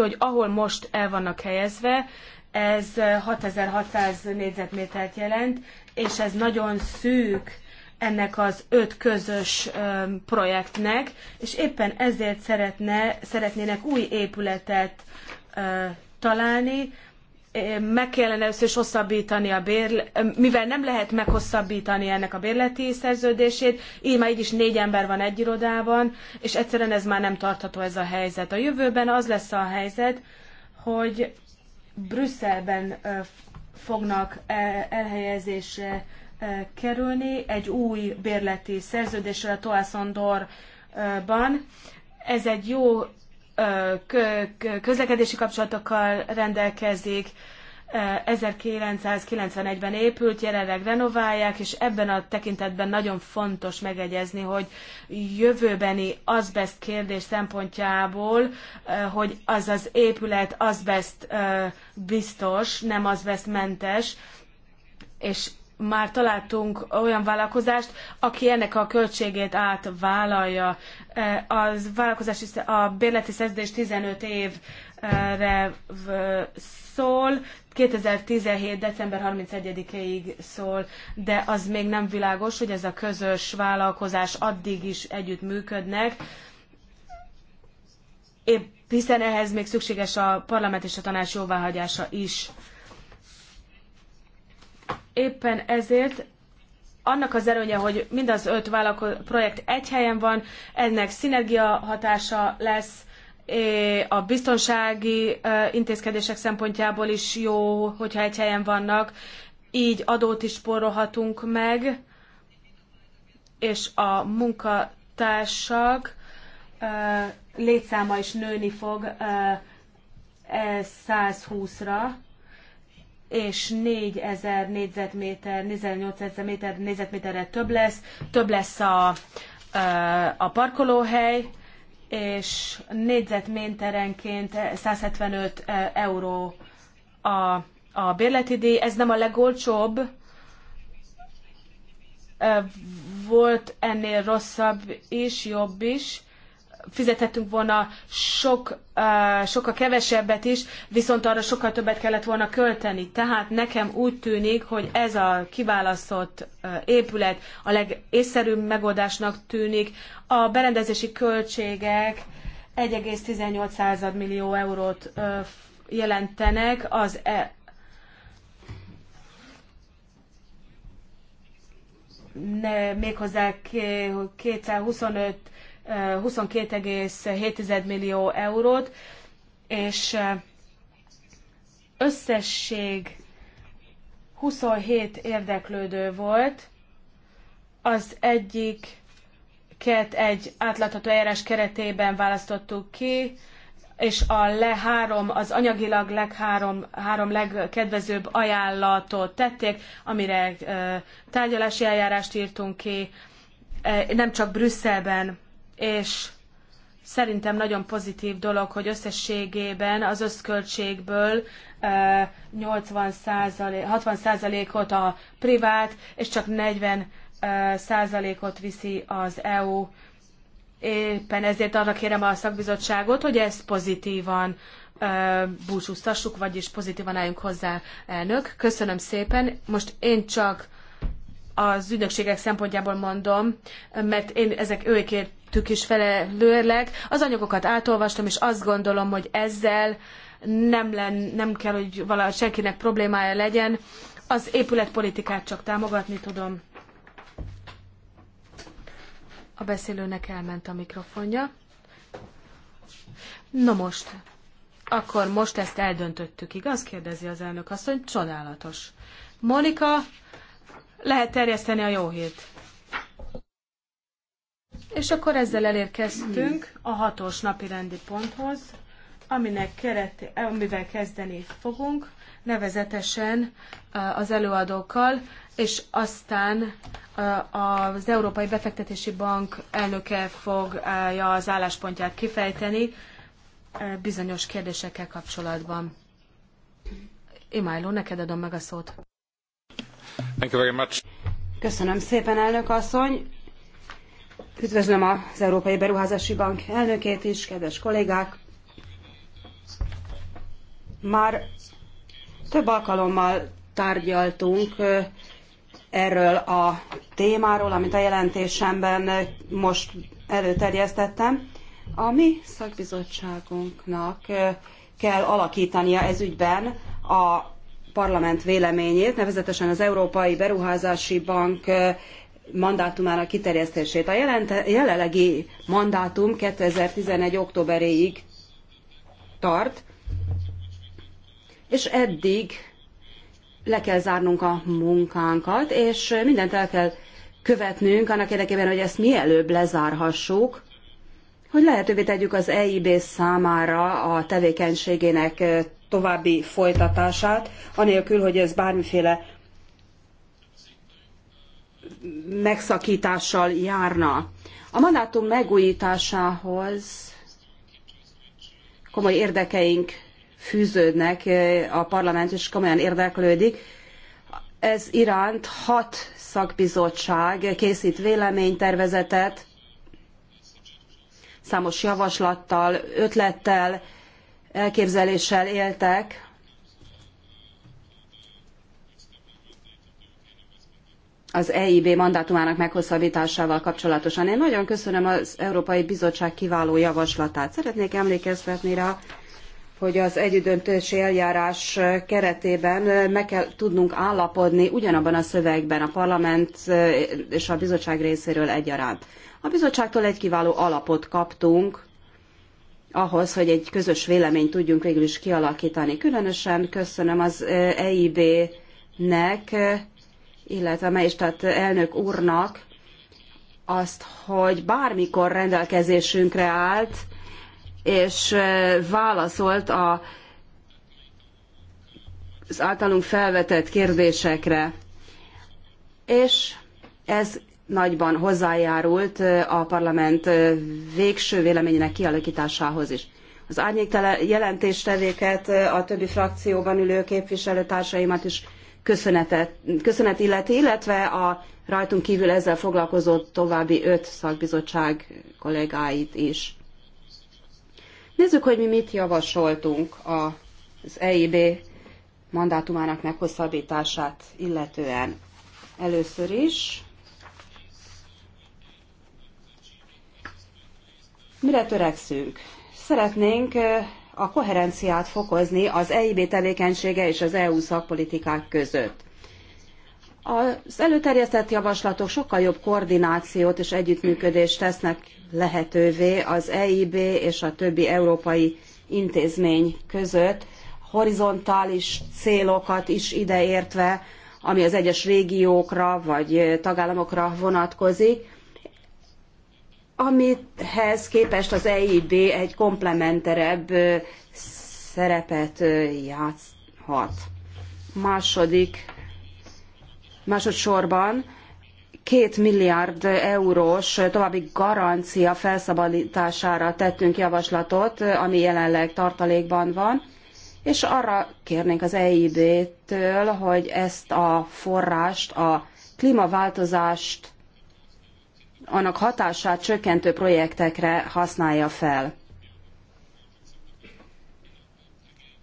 hogy ahol most el vannak helyezve, ez 6600 négyzetmétert jelent, és ez nagyon szűk ennek az öt közös projektnek, és éppen ezért szeretne, szeretnének új épületet találni, meg kellene először is hosszabbítani a bérl, mivel nem lehet meghosszabbítani ennek a bérleti szerződését, így már így is négy ember van egy irodában, és egyszerűen ez már nem tartható ez a helyzet. A jövőben az lesz a helyzet, hogy Brüsszelben fognak e, elhelyezésre e, kerülni egy új bérleti szerződésről a Toászondorban. Ez egy jó közlekedési kapcsolatokkal rendelkezik, 1991-ben épült, jelenleg renoválják, és ebben a tekintetben nagyon fontos megegyezni, hogy jövőbeni azbest kérdés szempontjából, hogy az az épület azbest biztos, nem azbest mentes, és már találtunk olyan vállalkozást, aki ennek a költségét átvállalja. E, az vállalkozás a bérleti szerződés 15 évre szól, 2017. december 31-ig szól, de az még nem világos, hogy ez a közös vállalkozás addig is együtt működnek. Épp hiszen ehhez még szükséges a parlament és a tanács jóváhagyása is éppen ezért annak az erőnye, hogy mindaz öt vállalkozó projekt egy helyen van, ennek szinergia hatása lesz, a biztonsági intézkedések szempontjából is jó, hogyha egy helyen vannak, így adót is spórolhatunk meg, és a munkatársak létszáma is nőni fog 120-ra és 4000 négyzetméter, 4800 méter, négyzetméterre több lesz, több lesz a, a parkolóhely, és négyzetméterenként 175 euró a, a bérleti díj. Ez nem a legolcsóbb, volt ennél rosszabb is, jobb is, fizethetünk volna sok, sokkal kevesebbet is, viszont arra sokkal többet kellett volna költeni. Tehát nekem úgy tűnik, hogy ez a kiválasztott épület a legészszerűbb megoldásnak tűnik. A berendezési költségek 1,18 millió eurót jelentenek az e ne, méghozzá 225 22,7 millió eurót, és összesség 27 érdeklődő volt, az egyik két egy átlátható eljárás keretében választottuk ki, és a le három, az anyagilag leg három, három legkedvezőbb ajánlatot tették, amire tárgyalási eljárást írtunk ki, nem csak Brüsszelben és szerintem nagyon pozitív dolog, hogy összességében az összköltségből 80 60%-ot a privát, és csak 40 ot viszi az EU. Éppen ezért arra kérem a szakbizottságot, hogy ezt pozitívan búcsúztassuk, vagyis pozitívan álljunk hozzá, elnök. Köszönöm szépen. Most én csak az ügynökségek szempontjából mondom, mert én ezek őkértük is felelőleg. Az anyagokat átolvastam, és azt gondolom, hogy ezzel nem, len, nem kell, hogy valahogy senkinek problémája legyen. Az épületpolitikát csak támogatni tudom. A beszélőnek elment a mikrofonja. Na most, akkor most ezt eldöntöttük, igaz? kérdezi az elnök asszony. Csodálatos. Monika, lehet terjeszteni a jó hírt. És akkor ezzel elérkeztünk a hatos napi rendi ponthoz, aminek kereti, amivel kezdeni fogunk, nevezetesen az előadókkal, és aztán az Európai Befektetési Bank elnöke fogja az álláspontját kifejteni bizonyos kérdésekkel kapcsolatban. Imájló, neked adom meg a szót. Thank you very much. Köszönöm szépen, elnök asszony. Üdvözlöm az Európai Beruházási Bank elnökét is, kedves kollégák. Már több alkalommal tárgyaltunk erről a témáról, amit a jelentésemben most előterjesztettem. A mi szakbizottságunknak kell alakítania ez ügyben a Parlament véleményét, nevezetesen az Európai Beruházási Bank mandátumának kiterjesztését. A jelenlegi mandátum 2011. októberéig tart, és eddig le kell zárnunk a munkánkat, és mindent el kell követnünk annak érdekében, hogy ezt mielőbb lezárhassuk, hogy lehetővé tegyük az EIB számára a tevékenységének további folytatását, anélkül, hogy ez bármiféle megszakítással járna. A mandátum megújításához komoly érdekeink fűződnek, eh, a parlament és komolyan érdeklődik. Ez iránt hat szakbizottság készít véleménytervezetet, számos javaslattal, ötlettel, elképzeléssel éltek, az EIB mandátumának meghosszabbításával kapcsolatosan. Én nagyon köszönöm az Európai Bizottság kiváló javaslatát. Szeretnék emlékeztetni rá, hogy az együttdöntési eljárás keretében meg kell tudnunk állapodni ugyanabban a szövegben a parlament eh, és a bizottság részéről egyaránt. A bizottságtól egy kiváló alapot kaptunk, ahhoz, hogy egy közös véleményt tudjunk végül is kialakítani. Különösen köszönöm az EIB-nek, illetve a Meistat elnök úrnak azt, hogy bármikor rendelkezésünkre állt, és válaszolt a, az általunk felvetett kérdésekre. És ez nagyban hozzájárult a parlament végső véleményének kialakításához is. Az árnyék jelentéstevéket a többi frakcióban ülő képviselőtársaimat is köszönetet, köszönet illeti, illetve a rajtunk kívül ezzel foglalkozó további öt szakbizottság kollégáit is. Nézzük, hogy mi mit javasoltunk az EIB mandátumának meghosszabbítását illetően. Először is Mire törekszünk? Szeretnénk a koherenciát fokozni az EIB tevékenysége és az EU szakpolitikák között. Az előterjesztett javaslatok sokkal jobb koordinációt és együttműködést tesznek lehetővé az EIB és a többi európai intézmény között, horizontális célokat is ideértve, ami az egyes régiókra vagy tagállamokra vonatkozik, amihez képest az EIB egy komplementerebb szerepet játszhat. Második, másodszorban két milliárd eurós további garancia felszabadítására tettünk javaslatot, ami jelenleg tartalékban van, és arra kérnénk az EIB-től, hogy ezt a forrást a klímaváltozást annak hatását csökkentő projektekre használja fel.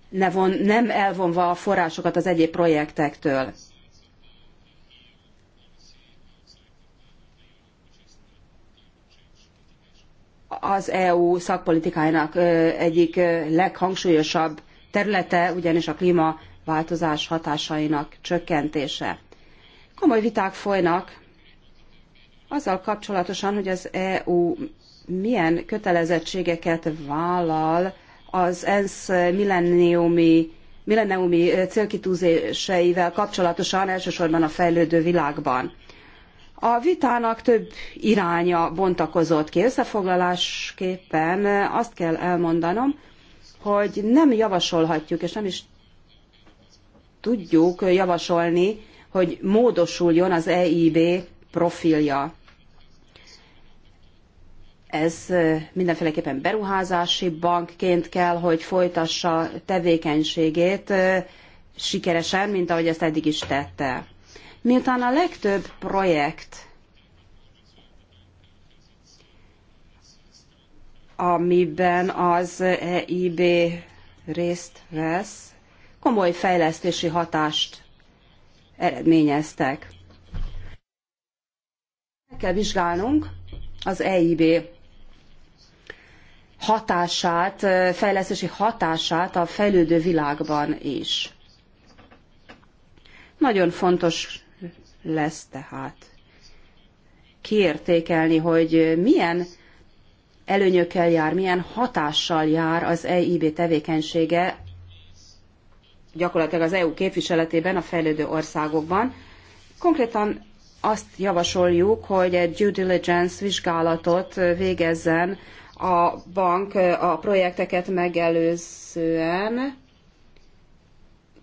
Ne von, nem elvonva a forrásokat az egyéb projektektől. Az EU szakpolitikájának egyik leghangsúlyosabb területe, ugyanis a klímaváltozás hatásainak csökkentése. Komoly viták folynak azzal kapcsolatosan, hogy az EU milyen kötelezettségeket vállal az ENSZ milleniumi, milleniumi célkitűzéseivel kapcsolatosan, elsősorban a fejlődő világban. A vitának több iránya bontakozott ki. Összefoglalásképpen azt kell elmondanom, hogy nem javasolhatjuk, és nem is tudjuk javasolni, hogy módosuljon az EIB profilja. Ez mindenféleképpen beruházási bankként kell, hogy folytassa tevékenységét sikeresen, mint ahogy ezt eddig is tette. Miután a legtöbb projekt, amiben az EIB részt vesz, komoly fejlesztési hatást eredményeztek. Meg kell vizsgálnunk az EIB hatását, fejlesztési hatását a fejlődő világban is. Nagyon fontos lesz tehát kiértékelni, hogy milyen előnyökkel jár, milyen hatással jár az EIB tevékenysége gyakorlatilag az EU képviseletében a fejlődő országokban. Konkrétan azt javasoljuk, hogy egy due diligence vizsgálatot végezzen a bank a projekteket megelőzően,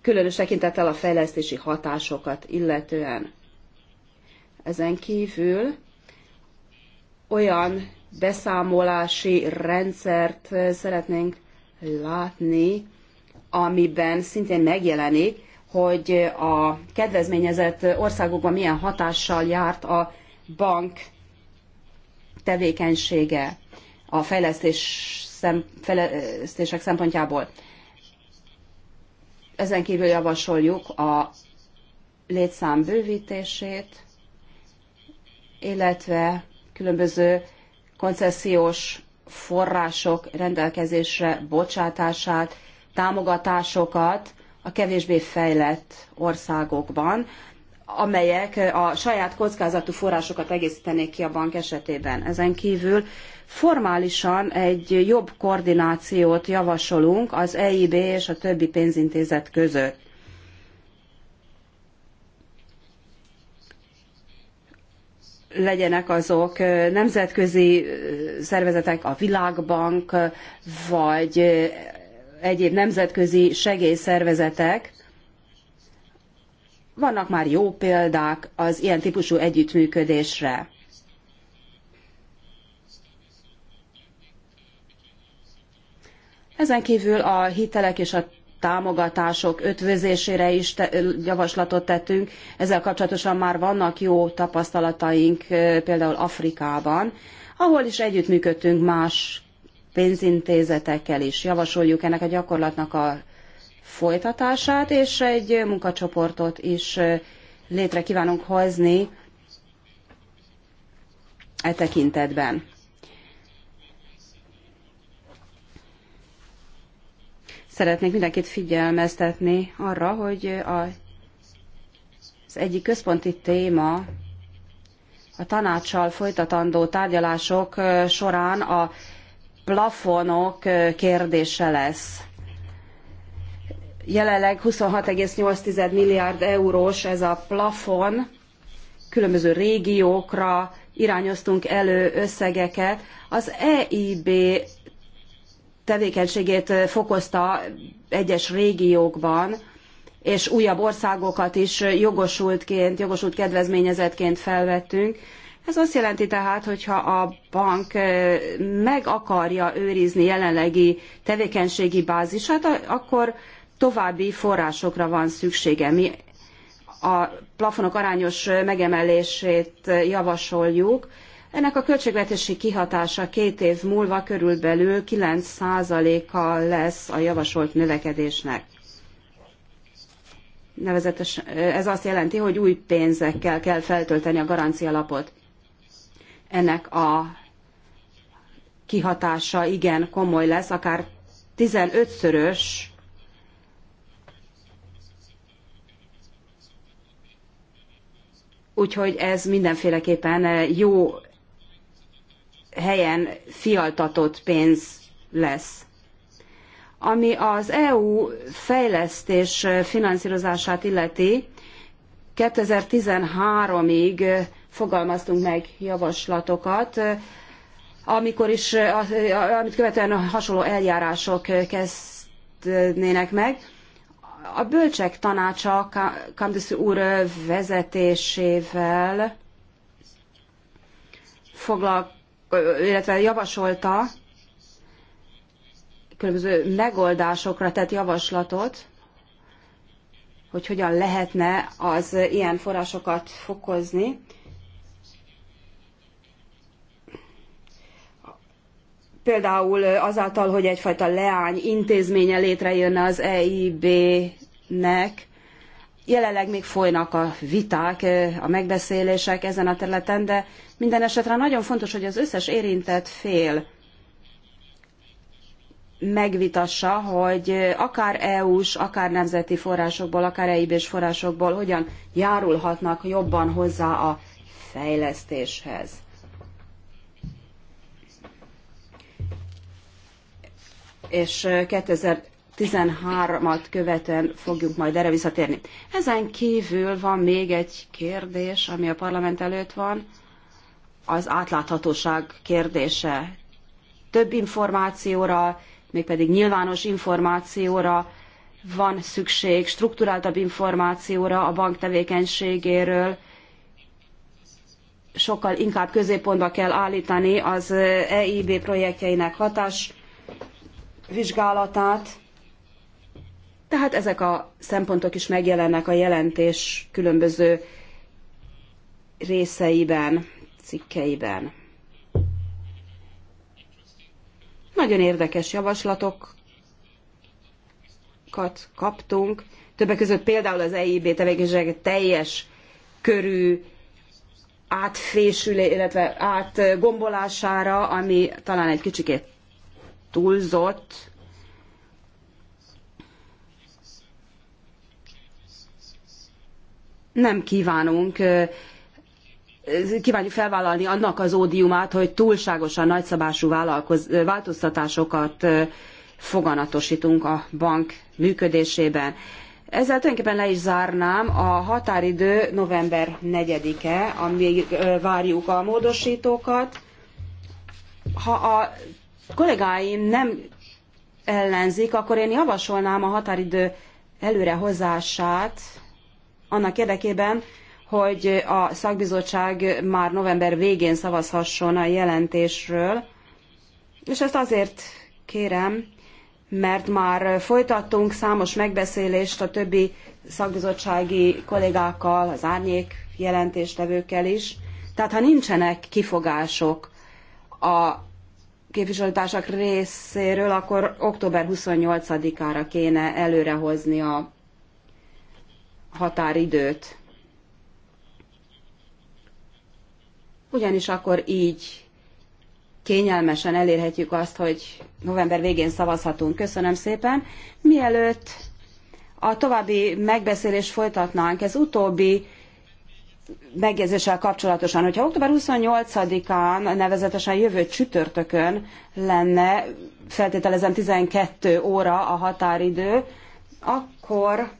különös tekintettel a fejlesztési hatásokat illetően. Ezen kívül olyan beszámolási rendszert szeretnénk látni, amiben szintén megjelenik, hogy a kedvezményezett országokban milyen hatással járt a bank tevékenysége a fejlesztés szem, fejlesztések szempontjából. Ezen kívül javasoljuk a létszám bővítését, illetve különböző koncesziós források rendelkezésre bocsátását, támogatásokat a kevésbé fejlett országokban, amelyek a saját kockázatú forrásokat egészítenék ki a bank esetében. Ezen kívül Formálisan egy jobb koordinációt javasolunk az EIB és a többi pénzintézet között. legyenek azok nemzetközi szervezetek, a Világbank, vagy egyéb nemzetközi segélyszervezetek. Vannak már jó példák az ilyen típusú együttműködésre. Ezen kívül a hitelek és a támogatások ötvözésére is te, javaslatot tettünk. Ezzel kapcsolatosan már vannak jó tapasztalataink például Afrikában, ahol is együttműködtünk más pénzintézetekkel is. Javasoljuk ennek a gyakorlatnak a folytatását, és egy munkacsoportot is létre kívánunk hozni e tekintetben. Szeretnék mindenkit figyelmeztetni arra, hogy a, az egyik központi téma a tanácssal folytatandó tárgyalások során a plafonok kérdése lesz. Jelenleg 26,8 milliárd eurós ez a plafon, különböző régiókra irányoztunk elő összegeket. Az EIB tevékenységét fokozta egyes régiókban, és újabb országokat is jogosultként, jogosult kedvezményezetként felvettünk. Ez azt jelenti tehát, hogy ha a bank meg akarja őrizni jelenlegi tevékenységi bázisát, akkor további forrásokra van szüksége. Mi a plafonok arányos megemelését javasoljuk, ennek a költségvetési kihatása két év múlva körülbelül 9%-a lesz a javasolt növekedésnek. Nevezetesen ez azt jelenti, hogy új pénzekkel kell feltölteni a garancialapot. Ennek a kihatása igen komoly lesz, akár 15-szörös Úgyhogy ez mindenféleképpen jó helyen fialtatott pénz lesz. Ami az EU fejlesztés finanszírozását illeti, 2013-ig fogalmaztunk meg javaslatokat, amikor is, amit követően hasonló eljárások kezdnének meg. A bölcsek tanácsa Kamduszi úr vezetésével foglalkozott illetve javasolta, különböző megoldásokra tett javaslatot, hogy hogyan lehetne az ilyen forrásokat fokozni. Például azáltal, hogy egyfajta leány intézménye létrejönne az EIB-nek, Jelenleg még folynak a viták, a megbeszélések ezen a területen, de minden esetre nagyon fontos, hogy az összes érintett fél megvitassa, hogy akár EU-s, akár nemzeti forrásokból, akár EIB-s forrásokból hogyan járulhatnak jobban hozzá a fejlesztéshez. És 2000 13-at követően fogjuk majd erre visszatérni. Ezen kívül van még egy kérdés, ami a parlament előtt van, az átláthatóság kérdése. Több információra, mégpedig nyilvános információra van szükség, strukturáltabb információra a bank tevékenységéről, sokkal inkább középpontba kell állítani az EIB projektjeinek hatás vizsgálatát, tehát ezek a szempontok is megjelennek a jelentés különböző részeiben, cikkeiben. Nagyon érdekes javaslatokat kaptunk, többek között például az EIB tevékenység teljes körű átfésülé, illetve átgombolására, ami talán egy kicsikét túlzott, nem kívánunk kívánjuk felvállalni annak az ódiumát, hogy túlságosan nagyszabású vállalkoz, változtatásokat foganatosítunk a bank működésében. Ezzel tulajdonképpen le is zárnám a határidő november 4-e, amíg várjuk a módosítókat. Ha a kollégáim nem ellenzik, akkor én javasolnám a határidő előrehozását annak érdekében, hogy a szakbizottság már november végén szavazhasson a jelentésről, és ezt azért kérem, mert már folytattunk számos megbeszélést a többi szakbizottsági kollégákkal, az árnyék jelentéstevőkkel is. Tehát ha nincsenek kifogások a képviselőtársak részéről, akkor október 28-ára kéne előrehozni a határidőt. Ugyanis akkor így kényelmesen elérhetjük azt, hogy november végén szavazhatunk. Köszönöm szépen. Mielőtt a további megbeszélést folytatnánk, ez utóbbi megjegyzéssel kapcsolatosan, hogyha október 28-án, nevezetesen jövő csütörtökön lenne, feltételezem 12 óra a határidő, akkor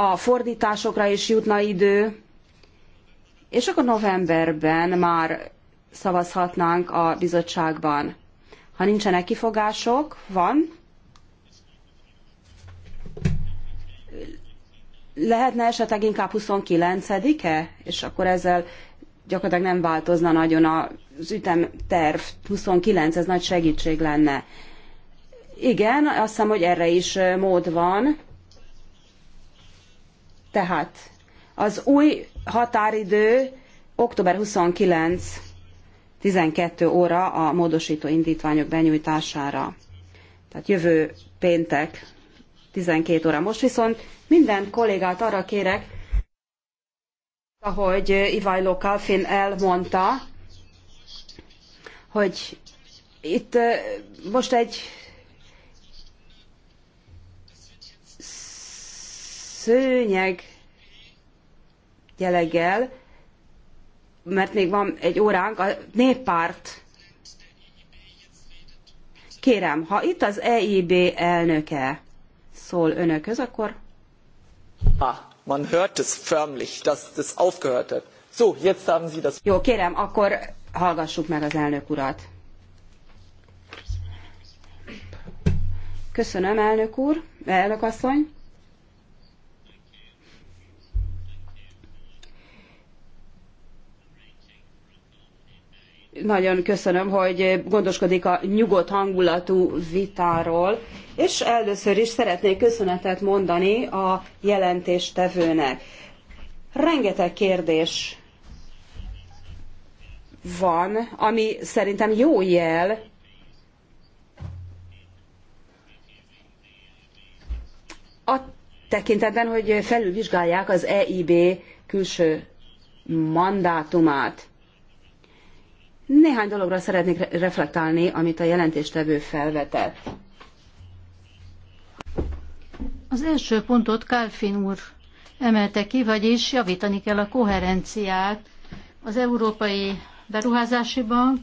a fordításokra is jutna idő, és akkor novemberben már szavazhatnánk a bizottságban. Ha nincsenek kifogások, van. Lehetne esetleg inkább 29-e, és akkor ezzel gyakorlatilag nem változna nagyon az ütemterv. 29, ez nagy segítség lenne. Igen, azt hiszem, hogy erre is mód van. Tehát az új határidő október 29 12 óra a módosító indítványok benyújtására. Tehát jövő péntek 12 óra. Most viszont minden kollégát arra kérek, ahogy Ivajló Kalfin elmondta, hogy itt most egy szőnyeg jeleggel, mert még van egy óránk, a néppárt. Kérem, ha itt az EIB elnöke szól önökhöz, akkor... Ah, man hört es förmlich, dass das aufgehört hat. So, jetzt haben Sie das... Jó, kérem, akkor hallgassuk meg az elnök urat. Köszönöm, elnök úr, elnök asszony. nagyon köszönöm, hogy gondoskodik a nyugodt hangulatú vitáról, és először is szeretnék köszönetet mondani a jelentéstevőnek. Rengeteg kérdés van, ami szerintem jó jel, a tekintetben, hogy felülvizsgálják az EIB külső mandátumát. Néhány dologra szeretnék reflektálni, amit a jelentéstevő felvetett. Az első pontot Kálfin úr emelte ki, vagyis javítani kell a koherenciát az Európai Beruházási Bank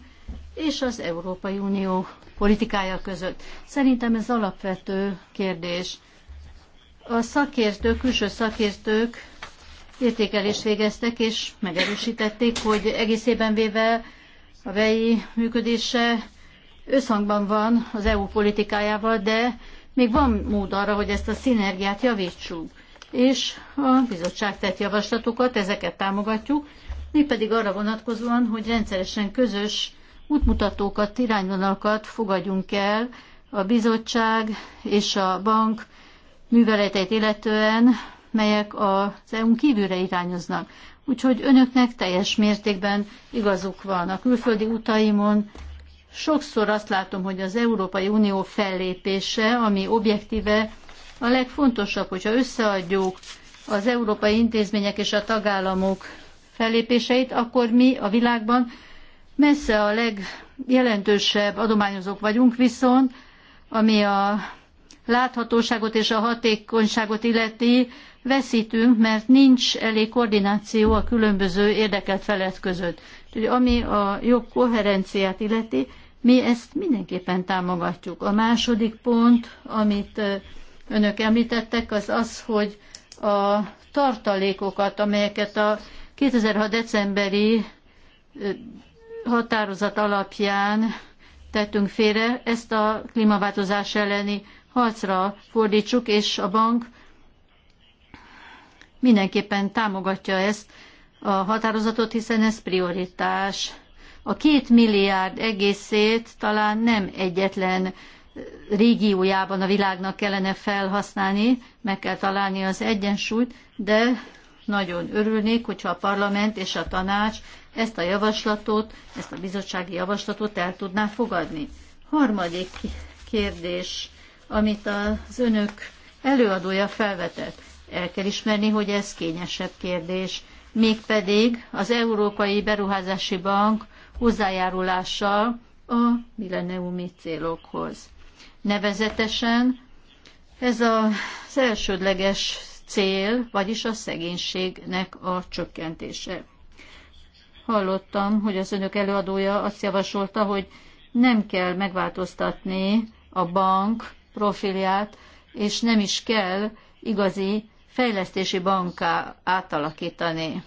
és az Európai Unió politikája között. Szerintem ez alapvető kérdés. A szakértők, külső szakértők értékelést végeztek, és megerősítették, hogy egészében véve a vei működése összhangban van az EU politikájával, de még van mód arra, hogy ezt a szinergiát javítsuk. És a bizottság tett javaslatokat, ezeket támogatjuk, mi pedig arra vonatkozóan, hogy rendszeresen közös útmutatókat, irányvonalakat fogadjunk el a bizottság és a bank műveleteit illetően, melyek az EU-n kívülre irányoznak. Úgyhogy önöknek teljes mértékben igazuk van. A külföldi utaimon sokszor azt látom, hogy az Európai Unió fellépése, ami objektíve a legfontosabb, hogyha összeadjuk az európai intézmények és a tagállamok fellépéseit, akkor mi a világban messze a legjelentősebb adományozók vagyunk, viszont ami a láthatóságot és a hatékonyságot illeti, veszítünk, mert nincs elég koordináció a különböző érdekelt felett között. Úgyhogy ami a jobb koherenciát illeti, mi ezt mindenképpen támogatjuk. A második pont, amit önök említettek, az az, hogy a tartalékokat, amelyeket a 2006. decemberi határozat alapján tettünk félre, ezt a klímaváltozás elleni harcra fordítsuk, és a bank mindenképpen támogatja ezt a határozatot, hiszen ez prioritás. A két milliárd egészét talán nem egyetlen régiójában a világnak kellene felhasználni, meg kell találni az egyensúlyt, de nagyon örülnék, hogyha a parlament és a tanács ezt a javaslatot, ezt a bizottsági javaslatot el tudná fogadni. Harmadik kérdés, amit az önök előadója felvetett el kell ismerni, hogy ez kényesebb kérdés. Mégpedig az Európai Beruházási Bank hozzájárulással a milleniumi célokhoz. Nevezetesen ez az elsődleges cél, vagyis a szegénységnek a csökkentése. Hallottam, hogy az önök előadója azt javasolta, hogy nem kell megváltoztatni a bank profilját, és nem is kell igazi fejlesztési banká átalakítani.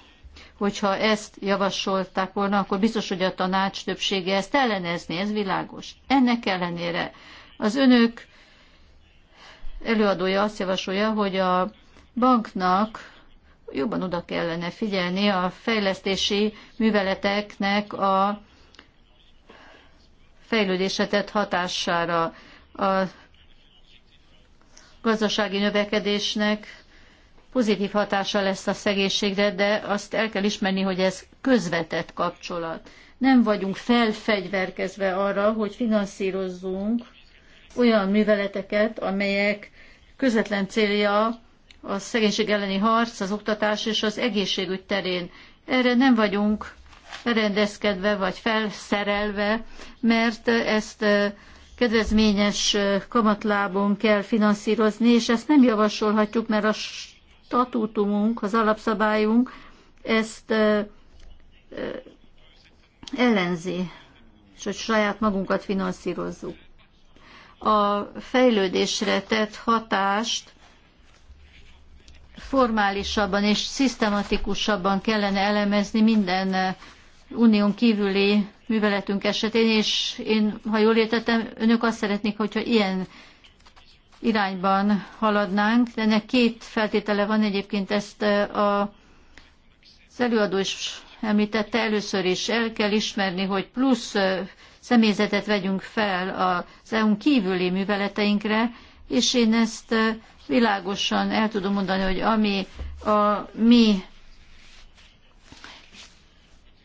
Hogyha ezt javasolták volna, akkor biztos, hogy a tanács többsége ezt ellenezni, ez világos. Ennek ellenére az önök előadója azt javasolja, hogy a banknak jobban oda kellene figyelni a fejlesztési műveleteknek a fejlődésetet hatására. A gazdasági növekedésnek pozitív hatása lesz a szegénységre, de azt el kell ismerni, hogy ez közvetett kapcsolat. Nem vagyunk felfegyverkezve arra, hogy finanszírozzunk olyan műveleteket, amelyek közvetlen célja a szegénység elleni harc, az oktatás és az egészségügy terén. Erre nem vagyunk rendezkedve vagy felszerelve, mert ezt kedvezményes kamatlábon kell finanszírozni, és ezt nem javasolhatjuk, mert a statútumunk, az alapszabályunk ezt ellenzi, és hogy saját magunkat finanszírozzuk. A fejlődésre tett hatást formálisabban és szisztematikusabban kellene elemezni minden unión kívüli műveletünk esetén, és én, ha jól értettem, önök azt szeretnék, hogyha ilyen irányban haladnánk. Ennek két feltétele van egyébként ezt a, az előadó is említette először is. El kell ismerni, hogy plusz személyzetet vegyünk fel az EU-n kívüli műveleteinkre, és én ezt világosan el tudom mondani, hogy ami a mi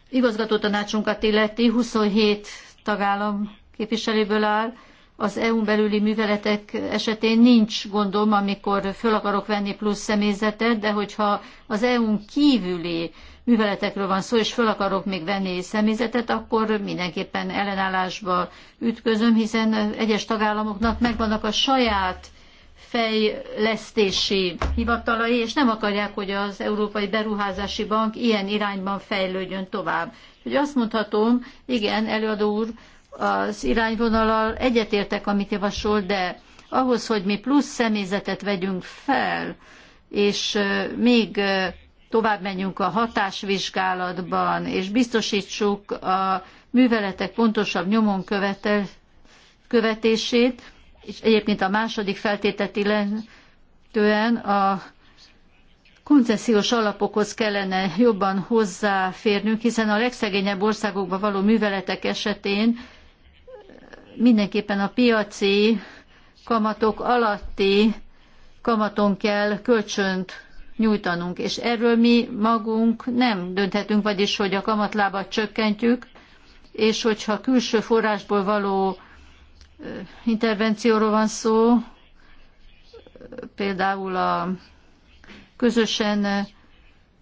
igazgatótanácsunkat illeti, 27 tagállam képviselőből áll, az EU-n belüli műveletek esetén nincs gondom, amikor föl akarok venni plusz személyzetet, de hogyha az EU-n kívüli műveletekről van szó, és föl akarok még venni személyzetet, akkor mindenképpen ellenállásba ütközöm, hiszen egyes tagállamoknak megvannak a saját fejlesztési hivatalai, és nem akarják, hogy az Európai Beruházási Bank ilyen irányban fejlődjön tovább. Hogy azt mondhatom, igen, előadó úr, az irányvonalal egyetértek, amit javasol, de ahhoz, hogy mi plusz személyzetet vegyünk fel, és még tovább menjünk a hatásvizsgálatban, és biztosítsuk a műveletek pontosabb nyomon követel, követését, és egyébként a második feltétet illetően a koncesziós alapokhoz kellene jobban hozzáférnünk, hiszen a legszegényebb országokban való műveletek esetén mindenképpen a piaci kamatok alatti kamaton kell kölcsönt nyújtanunk, és erről mi magunk nem dönthetünk, vagyis hogy a kamatlábat csökkentjük, és hogyha külső forrásból való intervencióról van szó, például a közösen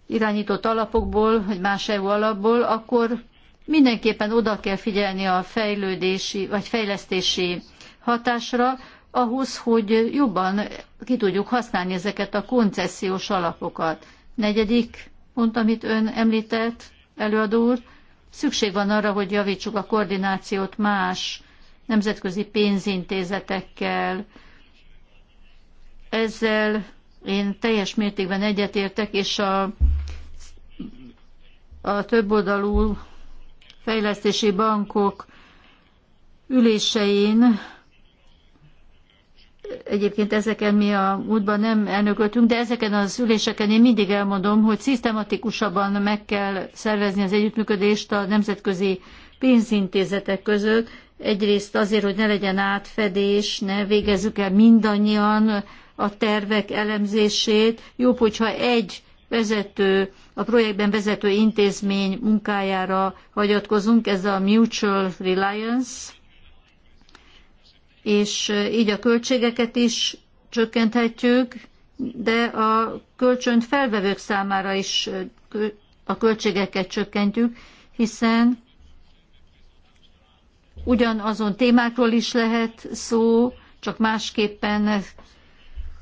irányított alapokból, vagy más EU alapból, akkor mindenképpen oda kell figyelni a fejlődési vagy fejlesztési hatásra, ahhoz, hogy jobban ki tudjuk használni ezeket a koncesziós alapokat. Negyedik pont, amit ön említett, előadó úr, szükség van arra, hogy javítsuk a koordinációt más nemzetközi pénzintézetekkel. Ezzel én teljes mértékben egyetértek, és a, a többoldalú fejlesztési bankok ülésein, egyébként ezeken mi a múltban nem elnököltünk, de ezeken az üléseken én mindig elmondom, hogy szisztematikusabban meg kell szervezni az együttműködést a nemzetközi pénzintézetek között. Egyrészt azért, hogy ne legyen átfedés, ne végezzük el mindannyian a tervek elemzését. Jobb, hogyha egy vezető, a projektben vezető intézmény munkájára hagyatkozunk, ez a Mutual Reliance, és eh, így a költségeket is csökkenthetjük, de a kölcsönt felvevők számára is eh, a költségeket csökkentjük, hiszen ugyanazon témákról is lehet szó, csak másképpen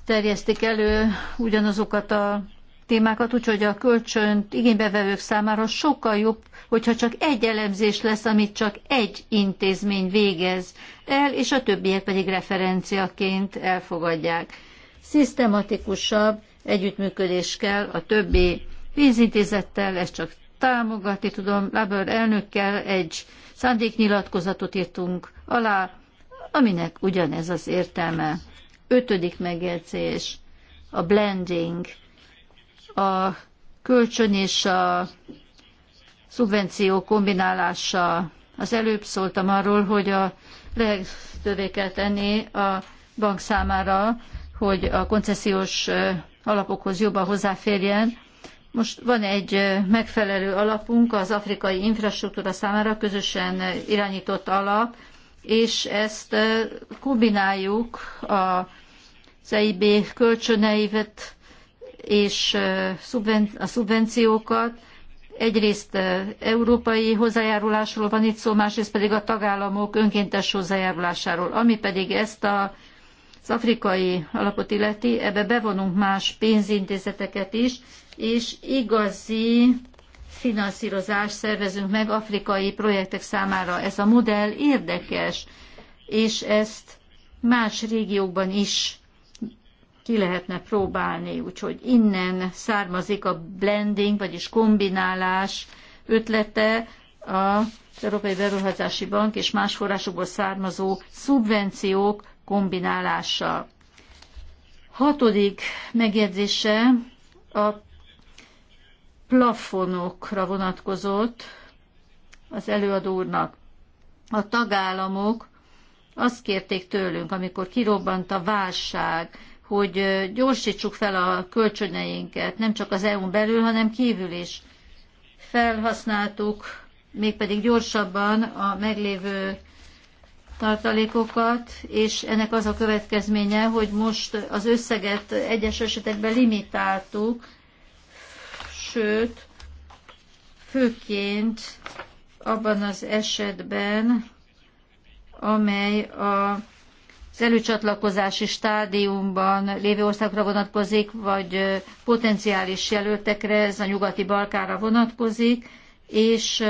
terjesztik elő ugyanazokat a témákat, úgyhogy a kölcsönt igénybevevők számára sokkal jobb, hogyha csak egy elemzés lesz, amit csak egy intézmény végez el, és a többiek pedig referenciaként elfogadják. Szisztematikusabb együttműködés kell a többi pénzintézettel, ezt csak támogatni tudom. Labor elnökkel egy szándéknyilatkozatot írtunk alá, aminek ugyanez az értelme. Ötödik megjegyzés, a blending, a kölcsön és a szubvenció kombinálása. Az előbb szóltam arról, hogy a lehetővé kell tenni a bank számára, hogy a koncesziós alapokhoz jobban hozzáférjen. Most van egy megfelelő alapunk az afrikai infrastruktúra számára, közösen irányított alap, és ezt kombináljuk az EIB kölcsöneivet és a szubvenciókat. Egyrészt európai hozzájárulásról van itt szó, másrészt pedig a tagállamok önkéntes hozzájárulásáról. Ami pedig ezt a, az afrikai alapot illeti, ebbe bevonunk más pénzintézeteket is, és igazi finanszírozást szervezünk meg afrikai projektek számára. Ez a modell érdekes, és ezt más régiókban is ki lehetne próbálni. Úgyhogy innen származik a blending, vagyis kombinálás ötlete az Európai Beruházási Bank és más forrásokból származó szubvenciók kombinálása. Hatodik megjegyzése a plafonokra vonatkozott az előadó úrnak. A tagállamok azt kérték tőlünk, amikor kirobbant a válság, hogy gyorsítsuk fel a kölcsöneinket, nem csak az EU-n belül, hanem kívül is. Felhasználtuk mégpedig gyorsabban a meglévő tartalékokat, és ennek az a következménye, hogy most az összeget egyes esetekben limitáltuk, sőt, főként abban az esetben, amely a az előcsatlakozási stádiumban lévő országokra vonatkozik, vagy potenciális jelöltekre, ez a nyugati Balkára vonatkozik, és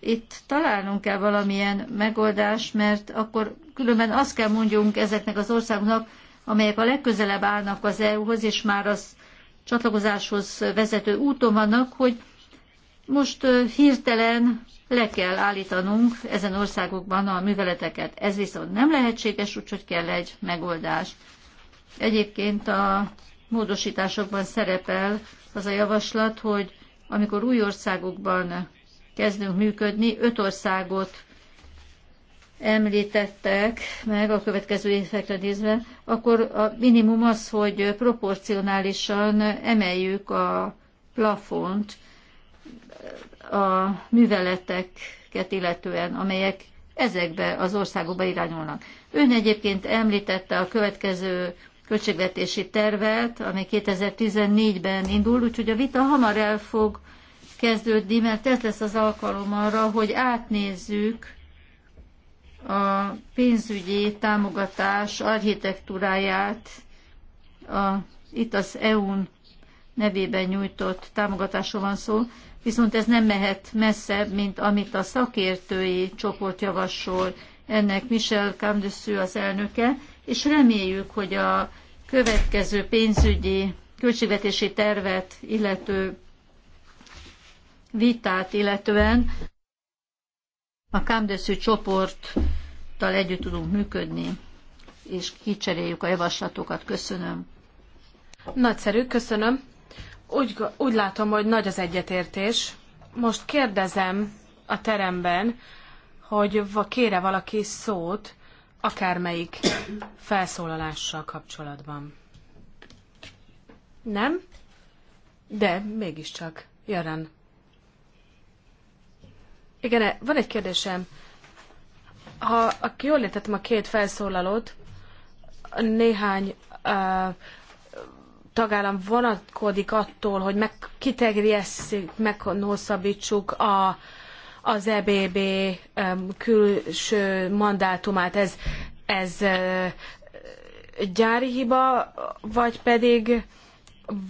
itt találnunk kell valamilyen megoldást, mert akkor különben azt kell mondjunk ezeknek az országoknak, amelyek a legközelebb állnak az EU-hoz, és már az csatlakozáshoz vezető úton vannak, hogy most hirtelen le kell állítanunk ezen országokban a műveleteket. Ez viszont nem lehetséges, úgyhogy kell egy megoldás. Egyébként a módosításokban szerepel az a javaslat, hogy amikor új országokban kezdünk működni, öt országot említettek meg a következő évekre nézve, akkor a minimum az, hogy proporcionálisan emeljük a plafont, a műveleteket illetően, amelyek ezekbe az országokba irányulnak. Ön egyébként említette a következő költségvetési tervet, ami 2014-ben indul, úgyhogy a vita hamar el fog kezdődni, mert ez lesz az alkalom arra, hogy átnézzük a pénzügyi támogatás architektúráját, a, itt az EU-n nevében nyújtott támogatásról van szó, viszont ez nem mehet messzebb, mint amit a szakértői csoport javasol. Ennek Michel Camdessu az elnöke, és reméljük, hogy a következő pénzügyi költségvetési tervet illető vitát illetően a Camdessu csoporttal együtt tudunk működni, és kicseréljük a javaslatokat. Köszönöm. Nagyszerű, köszönöm. Úgy, úgy látom, hogy nagy az egyetértés. Most kérdezem a teremben, hogy kére valaki szót akármelyik felszólalással kapcsolatban. Nem? De mégiscsak. jelen. Igen, e, van egy kérdésem. Ha jól értettem a két felszólalót, néhány uh, tagállam vonatkodik attól, hogy meg, kiterjesszük, meghosszabbítsuk a, az EBB külső mandátumát. Ez, ez gyári hiba, vagy pedig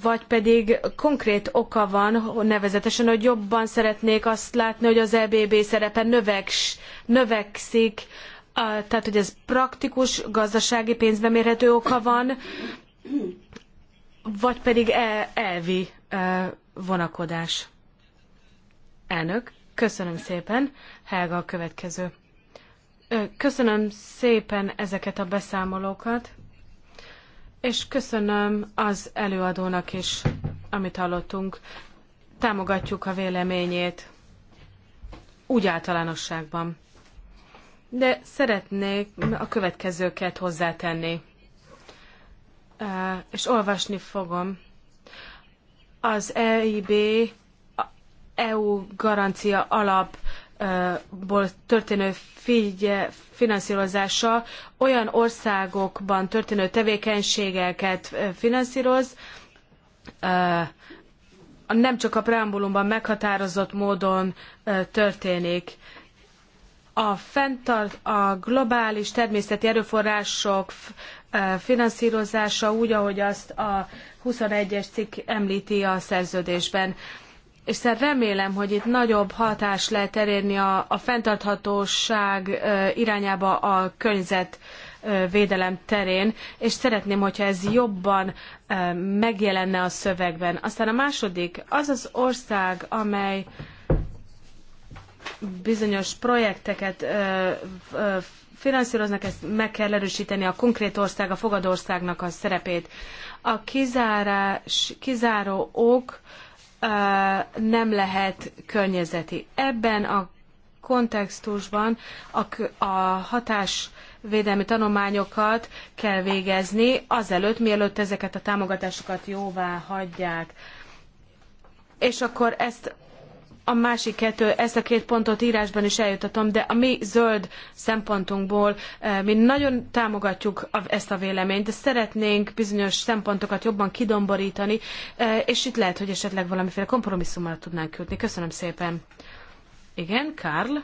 vagy pedig konkrét oka van, nevezetesen, hogy jobban szeretnék azt látni, hogy az EBB szerepe növeks, növekszik, tehát hogy ez praktikus, gazdasági pénzbe mérhető oka van, vagy pedig el, elvi e, vonakodás. Elnök, köszönöm szépen. Helga a következő. Köszönöm szépen ezeket a beszámolókat, és köszönöm az előadónak is, amit hallottunk. Támogatjuk a véleményét úgy általánosságban. De szeretnék a következőket hozzátenni és olvasni fogom. Az EIB EU garancia alapból történő figye, finanszírozása olyan országokban történő tevékenységeket finanszíroz, nem csak a preambulumban meghatározott módon történik. A, fenntart, a globális természeti erőforrások finanszírozása úgy, ahogy azt a 21-es cikk említi a szerződésben. És szerintem remélem, hogy itt nagyobb hatás lehet elérni a, a fenntarthatóság irányába a környezet védelem terén, és szeretném, hogyha ez jobban megjelenne a szövegben. Aztán a második, az az ország, amely bizonyos projekteket finanszíroznak, ezt meg kell erősíteni a konkrét ország, a fogadországnak a szerepét. A kizárás, kizáró ok nem lehet környezeti. Ebben a kontextusban a, a hatásvédelmi tanulmányokat kell végezni azelőtt, mielőtt ezeket a támogatásokat jóvá hagyják. És akkor ezt a másik kettő, ezt a két pontot írásban is eljutatom, de a mi zöld szempontunkból eh, mi nagyon támogatjuk ezt a véleményt, de szeretnénk bizonyos szempontokat jobban kidomborítani, eh, és itt lehet, hogy esetleg valamiféle kompromisszummal tudnánk jutni. Köszönöm szépen. Igen, Karl?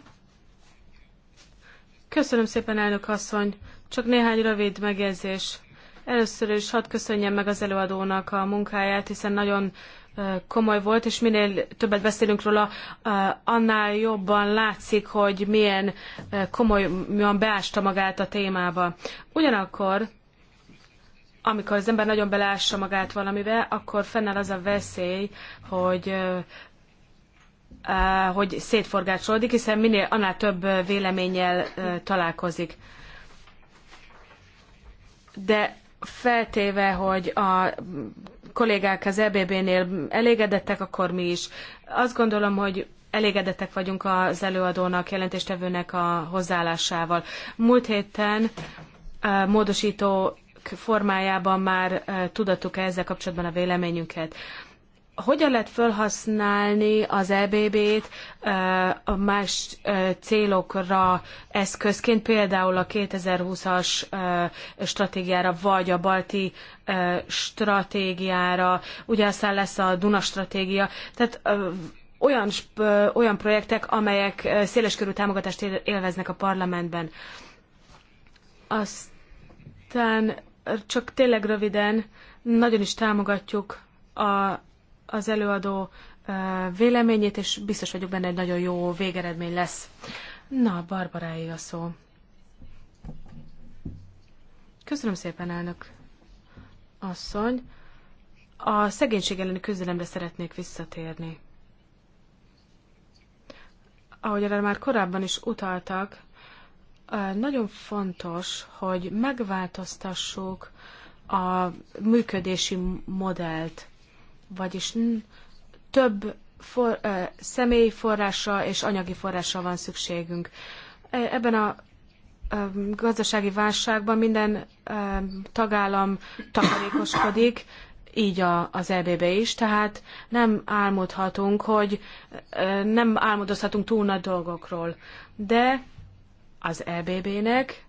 Köszönöm szépen, elnök asszony. Csak néhány rövid megjegyzés. Először is hadd köszönjem meg az előadónak a munkáját, hiszen nagyon komoly volt, és minél többet beszélünk róla, eh, annál jobban látszik, hogy milyen eh, komolyan beásta magát a témába. Ugyanakkor, amikor az ember nagyon beleássa magát valamibe, akkor fennáll az a veszély, hogy eh, hogy szétforgácsolódik, hiszen minél annál több véleménnyel találkozik. De feltéve, hogy a kollégák az EBB-nél elégedettek, akkor mi is. Azt gondolom, hogy elégedettek vagyunk az előadónak, jelentéstevőnek a hozzáállásával. Múlt héten módosító formájában már tudattuk ezzel kapcsolatban a véleményünket hogyan lehet felhasználni az EBB-t eh, a más eh, célokra eszközként, például a 2020-as eh, stratégiára, vagy a balti stratégiára, ugye aztán lesz a Duna stratégia, tehát olyan, olyan projektek, amelyek széleskörű támogatást élveznek a parlamentben. Aztán csak tényleg röviden, nagyon is támogatjuk a az előadó véleményét, és biztos vagyok benne, hogy nagyon jó végeredmény lesz. Na, Barbaráé a szó. Köszönöm szépen, elnök asszony. A szegénység elleni küzdelemre szeretnék visszatérni. Ahogy erre már korábban is utaltak, nagyon fontos, hogy megváltoztassuk a működési modellt vagyis több for, ö, személyi forrásra és anyagi forrásra van szükségünk. E, ebben a ö, gazdasági válságban minden ö, tagállam takarékoskodik, így a, az EBB is, tehát nem álmodhatunk, hogy nem álmodozhatunk túl nagy dolgokról. De az EBB-nek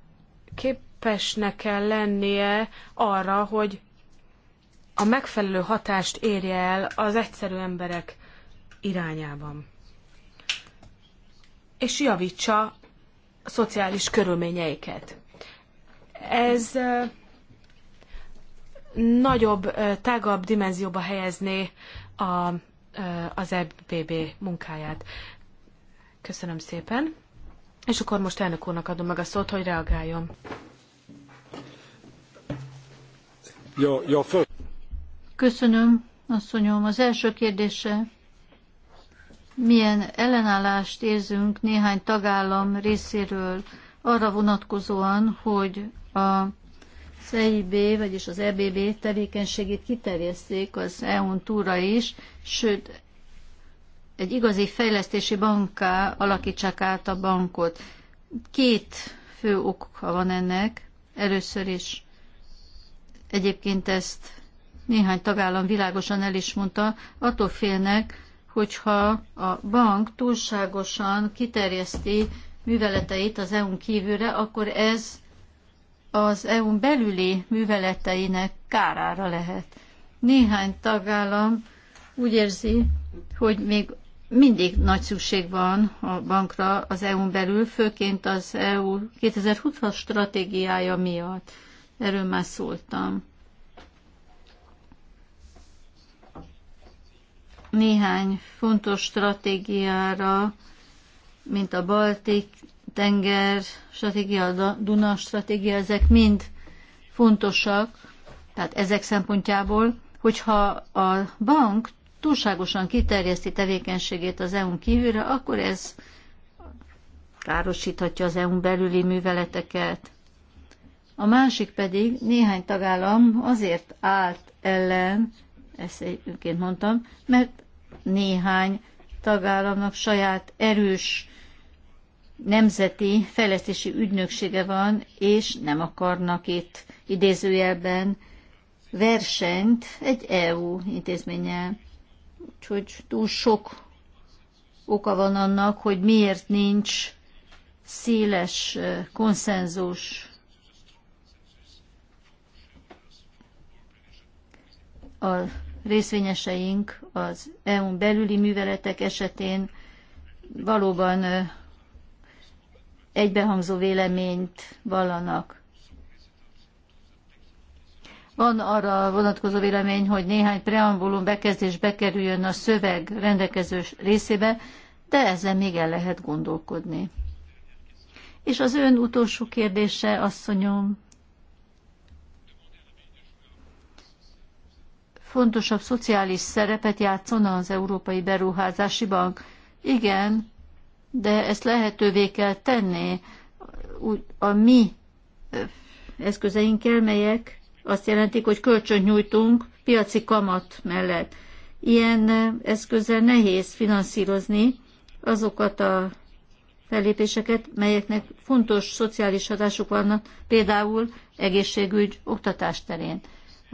képesnek kell lennie arra, hogy a megfelelő hatást érje el az egyszerű emberek irányában. És javítsa a szociális körülményeiket. Ez nagyobb, tágabb dimenzióba helyezné a, az EBB munkáját. Köszönöm szépen. És akkor most elnök úrnak adom meg a szót, hogy reagáljon. Jó, jó, föl. Köszönöm, asszonyom. Az első kérdése, milyen ellenállást érzünk néhány tagállam részéről arra vonatkozóan, hogy a CIB, vagyis az EBB tevékenységét kiterjeszték az EU-n túra is, sőt, egy igazi fejlesztési banká alakítsák át a bankot. Két fő oka van ennek. Először is egyébként ezt néhány tagállam világosan el is mondta, attól félnek, hogyha a bank túlságosan kiterjeszti műveleteit az EU-n kívülre, akkor ez az EU-n belüli műveleteinek kárára lehet. Néhány tagállam úgy érzi, hogy még mindig nagy szükség van a bankra az EU-n belül, főként az EU 2020-as stratégiája miatt. Erről már szóltam. néhány fontos stratégiára, mint a Baltik tenger stratégia, a Duna stratégia, ezek mind fontosak, tehát ezek szempontjából, hogyha a bank túlságosan kiterjeszti tevékenységét az EU-n kívülre, akkor ez károsíthatja az EU-n belüli műveleteket. A másik pedig néhány tagállam azért állt ellen, ezt egyébként mondtam, mert néhány tagállamnak saját erős nemzeti fejlesztési ügynöksége van, és nem akarnak itt idézőjelben versenyt egy EU intézménnyel. Úgyhogy túl sok oka van annak, hogy miért nincs széles konszenzus a részvényeseink az eu belüli műveletek esetén valóban egybehangzó véleményt vallanak. Van arra vonatkozó vélemény, hogy néhány preambulum bekezdés bekerüljön a szöveg rendelkező részébe, de ezzel még el lehet gondolkodni. És az ön utolsó kérdése, asszonyom, fontosabb szociális szerepet játszana az Európai Beruházási Bank. Igen, de ezt lehetővé kell tenni a mi eszközeinkkel, melyek azt jelentik, hogy kölcsönt nyújtunk piaci kamat mellett. Ilyen eszközzel nehéz finanszírozni azokat a fellépéseket, melyeknek fontos szociális hatásuk vannak, például egészségügy, oktatás terén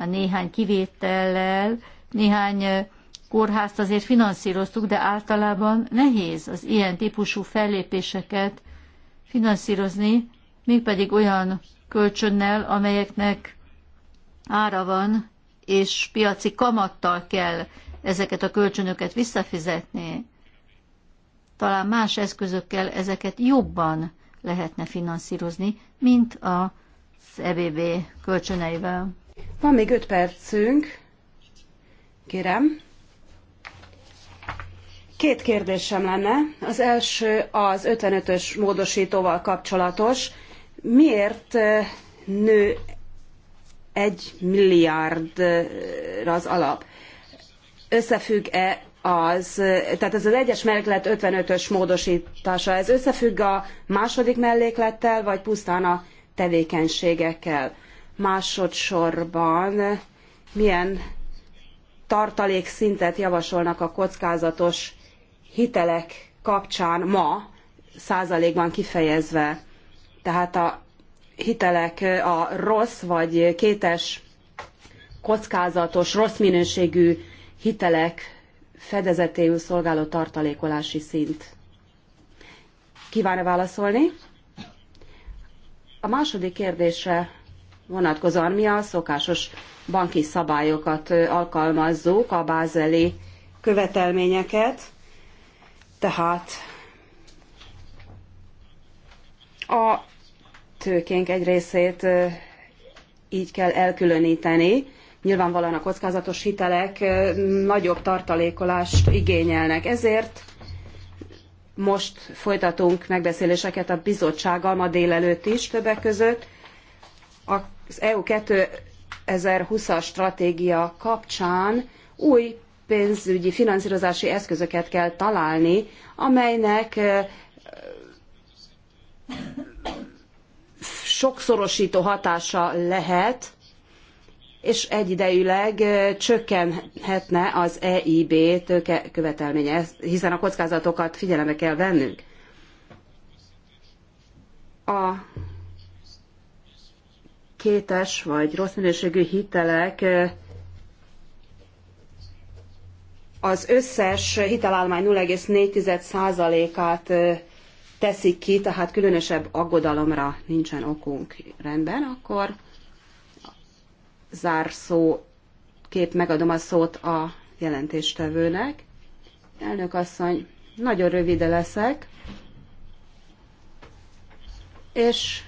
a néhány kivétellel, néhány kórházt azért finanszíroztuk, de általában nehéz az ilyen típusú fellépéseket finanszírozni, mégpedig olyan kölcsönnel, amelyeknek ára van, és piaci kamattal kell ezeket a kölcsönöket visszafizetni. Talán más eszközökkel ezeket jobban lehetne finanszírozni, mint az EBB kölcsöneivel. Van még öt percünk. Kérem. Két kérdésem lenne. Az első az 55-ös módosítóval kapcsolatos. Miért eh, nő egy milliárdra az alap? Összefügg-e az, tehát ez az egyes melléklet 55-ös módosítása, ez összefügg a második melléklettel, vagy pusztán a tevékenységekkel? másodsorban milyen tartalékszintet javasolnak a kockázatos hitelek kapcsán ma százalékban kifejezve. Tehát a hitelek a rossz vagy kétes kockázatos, rossz minőségű hitelek fedezetéül szolgáló tartalékolási szint. Kíván-e válaszolni? A második kérdésre vonatkozóan mi a szokásos banki szabályokat alkalmazzuk, a bázeli követelményeket, tehát a tőkénk egy részét így kell elkülöníteni. Nyilvánvalóan a kockázatos hitelek nagyobb tartalékolást igényelnek, ezért most folytatunk megbeszéléseket a bizottsággal ma délelőtt is többek között, az EU 2020-as stratégia kapcsán új pénzügyi finanszírozási eszközöket kell találni, amelynek sokszorosító hatása lehet, és egyidejűleg csökkenhetne az EIB tőke követelménye, hiszen a kockázatokat figyelembe kell vennünk. A kétes vagy rossz minőségű hitelek az összes hitelállomány 0,4%-át teszik ki, tehát különösebb aggodalomra nincsen okunk. Rendben, akkor zárszó kép megadom a szót a jelentéstevőnek. Elnök asszony, nagyon rövide leszek, és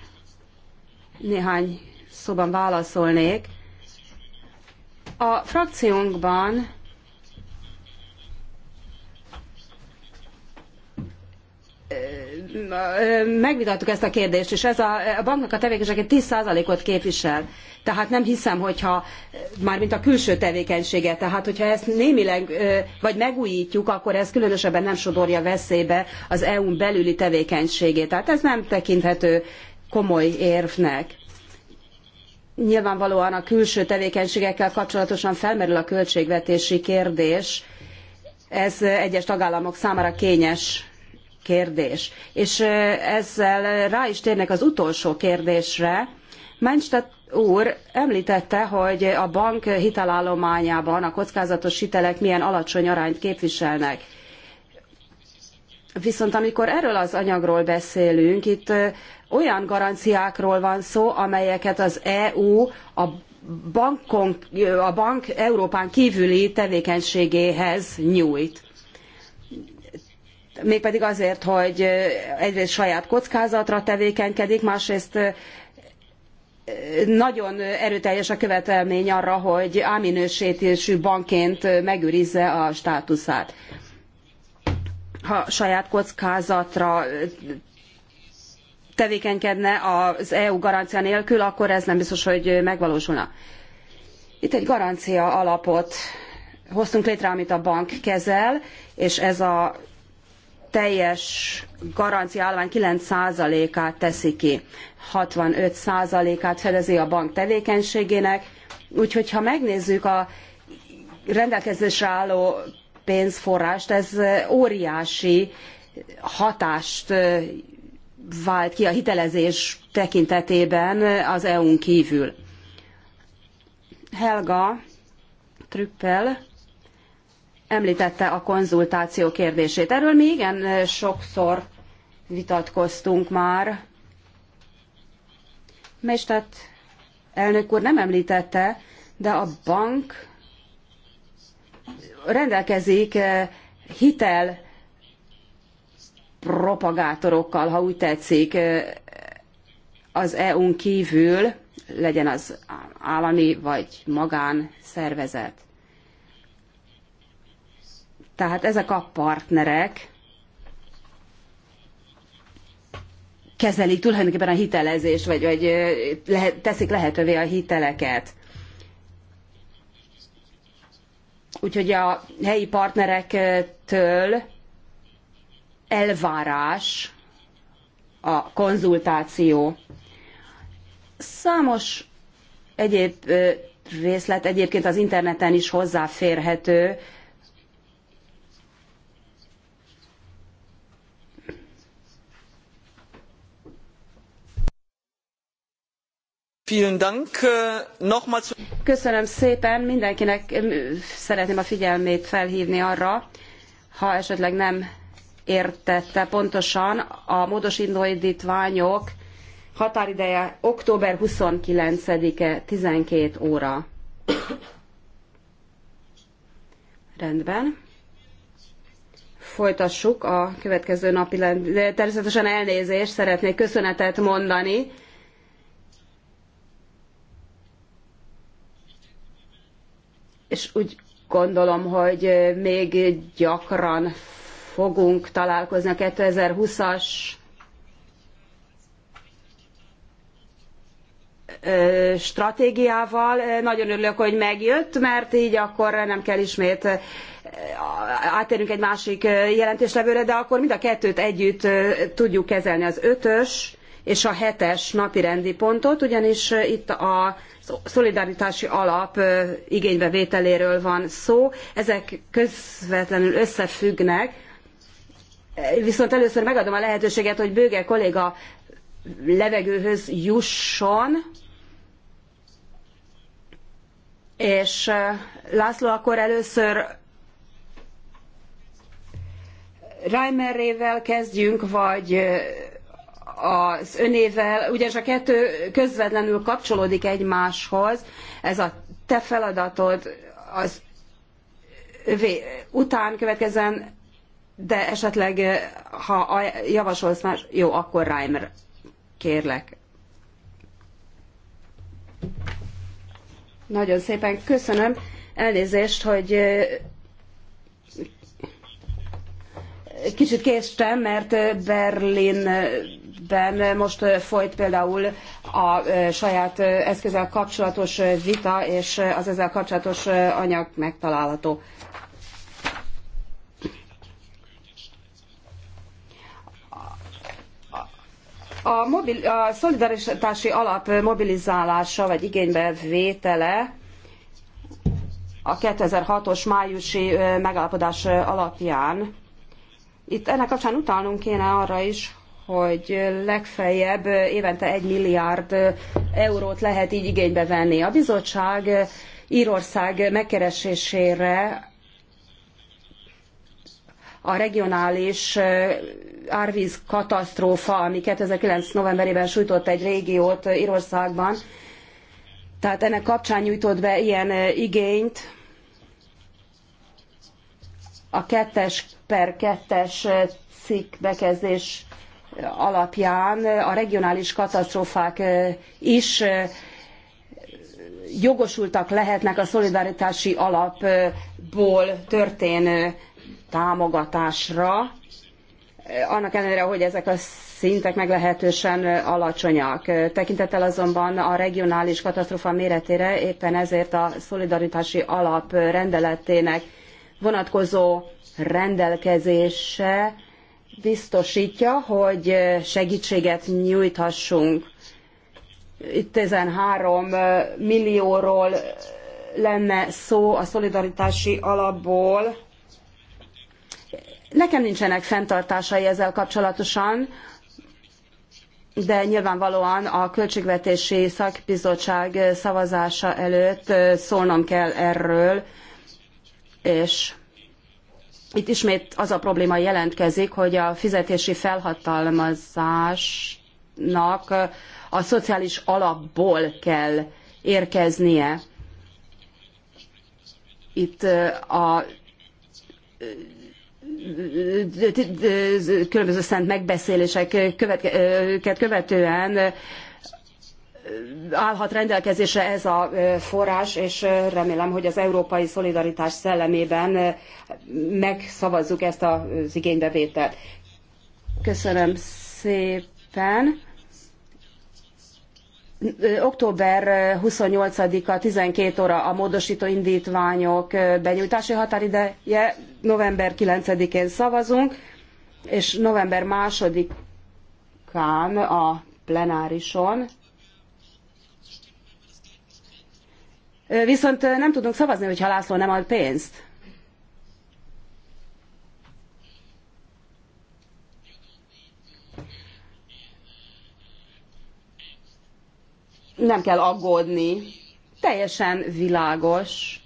néhány szóban válaszolnék. A frakciónkban megvitattuk ezt a kérdést, és ez a, a banknak a tevékenysége 10%-ot képvisel. Tehát nem hiszem, hogyha, mint a külső tevékenysége, tehát hogyha ezt némileg, vagy megújítjuk, akkor ez különösebben nem sodorja veszélybe az EU-n belüli tevékenységét. Tehát ez nem tekinthető komoly érvnek nyilvánvalóan a külső tevékenységekkel kapcsolatosan felmerül a költségvetési kérdés. Ez egyes tagállamok számára kényes kérdés. És ezzel rá is térnek az utolsó kérdésre. Menstad úr említette, hogy a bank hitelállományában a kockázatos hitelek milyen alacsony arányt képviselnek. Viszont amikor erről az anyagról beszélünk, itt olyan garanciákról van szó, amelyeket az EU a bankon, a bank Európán kívüli tevékenységéhez nyújt. Mégpedig azért, hogy egyrészt saját kockázatra tevékenykedik, másrészt nagyon erőteljes a követelmény arra, hogy áminősítésű bankként megőrizze a státuszát. Ha saját kockázatra tevékenykedne az EU garancia nélkül, akkor ez nem biztos, hogy megvalósulna. Itt egy garancia alapot hoztunk létre, amit a bank kezel, és ez a teljes garancia állomány 9%-át teszi ki. 65%-át fedezi a bank tevékenységének, úgyhogy ha megnézzük a rendelkezésre álló pénzforrást, ez óriási hatást vált ki a hitelezés tekintetében az EU-n kívül. Helga Trüppel említette a konzultáció kérdését. Erről mi igen sokszor vitatkoztunk már. Mestet elnök úr nem említette, de a bank rendelkezik hitel propagátorokkal, ha úgy tetszik, az EU-n kívül, legyen az állami vagy magán szervezet. Tehát ezek a partnerek kezelik tulajdonképpen a hitelezést, vagy, vagy lehet, teszik lehetővé a hiteleket. Úgyhogy a helyi partnerektől elvárás a konzultáció. Számos egyéb részlet egyébként az interneten is hozzáférhető. Äh, Köszönöm szépen, mindenkinek szeretném a figyelmét felhívni arra, ha esetleg nem értette pontosan, a módos indítványok határideje október 29-e 12 óra. Rendben. Folytassuk a következő napi de természetesen elnézést, szeretnék köszönetet mondani. És úgy gondolom, hogy még gyakran fogunk találkozni a 2020-as stratégiával. Nagyon örülök, hogy megjött, mert így akkor nem kell ismét átérünk egy másik jelentéslevőre, de akkor mind a kettőt együtt tudjuk kezelni az ötös és a hetes napirendi pontot, ugyanis itt a szolidaritási alap igénybevételéről van szó. Ezek közvetlenül összefüggnek, Viszont először megadom a lehetőséget, hogy Bőge kolléga levegőhöz jusson, és eh, László akkor először Reimerrével kezdjünk, vagy eh, az önével, ugyanis a kettő közvetlenül kapcsolódik egymáshoz, ez a te feladatod az övé. után következzen de esetleg, eh, ha javasolsz más, jó, akkor Reimer, kérlek. Nagyon szépen köszönöm. Elnézést, hogy eh, kicsit késtem, mert eh, Berlinben most folyt például a saját eszközzel kapcsolatos vita, és az ezzel kapcsolatos anyag megtalálható A, mobil, a szolidaritási alap mobilizálása vagy igénybe a 2006-os májusi megállapodás alapján. Itt ennek kapcsán utalnunk kéne arra is, hogy legfeljebb évente egy milliárd eurót lehet így igénybe venni. A bizottság Írország megkeresésére a regionális árvíz katasztrófa, ami 2009. novemberében sújtott egy régiót Írországban, tehát ennek kapcsán nyújtott be ilyen igényt a kettes per 2-es cikk bekezdés alapján a regionális katasztrófák is jogosultak lehetnek a szolidaritási alapból történő támogatásra, annak ellenére, hogy ezek a szintek meglehetősen alacsonyak. Tekintettel azonban a regionális katasztrófa méretére éppen ezért a szolidaritási alap rendeletének vonatkozó rendelkezése biztosítja, hogy segítséget nyújthassunk. Itt 13 millióról lenne szó a szolidaritási alapból, Nekem nincsenek fenntartásai ezzel kapcsolatosan, de nyilvánvalóan a Költségvetési Szakbizottság szavazása előtt szólnom kell erről, és itt ismét az a probléma jelentkezik, hogy a fizetési felhatalmazásnak a szociális alapból kell érkeznie. Itt a különböző szent megbeszéléseket követően állhat rendelkezésre ez a forrás, és remélem, hogy az európai szolidaritás szellemében megszavazzuk ezt az igénybevételt. Köszönöm szépen október 28-a 12 óra a módosító indítványok benyújtási határideje, november 9-én szavazunk, és november 2-án a plenárison. Viszont nem tudunk szavazni, hogyha László nem ad pénzt. nem kell aggódni. Teljesen világos,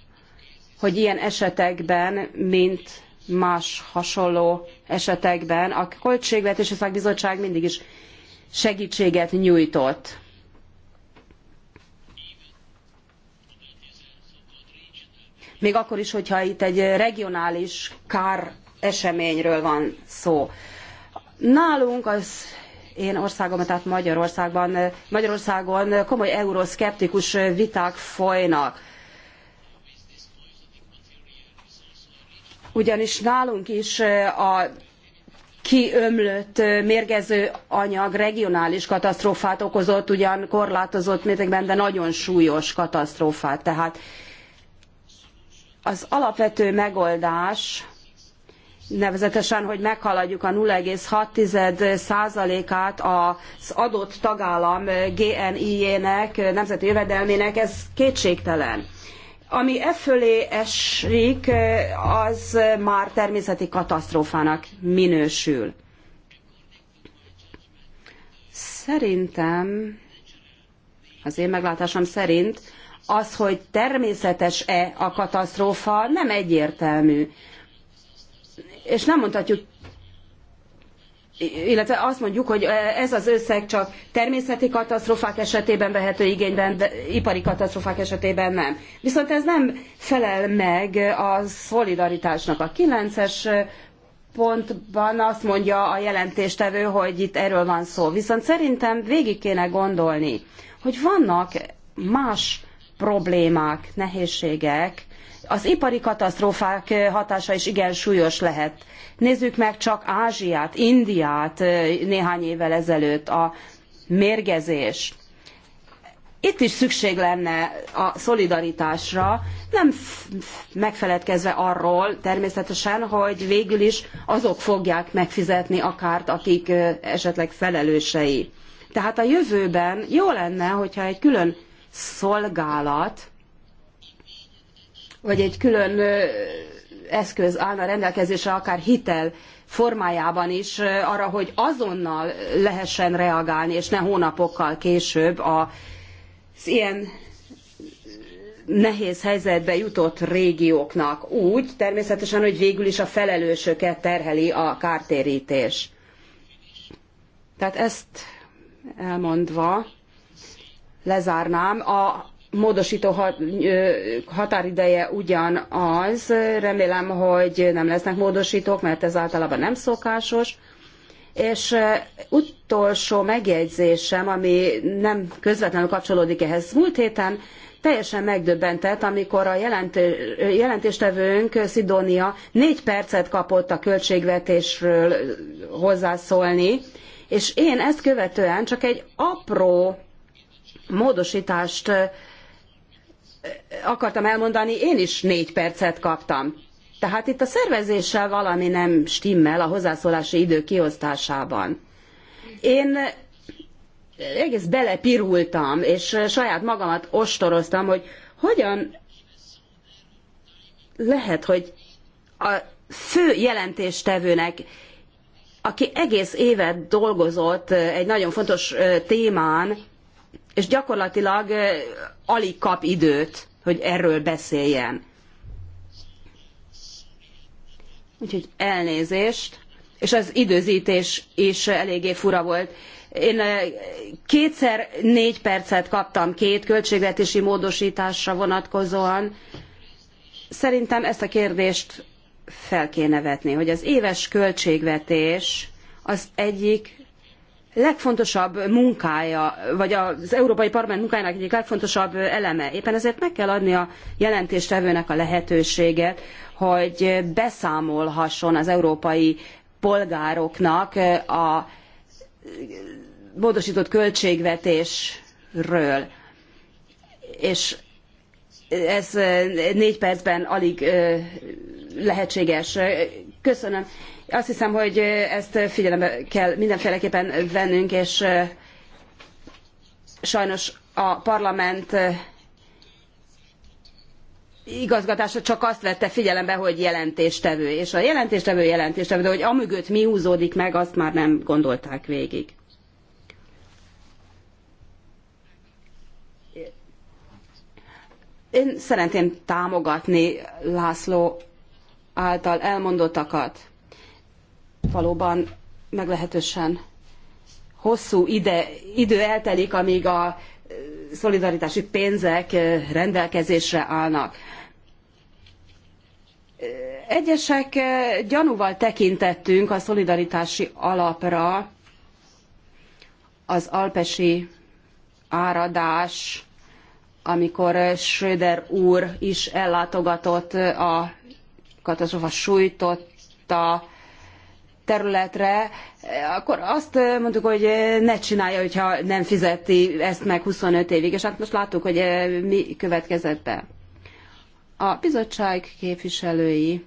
hogy ilyen esetekben, mint más hasonló esetekben a Költségvetési Szakbizottság mindig is segítséget nyújtott. Még akkor is, hogyha itt egy regionális kár eseményről van szó. Nálunk az én országom, tehát Magyarországban, Magyarországon komoly euroszkeptikus viták folynak. Ugyanis nálunk is a kiömlött mérgező anyag regionális katasztrófát okozott, ugyan korlátozott mértékben, de nagyon súlyos katasztrófát. Tehát az alapvető megoldás nevezetesen, hogy meghaladjuk a 0,6%-át az adott tagállam GNI-jének, nemzeti jövedelmének, ez kétségtelen. Ami e fölé esik, az már természeti katasztrófának minősül. Szerintem, az én meglátásom szerint, az, hogy természetes-e a katasztrófa, nem egyértelmű és nem mondhatjuk illetve azt mondjuk, hogy ez az összeg csak természeti katasztrofák esetében vehető igényben, de ipari katasztrofák esetében nem. Viszont ez nem felel meg a szolidaritásnak. A kilences pontban azt mondja a jelentéstevő, hogy itt erről van szó. Viszont szerintem végig kéne gondolni, hogy vannak más problémák, nehézségek, az ipari katasztrófák hatása is igen súlyos lehet. Nézzük meg csak Ázsiát, Indiát néhány évvel ezelőtt, a mérgezés. Itt is szükség lenne a szolidaritásra, nem megfeledkezve arról természetesen, hogy végül is azok fogják megfizetni a kárt, akik esetleg felelősei. Tehát a jövőben jó lenne, hogyha egy külön szolgálat vagy egy külön eszköz állna rendelkezésre, akár hitel formájában is, arra, hogy azonnal lehessen reagálni, és ne hónapokkal később az ilyen nehéz helyzetbe jutott régióknak úgy, természetesen, hogy végül is a felelősöket terheli a kártérítés. Tehát ezt elmondva lezárnám. A módosító határideje ugyanaz, remélem, hogy nem lesznek módosítók, mert ez általában nem szokásos. És utolsó megjegyzésem, ami nem közvetlenül kapcsolódik ehhez, múlt héten teljesen megdöbbentett, amikor a jelentéstevőnk Szidónia négy percet kapott a költségvetésről hozzászólni, és én ezt követően csak egy apró módosítást akartam elmondani, én is négy percet kaptam. Tehát itt a szervezéssel valami nem stimmel a hozzászólási idő kiosztásában. Én egész belepirultam, és saját magamat ostoroztam, hogy hogyan lehet, hogy a fő jelentéstevőnek, aki egész évet dolgozott egy nagyon fontos témán, és gyakorlatilag alig kap időt, hogy erről beszéljen. Úgyhogy elnézést, és az időzítés is eléggé fura volt. Én kétszer négy percet kaptam két költségvetési módosításra vonatkozóan. Szerintem ezt a kérdést fel kéne vetni, hogy az éves költségvetés az egyik legfontosabb munkája, vagy az Európai Parlament munkájának egyik legfontosabb eleme. Éppen ezért meg kell adni a jelentéstevőnek a lehetőséget, hogy beszámolhasson az európai polgároknak a módosított költségvetésről. És ez négy percben alig lehetséges. Köszönöm. Azt hiszem, hogy ezt figyelembe kell mindenféleképpen vennünk, és sajnos a parlament igazgatása csak azt vette figyelembe, hogy jelentéstevő. És a jelentéstevő jelentéstevő, de hogy amögött mi húzódik meg, azt már nem gondolták végig. Én szeretném támogatni László által elmondottakat valóban meglehetősen hosszú ide, idő eltelik, amíg a eh, szolidaritási pénzek eh, rendelkezésre állnak. Eh, egyesek gyanúval tekintettünk a szolidaritási alapra, az alpesi áradás, amikor Schröder úr is ellátogatott a katasztrofa sújtotta területre, akkor azt eh, mondtuk, hogy eh, ne csinálja, hogyha nem fizeti ezt meg 25 évig, és hát most láttuk, hogy eh, mi következett be. A bizottság képviselői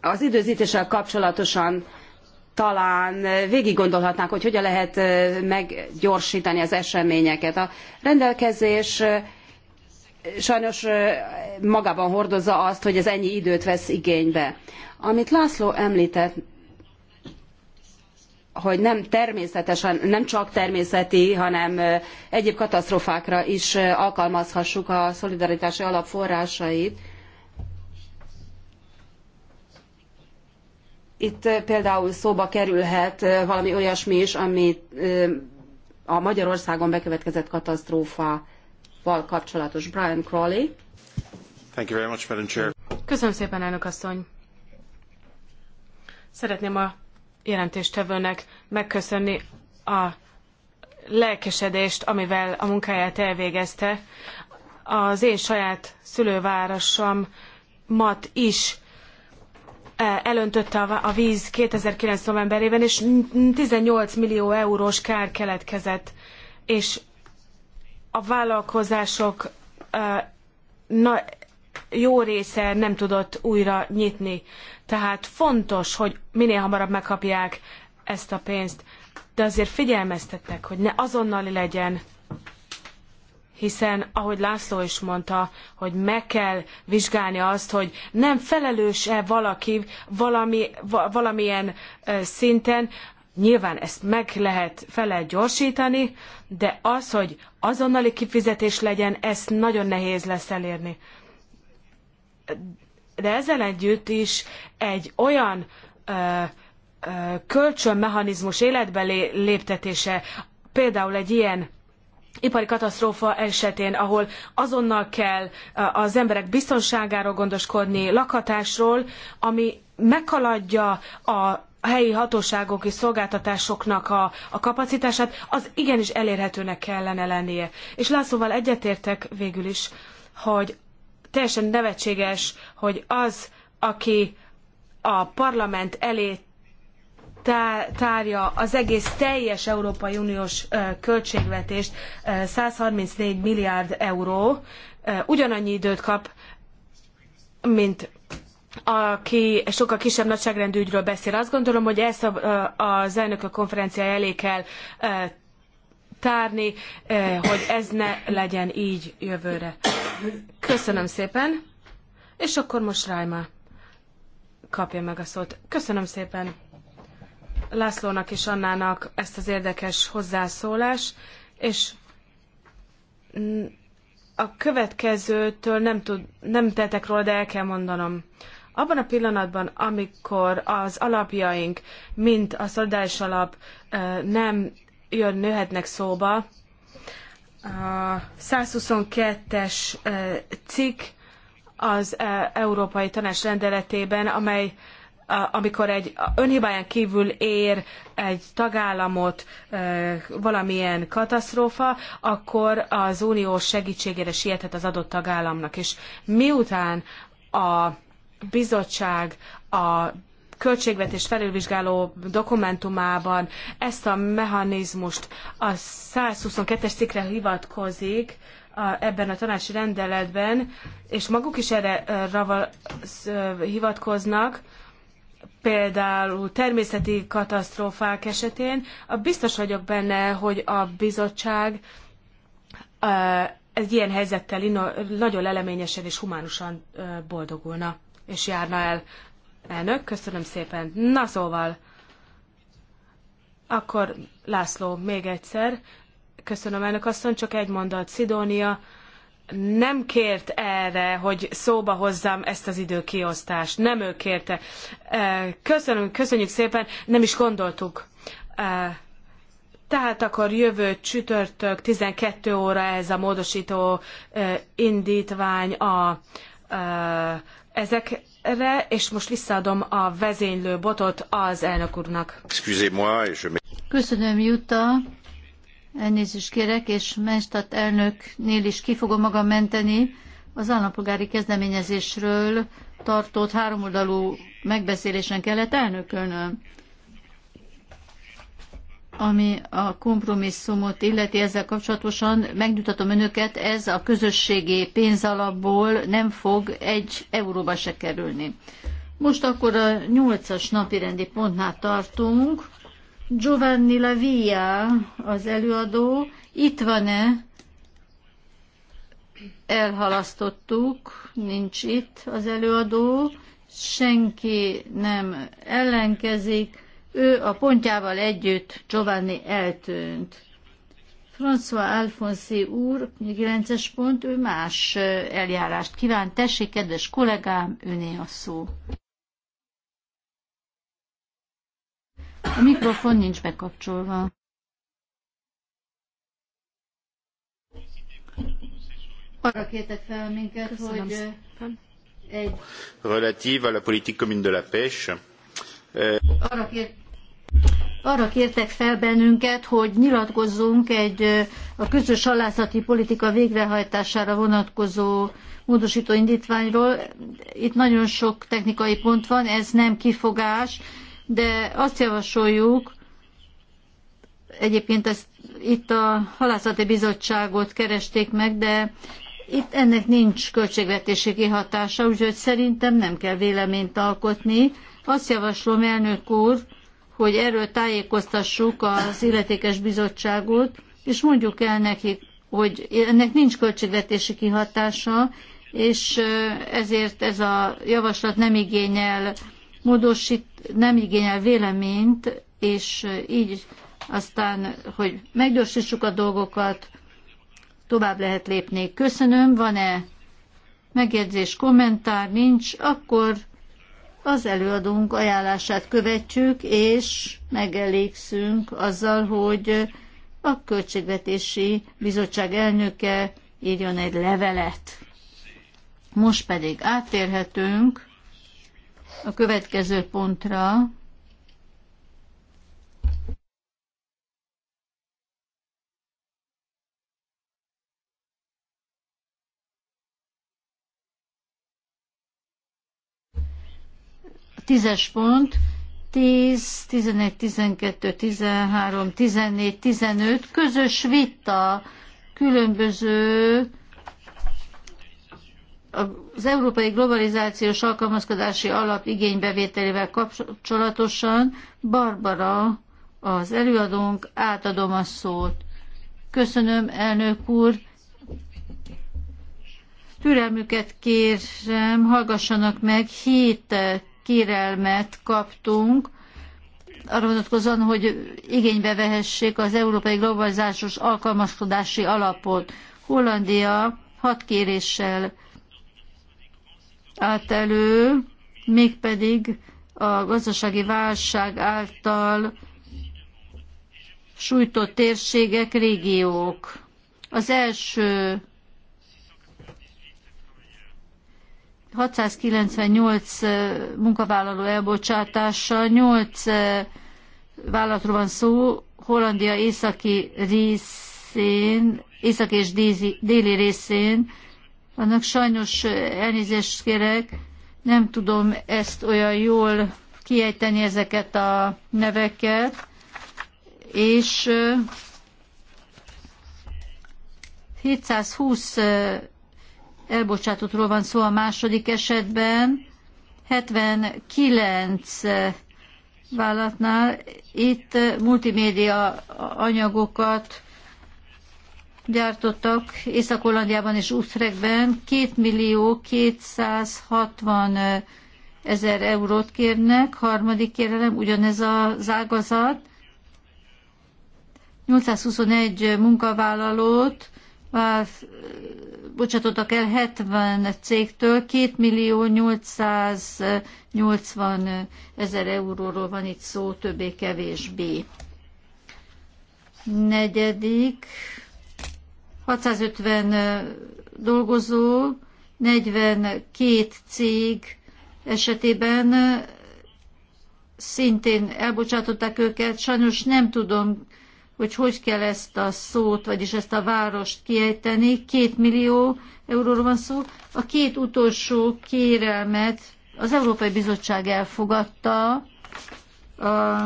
az időzítéssel kapcsolatosan talán végig hogy hogyan lehet meggyorsítani az eseményeket. A rendelkezés sajnos magában hordozza azt, hogy ez ennyi időt vesz igénybe. Amit László említett, hogy nem természetesen, nem csak természeti, hanem egyéb katasztrofákra is alkalmazhassuk a szolidaritási alap forrásait. Itt például szóba kerülhet valami olyasmi is, ami a Magyarországon bekövetkezett katasztrófa val kapcsolatos. Brian Crowley. Thank you very much, Madam Chair. Köszönöm szépen, elnök asszony. Szeretném a jelentéstevőnek megköszönni a lelkesedést, amivel a munkáját elvégezte. Az én saját szülővárosom mat is eh, elöntötte a víz 2009. novemberében, és 18 millió eurós kár keletkezett, és a vállalkozások na, jó része nem tudott újra nyitni. Tehát fontos, hogy minél hamarabb megkapják ezt a pénzt. De azért figyelmeztettek, hogy ne azonnali legyen, hiszen, ahogy László is mondta, hogy meg kell vizsgálni azt, hogy nem felelős-e valaki valami, valamilyen szinten Nyilván ezt meg lehet, fel lehet gyorsítani, de az, hogy azonnali kifizetés legyen, ezt nagyon nehéz lesz elérni. De ezzel együtt is egy olyan ö, ö, kölcsönmechanizmus életbe léptetése, például egy ilyen ipari katasztrófa esetén, ahol azonnal kell az emberek biztonságáról gondoskodni, lakhatásról, ami meghaladja a, helyi hatóságok és szolgáltatásoknak a, a kapacitását, az igenis elérhetőnek kellene lennie. És Lászlóval egyetértek végül is, hogy teljesen nevetséges, hogy az, aki a parlament elé tárja az egész teljes Európai Uniós költségvetést, 134 milliárd euró, ugyanannyi időt kap, mint aki sokkal kisebb nagyságrendű ügyről beszél. Azt gondolom, hogy ezt a, az elnökök konferenciája elé kell tárni, hogy ez ne legyen így jövőre. Köszönöm szépen, és akkor most Rájma kapja meg a szót. Köszönöm szépen Lászlónak és Annának ezt az érdekes hozzászólás, és a következőtől nem, tud, nem tettek róla, de el kell mondanom. Abban a pillanatban, amikor az alapjaink, mint a szolidáris alap nem jön, nőhetnek szóba, a 122-es cikk az Európai Tanács rendeletében, amely amikor egy önhibáján kívül ér egy tagállamot valamilyen katasztrófa, akkor az unió segítségére siethet az adott tagállamnak. És miután a bizottság a költségvetés felülvizsgáló dokumentumában ezt a mechanizmust a 122-es cikkre hivatkozik, a, ebben a tanácsi rendeletben, és maguk is erre hivatkoznak, például természeti katasztrófák esetén, a biztos vagyok benne, hogy a bizottság egy ilyen helyzettel inno, nagyon leleményesen és humánusan boldogulna és járna el. Elnök, köszönöm szépen. Na szóval, akkor László, még egyszer. Köszönöm, elnök asszony, csak egy mondat. Szidónia nem kért erre, hogy szóba hozzam ezt az időkiosztást. Nem ő kérte. E, köszönöm, köszönjük szépen, nem is gondoltuk. E, tehát akkor jövő csütörtök 12 óra ez a módosító e, indítvány a ezekre, és most visszaadom a vezénylő botot az elnök úrnak. Köszönöm, Jutta. Elnézést kérek, és Mestat elnöknél is ki fogom magam menteni. Az állampolgári kezdeményezésről tartott háromoldalú megbeszélésen kellett elnökölnöm ami a kompromisszumot illeti ezzel kapcsolatosan, megnyugtatom önöket, ez a közösségi pénzalapból nem fog egy euróba se kerülni. Most akkor a nyolcas napi rendi pontnál tartunk. Giovanni Lavia az előadó. Itt van-e? Elhalasztottuk, nincs itt az előadó, senki nem ellenkezik ő a pontjával együtt Giovanni eltűnt. François Alfonsi úr, 9-es pont, ő más eljárást kíván. Tessék, kedves kollégám, öné a szó. A mikrofon nincs bekapcsolva. Arra kértek fel minket, Köszönöm hogy egy... Relatív a la politique commune de la pêche. Arra kértek arra kértek fel bennünket, hogy nyilatkozzunk egy a közös halászati politika végrehajtására vonatkozó módosító indítványról. Itt nagyon sok technikai pont van, ez nem kifogás, de azt javasoljuk, egyébként ezt itt a halászati bizottságot keresték meg, de itt ennek nincs költségvetési kihatása, úgyhogy szerintem nem kell véleményt alkotni. Azt javaslom, elnök úr, hogy erről tájékoztassuk az illetékes bizottságot, és mondjuk el nekik, hogy ennek nincs költségvetési kihatása, és ezért ez a javaslat nem igényel módosít, nem igényel véleményt, és így aztán, hogy meggyorsítsuk a dolgokat, tovább lehet lépni. Köszönöm, van-e megjegyzés, kommentár, nincs, akkor az előadónk ajánlását követjük, és megelégszünk azzal, hogy a Költségvetési Bizottság elnöke írjon egy levelet. Most pedig áttérhetünk a következő pontra, Tízes pont, 10, 11, 12, 13, 14, 15, közös vita különböző az európai globalizációs alkalmazkodási alap igénybevételével kapcsolatosan Barbara, az előadónk, átadom a szót. Köszönöm, elnök úr. Türelmüket kérem, hallgassanak meg, hét kérelmet kaptunk, arra vonatkozóan, hogy igénybe vehessék az Európai Globalizációs Alkalmazkodási Alapot. Hollandia hat kéréssel állt elő, mégpedig a gazdasági válság által sújtott térségek, régiók. Az első 698 munkavállaló elbocsátása, 8 vállalatról van szó, Hollandia északi részén, északi és déli részén, annak sajnos elnézést kérek, nem tudom ezt olyan jól kiejteni ezeket a neveket, és 720 elbocsátottról van szó a második esetben, 79 vállalatnál. Itt multimédia anyagokat gyártottak Észak-Hollandiában és Utrechtben. 2 millió 260 ezer eurót kérnek. Harmadik kérelem, ugyanez az ágazat. 821 munkavállalót bocsátottak el 70 cégtől, 2 millió 880 ezer euróról van itt szó, többé-kevésbé. Negyedik, 650 dolgozó, 42 cég esetében szintén elbocsátották őket. Sajnos nem tudom hogy hogy kell ezt a szót, vagyis ezt a várost kiejteni. Két millió euróról van szó. A két utolsó kérelmet az Európai Bizottság elfogadta. A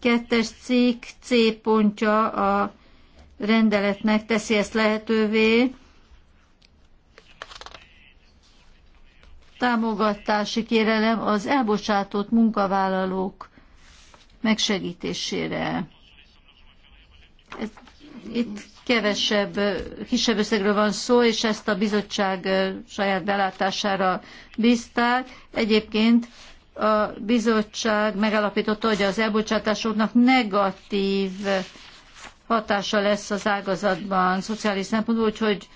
kettes cikk C pontja a rendeletnek teszi ezt lehetővé. Támogatási kérelem az elbocsátott munkavállalók megsegítésére itt kevesebb, kisebb összegről van szó, és ezt a bizottság saját belátására bízták. Egyébként a bizottság megalapította, hogy az elbocsátásoknak negatív hatása lesz az ágazatban szociális szempontból, úgyhogy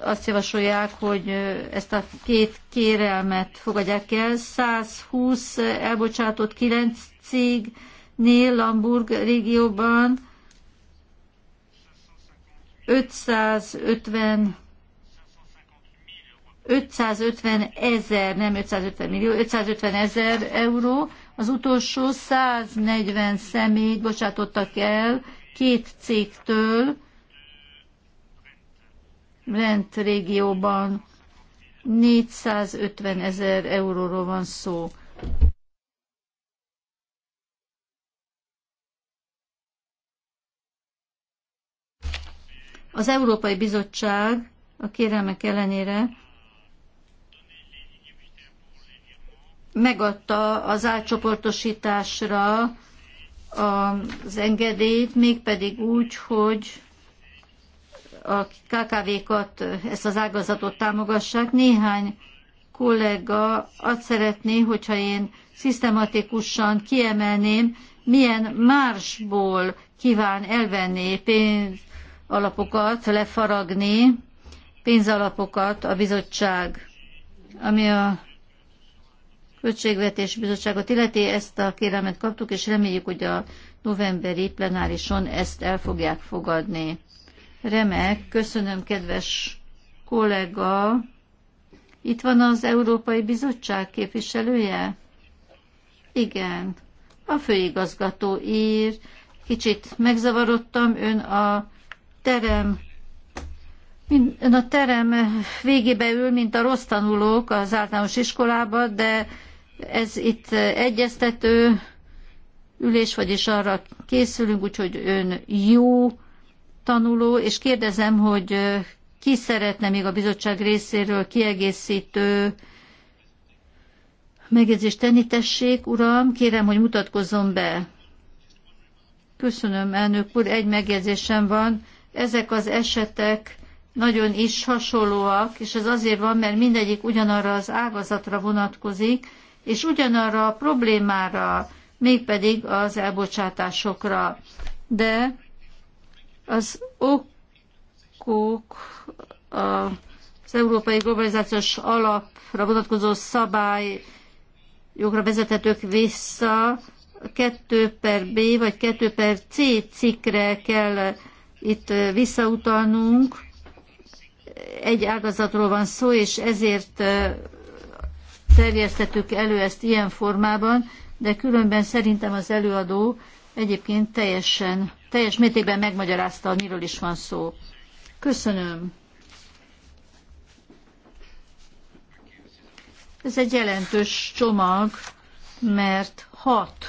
azt javasolják, hogy ezt a két kérelmet fogadják el. 120 elbocsátott 9 cégnél Lamburg régióban, 550 550 ezer, nem 550 millió, 550 ezer euró, az utolsó 140 személyt bocsátottak el két cégtől, Rent régióban 450 ezer euróról van szó. Az Európai Bizottság a kérelmek ellenére megadta az átcsoportosításra az engedélyt, mégpedig úgy, hogy a KKV-kat, ezt az ágazatot támogassák. Néhány kollega azt szeretné, hogyha én szisztematikusan kiemelném, milyen másból kíván elvenni pénzt alapokat lefaragni, pénzalapokat a bizottság, ami a Költségvetés Bizottságot illeti, ezt a kérelmet kaptuk, és reméljük, hogy a novemberi plenárison ezt el fogják fogadni. Remek, köszönöm, kedves kollega. Itt van az Európai Bizottság képviselője? Igen. A főigazgató ír. Kicsit megzavarodtam, ön a terem Ön a terem végébe ül, mint a rossz tanulók az általános iskolába, de ez itt egyeztető ülés, vagyis arra készülünk, úgyhogy ön jó tanuló, és kérdezem, hogy ki szeretne még a bizottság részéről kiegészítő megjegyzést tenni, tessék, uram, kérem, hogy mutatkozzon be. Köszönöm, elnök úr, egy megjegyzésem van ezek az esetek nagyon is hasonlóak, és ez azért van, mert mindegyik ugyanarra az ágazatra vonatkozik, és ugyanarra a problémára, mégpedig az elbocsátásokra. De az okok, az Európai Globalizációs Alapra vonatkozó szabály jogra vezethetők vissza, 2 per B vagy 2 per C cikkre kell itt visszautalnunk. Egy ágazatról van szó, és ezért terjesztettük elő ezt ilyen formában, de különben szerintem az előadó egyébként teljesen, teljes mértékben megmagyarázta, miről is van szó. Köszönöm. Ez egy jelentős csomag, mert hat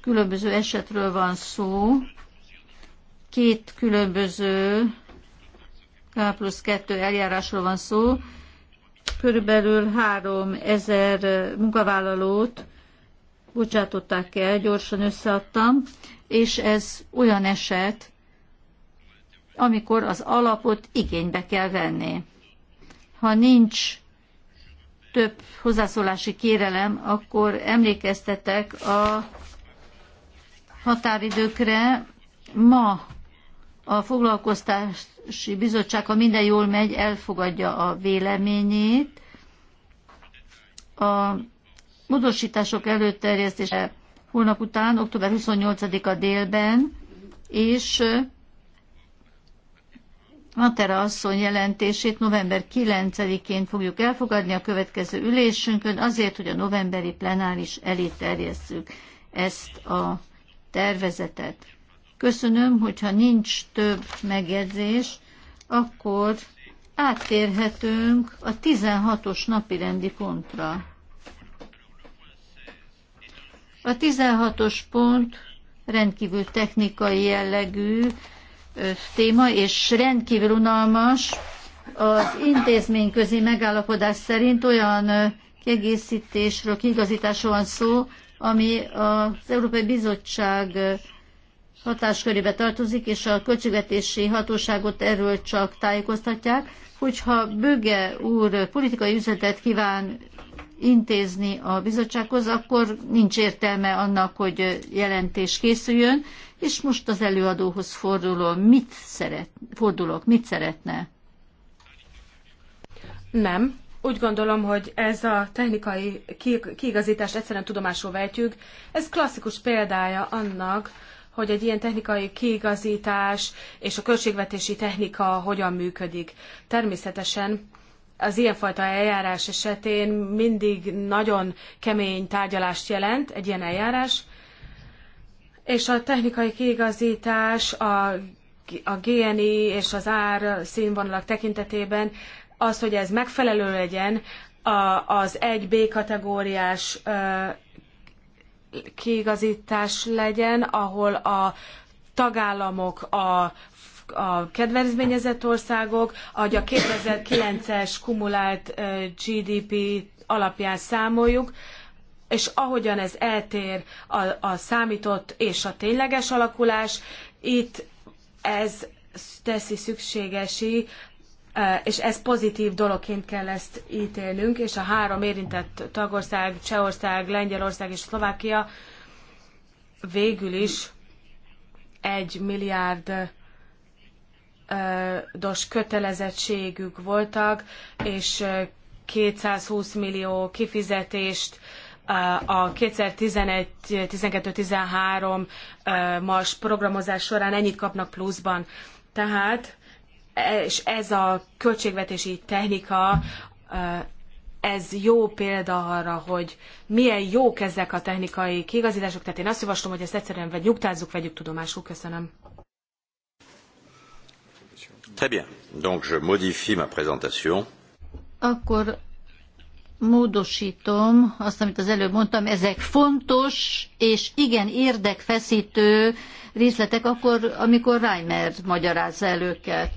különböző esetről van szó, két különböző K plusz 2 eljárásról van szó. Körülbelül 3000 munkavállalót bocsátották el, gyorsan összeadtam, és ez olyan eset, amikor az alapot igénybe kell venni. Ha nincs több hozzászólási kérelem, akkor emlékeztetek a határidőkre. Ma a foglalkoztási bizottság, ha minden jól megy, elfogadja a véleményét. A módosítások előterjesztése holnap után, október 28-a délben, és Matera asszony jelentését november 9-én fogjuk elfogadni a következő ülésünkön, azért, hogy a novemberi plenáris elé terjesszük ezt a tervezetet. Köszönöm, hogyha nincs több megjegyzés, akkor áttérhetünk a 16-os napirendi pontra. A 16-os pont rendkívül technikai jellegű téma, és rendkívül unalmas. Az intézményközi megállapodás szerint olyan kiegészítésről, kiigazításról van szó, ami az Európai Bizottság hatáskörébe tartozik, és a költségvetési hatóságot erről csak tájékoztatják. Hogyha Böge úr politikai üzletet kíván intézni a bizottsághoz, akkor nincs értelme annak, hogy jelentés készüljön, és most az előadóhoz fordulom, mit szeret, fordulok, mit szeretne? Nem. Úgy gondolom, hogy ez a technikai kiigazítást egyszerűen tudomásul vetjük. Ez klasszikus példája annak, hogy egy ilyen technikai kiigazítás és a költségvetési technika hogyan működik. Természetesen az ilyenfajta eljárás esetén mindig nagyon kemény tárgyalást jelent egy ilyen eljárás, és a technikai kiigazítás a, a GNI és az ár színvonalak tekintetében az, hogy ez megfelelő legyen, az egy b kategóriás kiigazítás legyen, ahol a tagállamok, a, a kedvezményezett országok, ahogy a 2009-es kumulált GDP alapján számoljuk, és ahogyan ez eltér a, a számított és a tényleges alakulás, itt ez teszi szükségesi és ez pozitív dologként kell ezt ítélnünk, és a három érintett tagország, Csehország, Lengyelország és Szlovákia végül is egy milliárd dos kötelezettségük voltak, és 220 millió kifizetést a 2011-12-13 mas programozás során ennyit kapnak pluszban. Tehát és ez a költségvetési technika ez jó példa arra, hogy milyen jók ezek a technikai kiigazítások, tehát én azt javaslom, hogy ezt egyszerűen vagy nyugtázzuk, vegyük tudomásul. Köszönöm. Très bien. Donc je modifie ma présentation. Akkor módosítom azt, amit az előbb mondtam, ezek fontos és igen érdekfeszítő részletek, akkor, amikor Reimer magyarázza előket.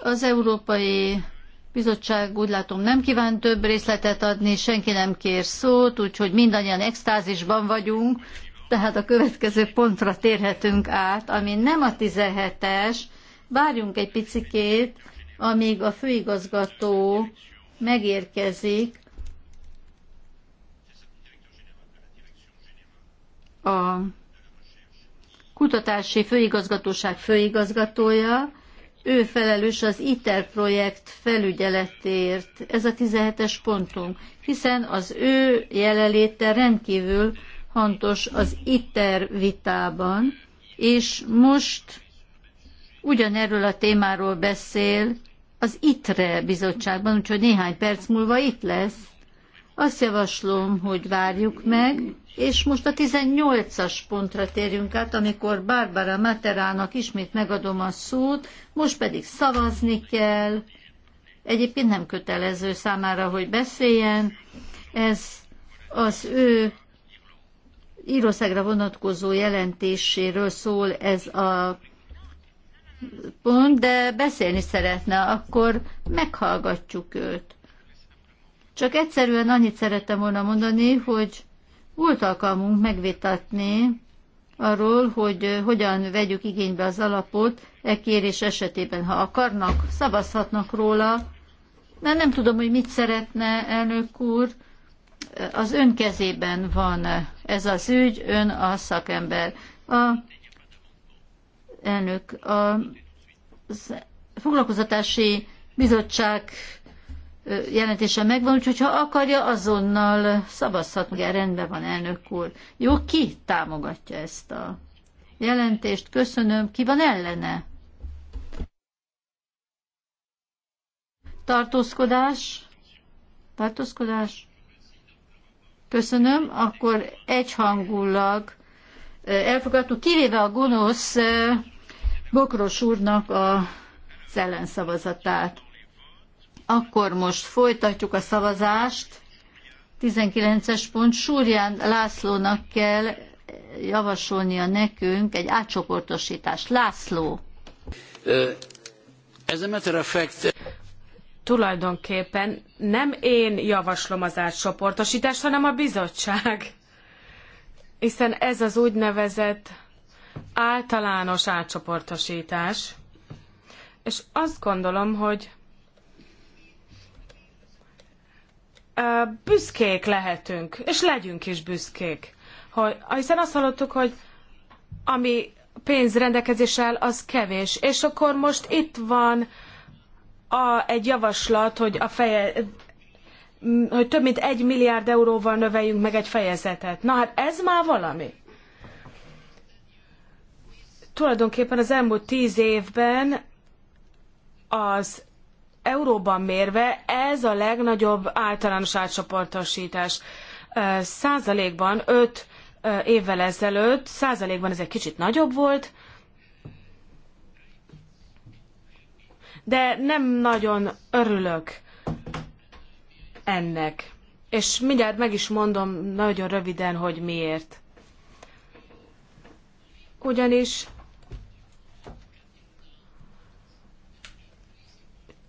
Az Európai Bizottság úgy látom nem kíván több részletet adni, senki nem kér szót, úgyhogy mindannyian extázisban vagyunk, tehát a következő pontra térhetünk át, ami nem a 17-es, várjunk egy picikét, amíg a főigazgató megérkezik a kutatási főigazgatóság főigazgatója, ő felelős az ITER projekt felügyeletéért. Ez a 17-es pontunk, hiszen az ő jelenléte rendkívül fontos az ITER vitában, és most ugyanerről a témáról beszél az ITRE bizottságban, úgyhogy néhány perc múlva itt lesz. Azt javaslom, hogy várjuk meg, és most a 18-as pontra térjünk át, amikor Barbara Materának ismét megadom a szót, most pedig szavazni kell. Egyébként nem kötelező számára, hogy beszéljen. Ez az ő Írországra vonatkozó jelentéséről szól ez a pont, de beszélni szeretne, akkor meghallgatjuk őt. Csak egyszerűen annyit szerettem volna mondani, hogy volt alkalmunk megvitatni arról, hogy hogyan vegyük igénybe az alapot e kérés esetében. Ha akarnak, szavazhatnak róla, mert nem tudom, hogy mit szeretne elnök úr. Az ön kezében van ez az ügy, ön a szakember. A elnök, a foglalkozatási bizottság jelentése megvan, úgyhogy ha akarja, azonnal szavazhat. Ugye rendben van, elnök úr. Jó, ki támogatja ezt a jelentést? Köszönöm. Ki van ellene? Tartózkodás? Tartózkodás? Köszönöm. Akkor egyhangulag elfogadtuk, kivéve a gonosz Bokros úrnak a ellenszavazatát. Akkor most folytatjuk a szavazást. 19-es pont. Súrján Lászlónak kell javasolnia nekünk egy átcsoportosítást. László. Ez a matter of fact, tulajdonképpen nem én javaslom az átcsoportosítást, hanem a bizottság. Hiszen ez az úgynevezett általános átcsoportosítás. És azt gondolom, hogy büszkék lehetünk, és legyünk is büszkék. Hogy, hiszen azt hallottuk, hogy ami pénz rendelkezésre az kevés. És akkor most itt van a, egy javaslat, hogy a feje, hogy több mint egy milliárd euróval növeljünk meg egy fejezetet. Na hát ez már valami. Tulajdonképpen az elmúlt tíz évben az euróban mérve ez a legnagyobb általános átcsoportosítás. Százalékban 5 évvel ezelőtt, százalékban ez egy kicsit nagyobb volt, de nem nagyon örülök ennek. És mindjárt meg is mondom nagyon röviden, hogy miért. Ugyanis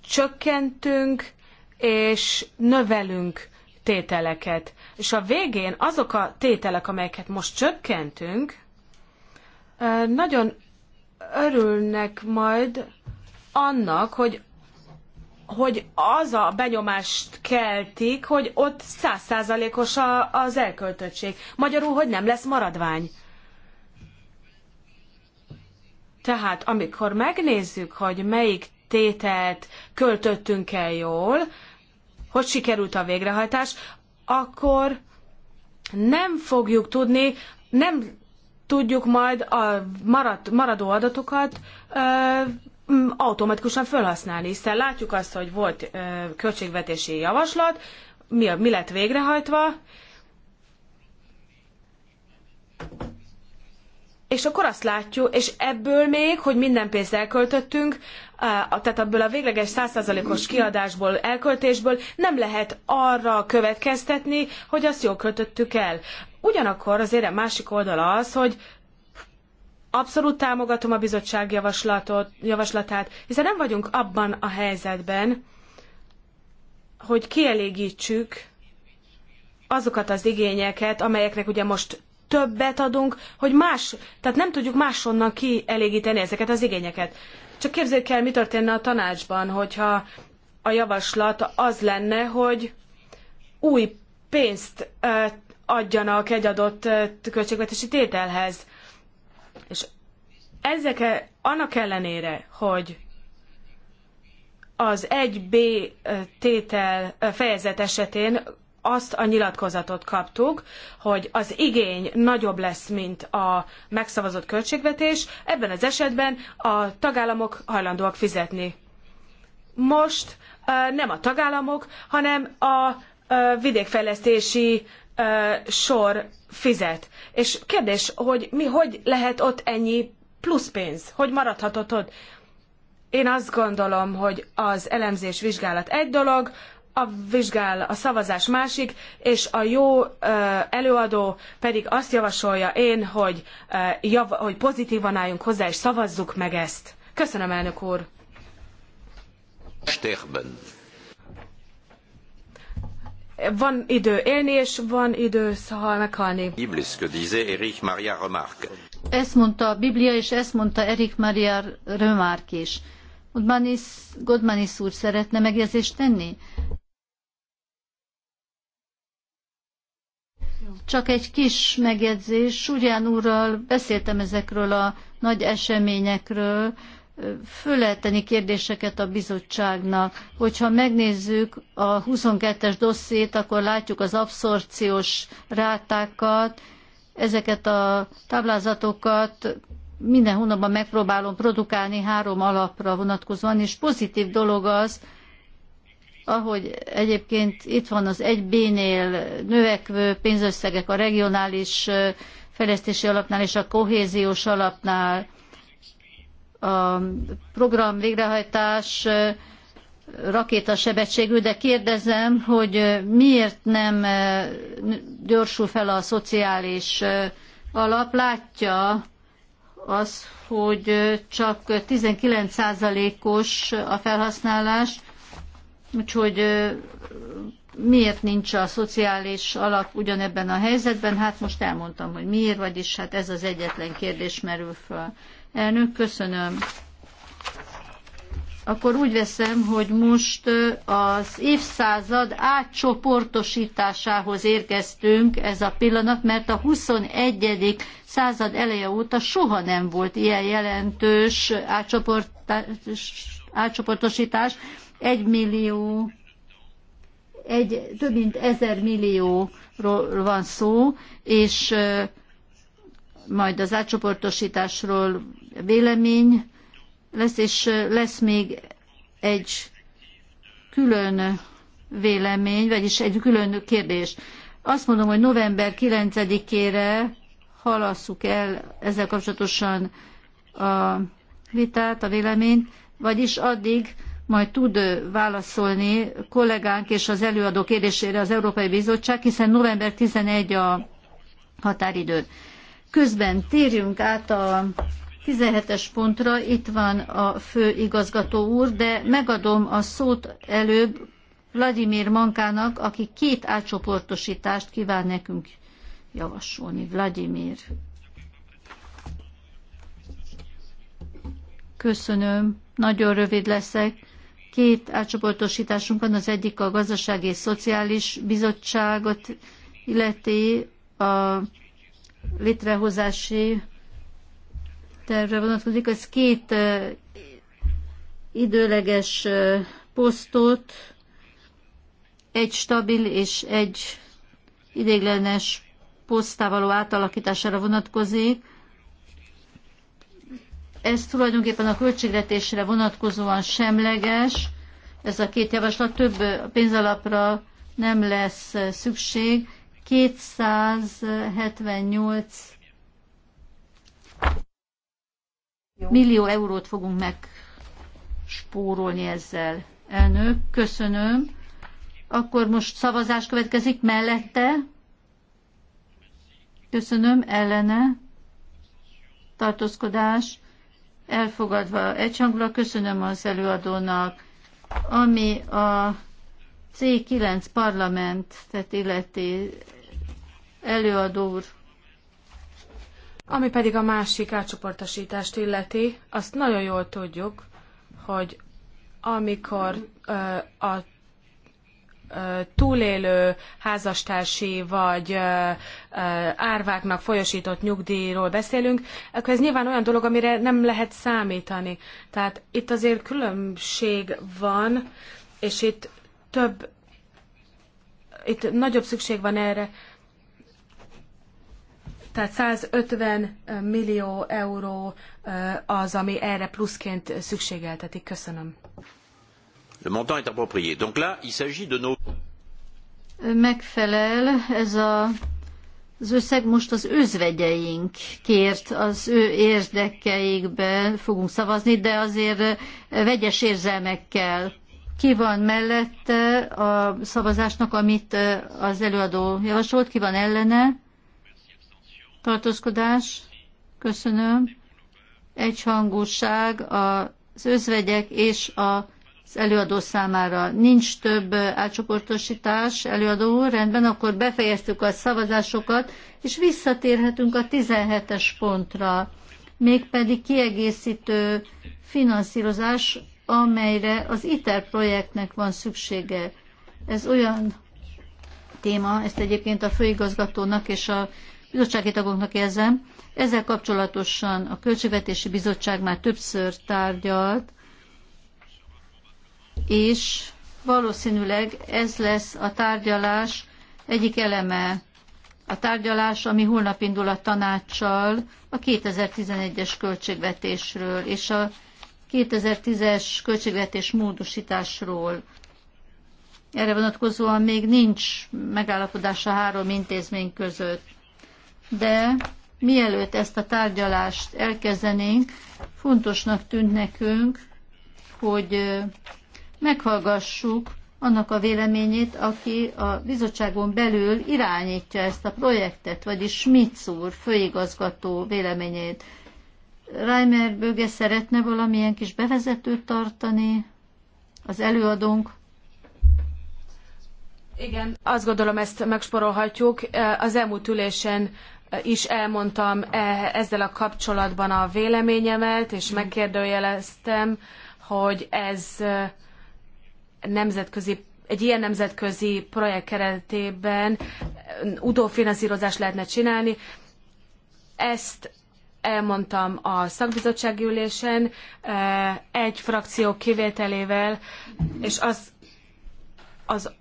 csökkentünk és növelünk tételeket. És a végén azok a tételek, amelyeket most csökkentünk, nagyon örülnek majd annak, hogy hogy az a benyomást keltik, hogy ott százszázalékos az elköltöttség. Magyarul, hogy nem lesz maradvány. Tehát amikor megnézzük, hogy melyik tételt költöttünk el jól, hogy sikerült a végrehajtás, akkor nem fogjuk tudni, nem tudjuk majd a marad, maradó adatokat ö, automatikusan felhasználni, hiszen látjuk azt, hogy volt ö, költségvetési javaslat, mi, mi lett végrehajtva, és akkor azt látjuk, és ebből még, hogy minden pénzt elköltöttünk, tehát ebből a végleges százszázalékos kiadásból, elköltésből nem lehet arra következtetni, hogy azt jól költöttük el. Ugyanakkor azért a másik oldala az, hogy abszolút támogatom a bizottság javaslatot, javaslatát, hiszen nem vagyunk abban a helyzetben, hogy kielégítsük azokat az igényeket, amelyeknek ugye most többet adunk, hogy más, tehát nem tudjuk máshonnan kielégíteni ezeket az igényeket. Csak képzeljük el, mi történne a tanácsban, hogyha a javaslat az lenne, hogy új pénzt adjanak egy adott költségvetési tételhez. És ezek e, annak ellenére, hogy az 1B tétel fejezet esetén azt a nyilatkozatot kaptuk, hogy az igény nagyobb lesz, mint a megszavazott költségvetés, ebben az esetben a tagállamok hajlandóak fizetni. Most nem a tagállamok, hanem a vidékfejlesztési sor fizet. És kérdés, hogy mi hogy lehet ott ennyi plusz pénz? Hogy maradhatott ott? Én azt gondolom, hogy az elemzés vizsgálat egy dolog, a vizsgál, a szavazás másik, és a jó előadó pedig azt javasolja én, hogy, jav, hogy pozitívan álljunk hozzá, és szavazzuk meg ezt. Köszönöm, elnök úr! Stérben. Van idő élni, és van idő meghalni. Ezt mondta a Biblia, és ezt mondta Erik Maria Remarque is. Godmanis, Godmanis úr szeretne megjegyzést tenni? Csak egy kis megjegyzés. Surján úrral beszéltem ezekről a nagy eseményekről, föl lehet tenni kérdéseket a bizottságnak. Hogyha megnézzük a 22-es dosszét, akkor látjuk az abszorciós rátákat, ezeket a táblázatokat minden hónapban megpróbálom produkálni három alapra vonatkozóan, és pozitív dolog az, ahogy egyébként itt van az 1B-nél növekvő pénzösszegek a regionális fejlesztési alapnál és a kohéziós alapnál, a program végrehajtás rakétasebességű, de kérdezem, hogy miért nem gyorsul fel a szociális alap? Látja az, hogy csak 19%-os a felhasználás, Úgyhogy miért nincs a szociális alap ugyanebben a helyzetben? Hát most elmondtam, hogy miért, vagyis hát ez az egyetlen kérdés merül föl. Elnök, köszönöm. Akkor úgy veszem, hogy most az évszázad átcsoportosításához érkeztünk ez a pillanat, mert a 21. század eleje óta soha nem volt ilyen jelentős átcsoportosítás, egy millió, egy, több mint ezer millióról van szó, és majd az átcsoportosításról vélemény lesz, és lesz még egy külön vélemény, vagyis egy külön kérdés. Azt mondom, hogy november 9-ére halasszuk el ezzel kapcsolatosan a vitát, a véleményt, vagyis addig majd tud válaszolni kollégánk és az előadó kérdésére az Európai Bizottság, hiszen november 11 a határidő. Közben térjünk át a 17-es pontra, itt van a főigazgató úr, de megadom a szót előbb Vladimir Mankának, aki két átcsoportosítást kíván nekünk javasolni. Vladimir. Köszönöm, nagyon rövid leszek. Két átcsoportosításunk van, az egyik a Gazdasági és Szociális Bizottságot illeti a létrehozási tervre vonatkozik. Ez két időleges posztot, egy stabil és egy idéglenes posztávaló átalakítására vonatkozik ez tulajdonképpen a költségvetésre vonatkozóan semleges, ez a két javaslat több pénzalapra nem lesz szükség. 278 millió eurót fogunk megspórolni ezzel. Elnök, köszönöm. Akkor most szavazás következik mellette. Köszönöm, ellene. Tartózkodás elfogadva egyhangulag. Köszönöm az előadónak, ami a C9 parlamentet illeti előadó úr. Ami pedig a másik átcsoportosítást illeti, azt nagyon jól tudjuk, hogy amikor ö, a túlélő házastársi vagy árváknak folyosított nyugdíjról beszélünk, akkor ez nyilván olyan dolog, amire nem lehet számítani. Tehát itt azért különbség van, és itt több, itt nagyobb szükség van erre, tehát 150 millió euró az, ami erre pluszként szükségeltetik. Köszönöm le montant est approprié. Donc là, il s'agit de nos... Megfelel ez a, az összeg most az özvegyeink kért, az ő érdekeikben fogunk szavazni, de azért vegyes érzelmekkel. Ki van mellette a szavazásnak, amit az előadó javasolt, ki van ellene? Tartózkodás? Köszönöm. Egyhangúság az özvegyek és a az előadó számára. Nincs több átcsoportosítás, előadó úr, rendben, akkor befejeztük a szavazásokat, és visszatérhetünk a 17-es pontra, mégpedig kiegészítő finanszírozás, amelyre az ITER projektnek van szüksége. Ez olyan téma, ezt egyébként a főigazgatónak és a bizottsági tagoknak érzem. Ezzel kapcsolatosan a Költségvetési Bizottság már többször tárgyalt, és valószínűleg ez lesz a tárgyalás egyik eleme. A tárgyalás, ami holnap indul a tanácssal a 2011-es költségvetésről és a 2010-es költségvetés módosításról. Erre vonatkozóan még nincs megállapodás a három intézmény között. De mielőtt ezt a tárgyalást elkezdenénk, fontosnak tűnt nekünk, hogy meghallgassuk annak a véleményét, aki a bizottságon belül irányítja ezt a projektet, vagyis Schmitz úr főigazgató véleményét. Reimer Böge szeretne valamilyen kis bevezetőt tartani? Az előadónk igen, azt gondolom ezt megsporolhatjuk. Az elmúlt ülésen is elmondtam e, ezzel a kapcsolatban a véleményemet, és megkérdőjeleztem, hogy ez nemzetközi egy ilyen nemzetközi projekt keretében utófinanszírozást lehetne csinálni. Ezt elmondtam a szakbizottsági ülésen eh, egy frakció kivételével, és az, az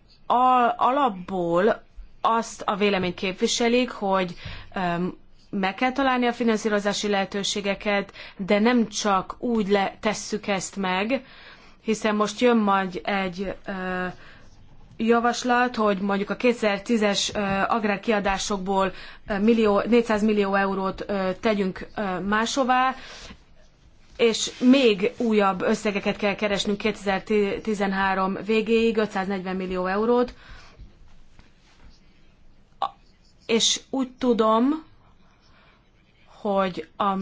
alapból azt a véleményt képviselik, hogy meg kell találni a finanszírozási lehetőségeket, de nem csak úgy le, tesszük ezt meg, hiszen most jön majd egy ö, javaslat, hogy mondjuk a 2010-es agrárkiadásokból millió, 400 millió eurót ö, tegyünk ö, máshová, és még újabb összegeket kell keresnünk 2013 végéig, 540 millió eurót. És úgy tudom, hogy a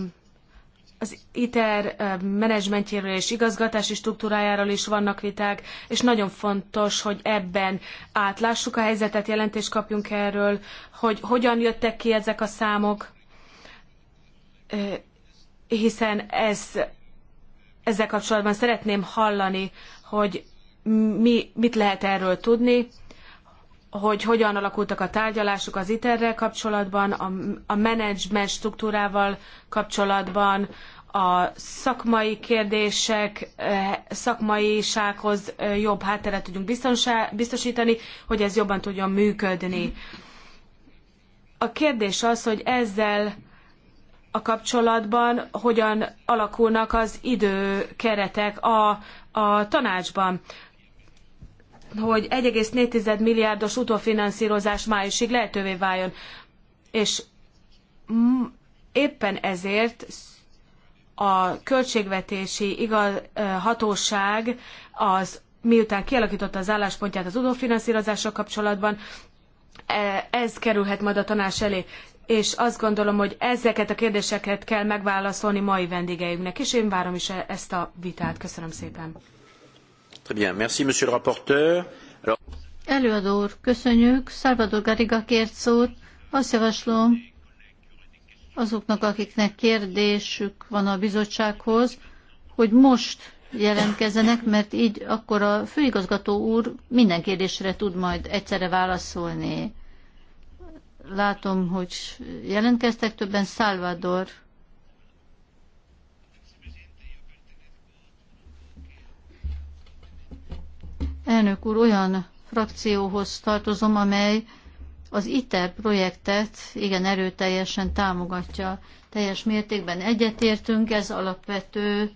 az ITER menedzsmentjéről és igazgatási struktúrájáról is vannak viták, és nagyon fontos, hogy ebben átlássuk a helyzetet, jelentést kapjunk erről, hogy hogyan jöttek ki ezek a számok, hiszen ez, ezzel kapcsolatban szeretném hallani, hogy mi, mit lehet erről tudni, hogy hogyan alakultak a tárgyalások az ITER-rel kapcsolatban, a, a menedzsment struktúrával kapcsolatban, a szakmai kérdések, eh, szakmaisághoz eh, jobb hátteret tudjunk biztosítani, hogy ez jobban tudjon működni. A kérdés az, hogy ezzel a kapcsolatban hogyan alakulnak az időkeretek a, a tanácsban hogy 1,4 milliárdos utófinanszírozás májusig lehetővé váljon. És éppen ezért a költségvetési igaz, hatóság az miután kialakította az álláspontját az udófinanszírozással kapcsolatban, e, ez kerülhet majd a tanács elé. És azt gondolom, hogy ezeket a kérdéseket kell megválaszolni mai vendégeinknek, és én várom is e, ezt a vitát. Köszönöm szépen. Très bien. Merci, monsieur le rapporteur. Alors... Előadó úr, köszönjük. Salvador Garriga kért szót. Azt javaslom, azoknak, akiknek kérdésük van a bizottsághoz, hogy most jelentkezzenek, mert így akkor a főigazgató úr minden kérdésre tud majd egyszerre válaszolni. Látom, hogy jelentkeztek többen. Salvador. Elnök úr, olyan frakcióhoz tartozom, amely az ITER projektet igen erőteljesen támogatja. Teljes mértékben egyetértünk, ez alapvető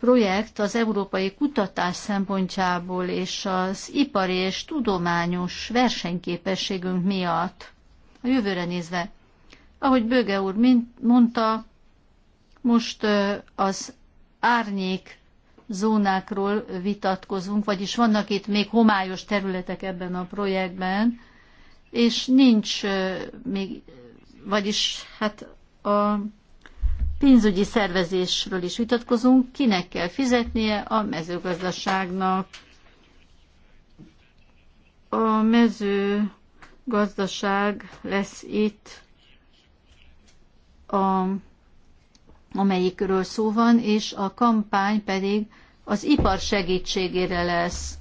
projekt az európai kutatás szempontjából és az ipari és tudományos versenyképességünk miatt. A jövőre nézve, ahogy Böge úr mondta, most az árnyék zónákról vitatkozunk, vagyis vannak itt még homályos területek ebben a projektben, és nincs még, vagyis hát a pénzügyi szervezésről is vitatkozunk, kinek kell fizetnie a mezőgazdaságnak. A mezőgazdaság lesz itt, a, amelyikről szó van, és a kampány pedig az ipar segítségére lesz.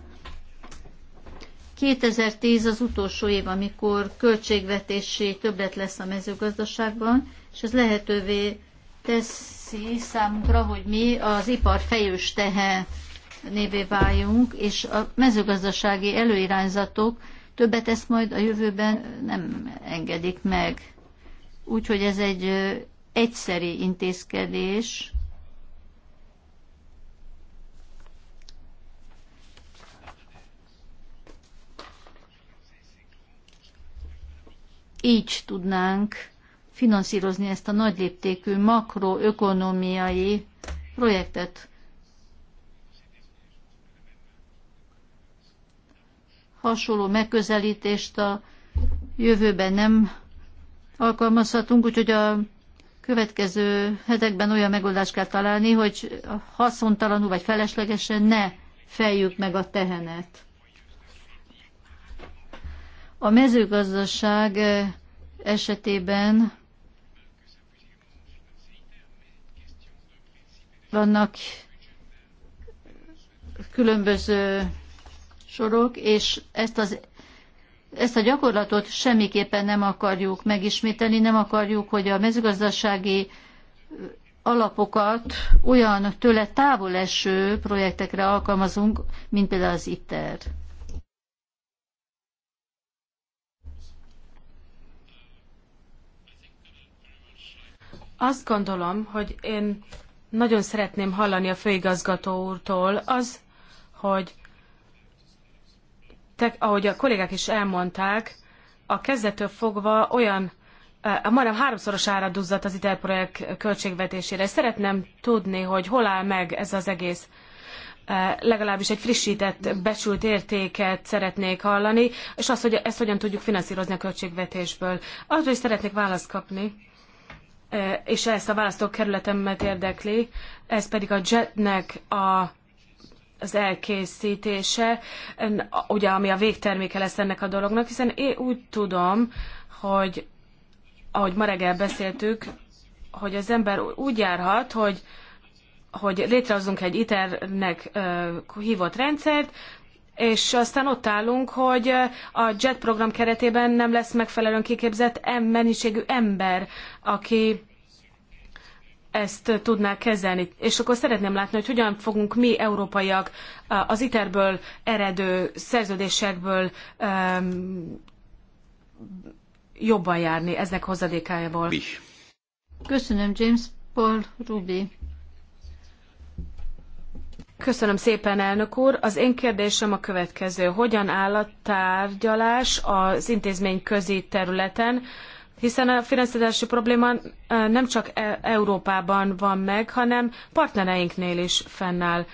2010 az utolsó év, amikor költségvetési többet lesz a mezőgazdaságban, és ez lehetővé teszi számunkra, hogy mi az ipar fejős tehe névé váljunk, és a mezőgazdasági előirányzatok többet ezt majd a jövőben nem engedik meg. Úgyhogy ez egy egyszeri intézkedés, így tudnánk finanszírozni ezt a nagyléptékű makroökonomiai projektet. Hasonló megközelítést a jövőben nem alkalmazhatunk, úgyhogy a következő hetekben olyan megoldást kell találni, hogy haszontalanul vagy feleslegesen ne fejjük meg a tehenet. A mezőgazdaság esetében vannak különböző sorok, és ezt, az, ezt a gyakorlatot semmiképpen nem akarjuk megismételni, nem akarjuk, hogy a mezőgazdasági alapokat olyan tőle távol eső projektekre alkalmazunk, mint például az ITER. Azt gondolom, hogy én nagyon szeretném hallani a főigazgató úrtól az, hogy te, ahogy a kollégák is elmondták, a kezdettől fogva olyan eh, majdnem háromszorosára duzzadt az ITER-projekt költségvetésére. Szeretném tudni, hogy hol áll meg ez az egész eh, legalábbis egy frissített, becsült értéket szeretnék hallani, és azt, hogy ezt hogyan tudjuk finanszírozni a költségvetésből. Arról is szeretnék választ kapni, E, és ezt a választókerületemet érdekli, ez pedig a jetnek a az elkészítése, ugye ami a végterméke lesz ennek a dolognak, hiszen én úgy tudom, hogy ahogy ma reggel beszéltük, hogy az ember úgy járhat, hogy hogy létrehozunk egy ITER-nek e, hívott rendszert, és aztán ott állunk, hogy a JET program keretében nem lesz megfelelően kiképzett mennyiségű ember, aki ezt tudná kezelni. És akkor szeretném látni, hogy hogyan fogunk mi, európaiak, az iterből eredő szerződésekből um, jobban járni eznek hozadékájából. Köszönöm, James Paul Ruby. Köszönöm szépen, elnök úr. Az én kérdésem a következő. Hogyan áll a tárgyalás az intézmény közi területen, hiszen a finanszírozási probléma nem csak e- Európában van meg, hanem partnereinknél is fennáll.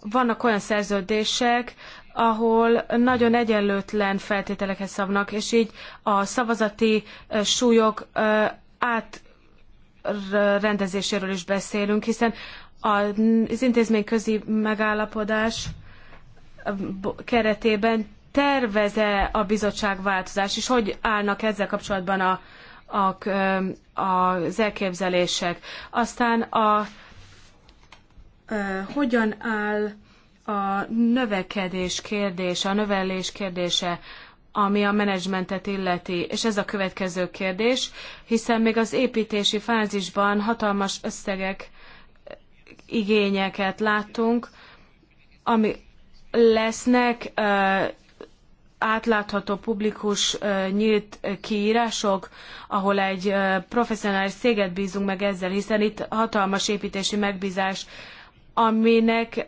Vannak olyan szerződések, ahol nagyon egyenlőtlen feltételekhez szabnak, és így a szavazati súlyok átrendezéséről is beszélünk, hiszen az intézményközi megállapodás keretében terveze a bizottság változás, és hogy állnak ezzel kapcsolatban a, a, az elképzelések. Aztán a, a hogyan áll a növekedés kérdése, a növelés kérdése, ami a menedzsmentet illeti, és ez a következő kérdés, hiszen még az építési fázisban hatalmas összegek igényeket láttunk, ami lesznek átlátható, publikus, nyílt kiírások, ahol egy professzionális széget bízunk meg ezzel, hiszen itt hatalmas építési megbízás, aminek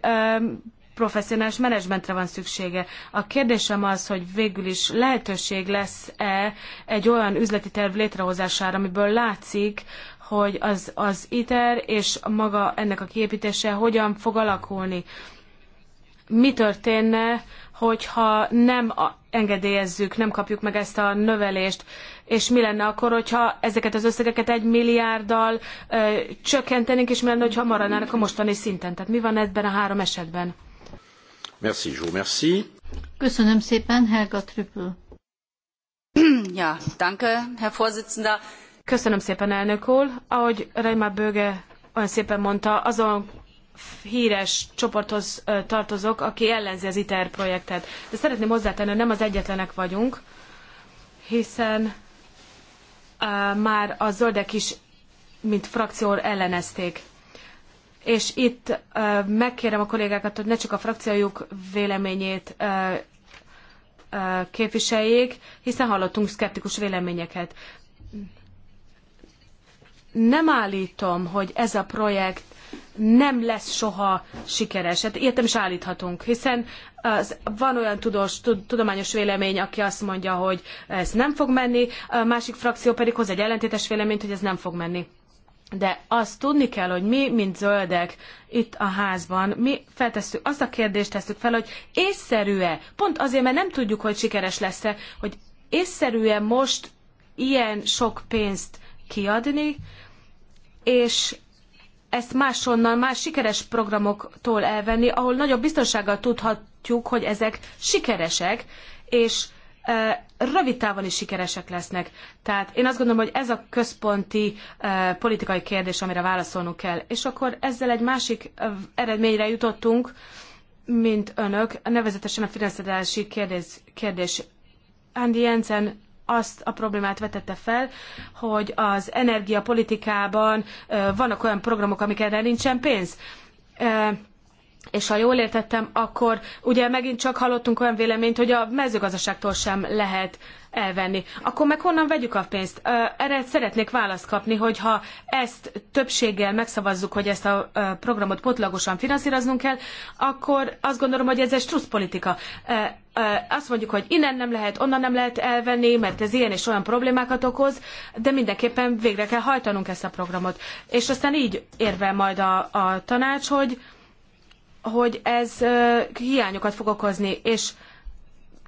professzionális menedzsmentre van szüksége. A kérdésem az, hogy végül is lehetőség lesz-e egy olyan üzleti terv létrehozására, amiből látszik, hogy az, az ITER és maga ennek a kiépítése hogyan fog alakulni. Mi történne, hogyha nem engedélyezzük, nem kapjuk meg ezt a növelést, és mi lenne akkor, hogyha ezeket az összegeket egy milliárddal ö, csökkentenénk, és mi lenne, hogyha maradnának a mostani szinten? Tehát mi van ebben a három esetben? Merci, Jó, merci. Köszönöm szépen, Helga Trüppel. Ja, danke, Herr Vorsitzender. Köszönöm szépen, elnök úr. Ahogy Reimer Böge olyan szépen mondta, azon híres csoporthoz tartozok, aki ellenzi az ITER projektet. De szeretném hozzátenni, hogy nem az egyetlenek vagyunk, hiszen már a zöldek is, mint frakció ellenezték. És itt megkérem a kollégákat, hogy ne csak a frakciójuk véleményét képviseljék, hiszen hallottunk szkeptikus véleményeket nem állítom, hogy ez a projekt nem lesz soha sikeres. Hát ilyet nem is állíthatunk, hiszen az, van olyan tudós, tudományos vélemény, aki azt mondja, hogy ez nem fog menni, a másik frakció pedig hoz egy ellentétes véleményt, hogy ez nem fog menni. De azt tudni kell, hogy mi, mint zöldek itt a házban, mi feltesszük, azt a kérdést tesszük fel, hogy észszerű-e, pont azért, mert nem tudjuk, hogy sikeres lesz-e, hogy észszerű-e most ilyen sok pénzt kiadni, és ezt máshonnan, más sikeres programoktól elvenni, ahol nagyobb biztonsággal tudhatjuk, hogy ezek sikeresek, és e, rövid távon is sikeresek lesznek. Tehát én azt gondolom, hogy ez a központi e, politikai kérdés, amire válaszolnunk kell. És akkor ezzel egy másik e, eredményre jutottunk, mint önök, nevezetesen a finanszírozási kérdés. kérdés. Andy Jensen azt a problémát vetette fel, hogy az energiapolitikában vannak olyan programok, amik erre nincsen pénz és ha jól értettem, akkor ugye megint csak hallottunk olyan véleményt, hogy a mezőgazdaságtól sem lehet elvenni. Akkor meg honnan vegyük a pénzt? Erre szeretnék választ kapni, hogy ha ezt többséggel megszavazzuk, hogy ezt a programot potlagosan finanszíroznunk kell, akkor azt gondolom, hogy ez egy strusz politika. Azt mondjuk, hogy innen nem lehet, onnan nem lehet elvenni, mert ez ilyen és olyan problémákat okoz, de mindenképpen végre kell hajtanunk ezt a programot. És aztán így érve majd a, a tanács, hogy hogy ez hiányokat fog okozni, és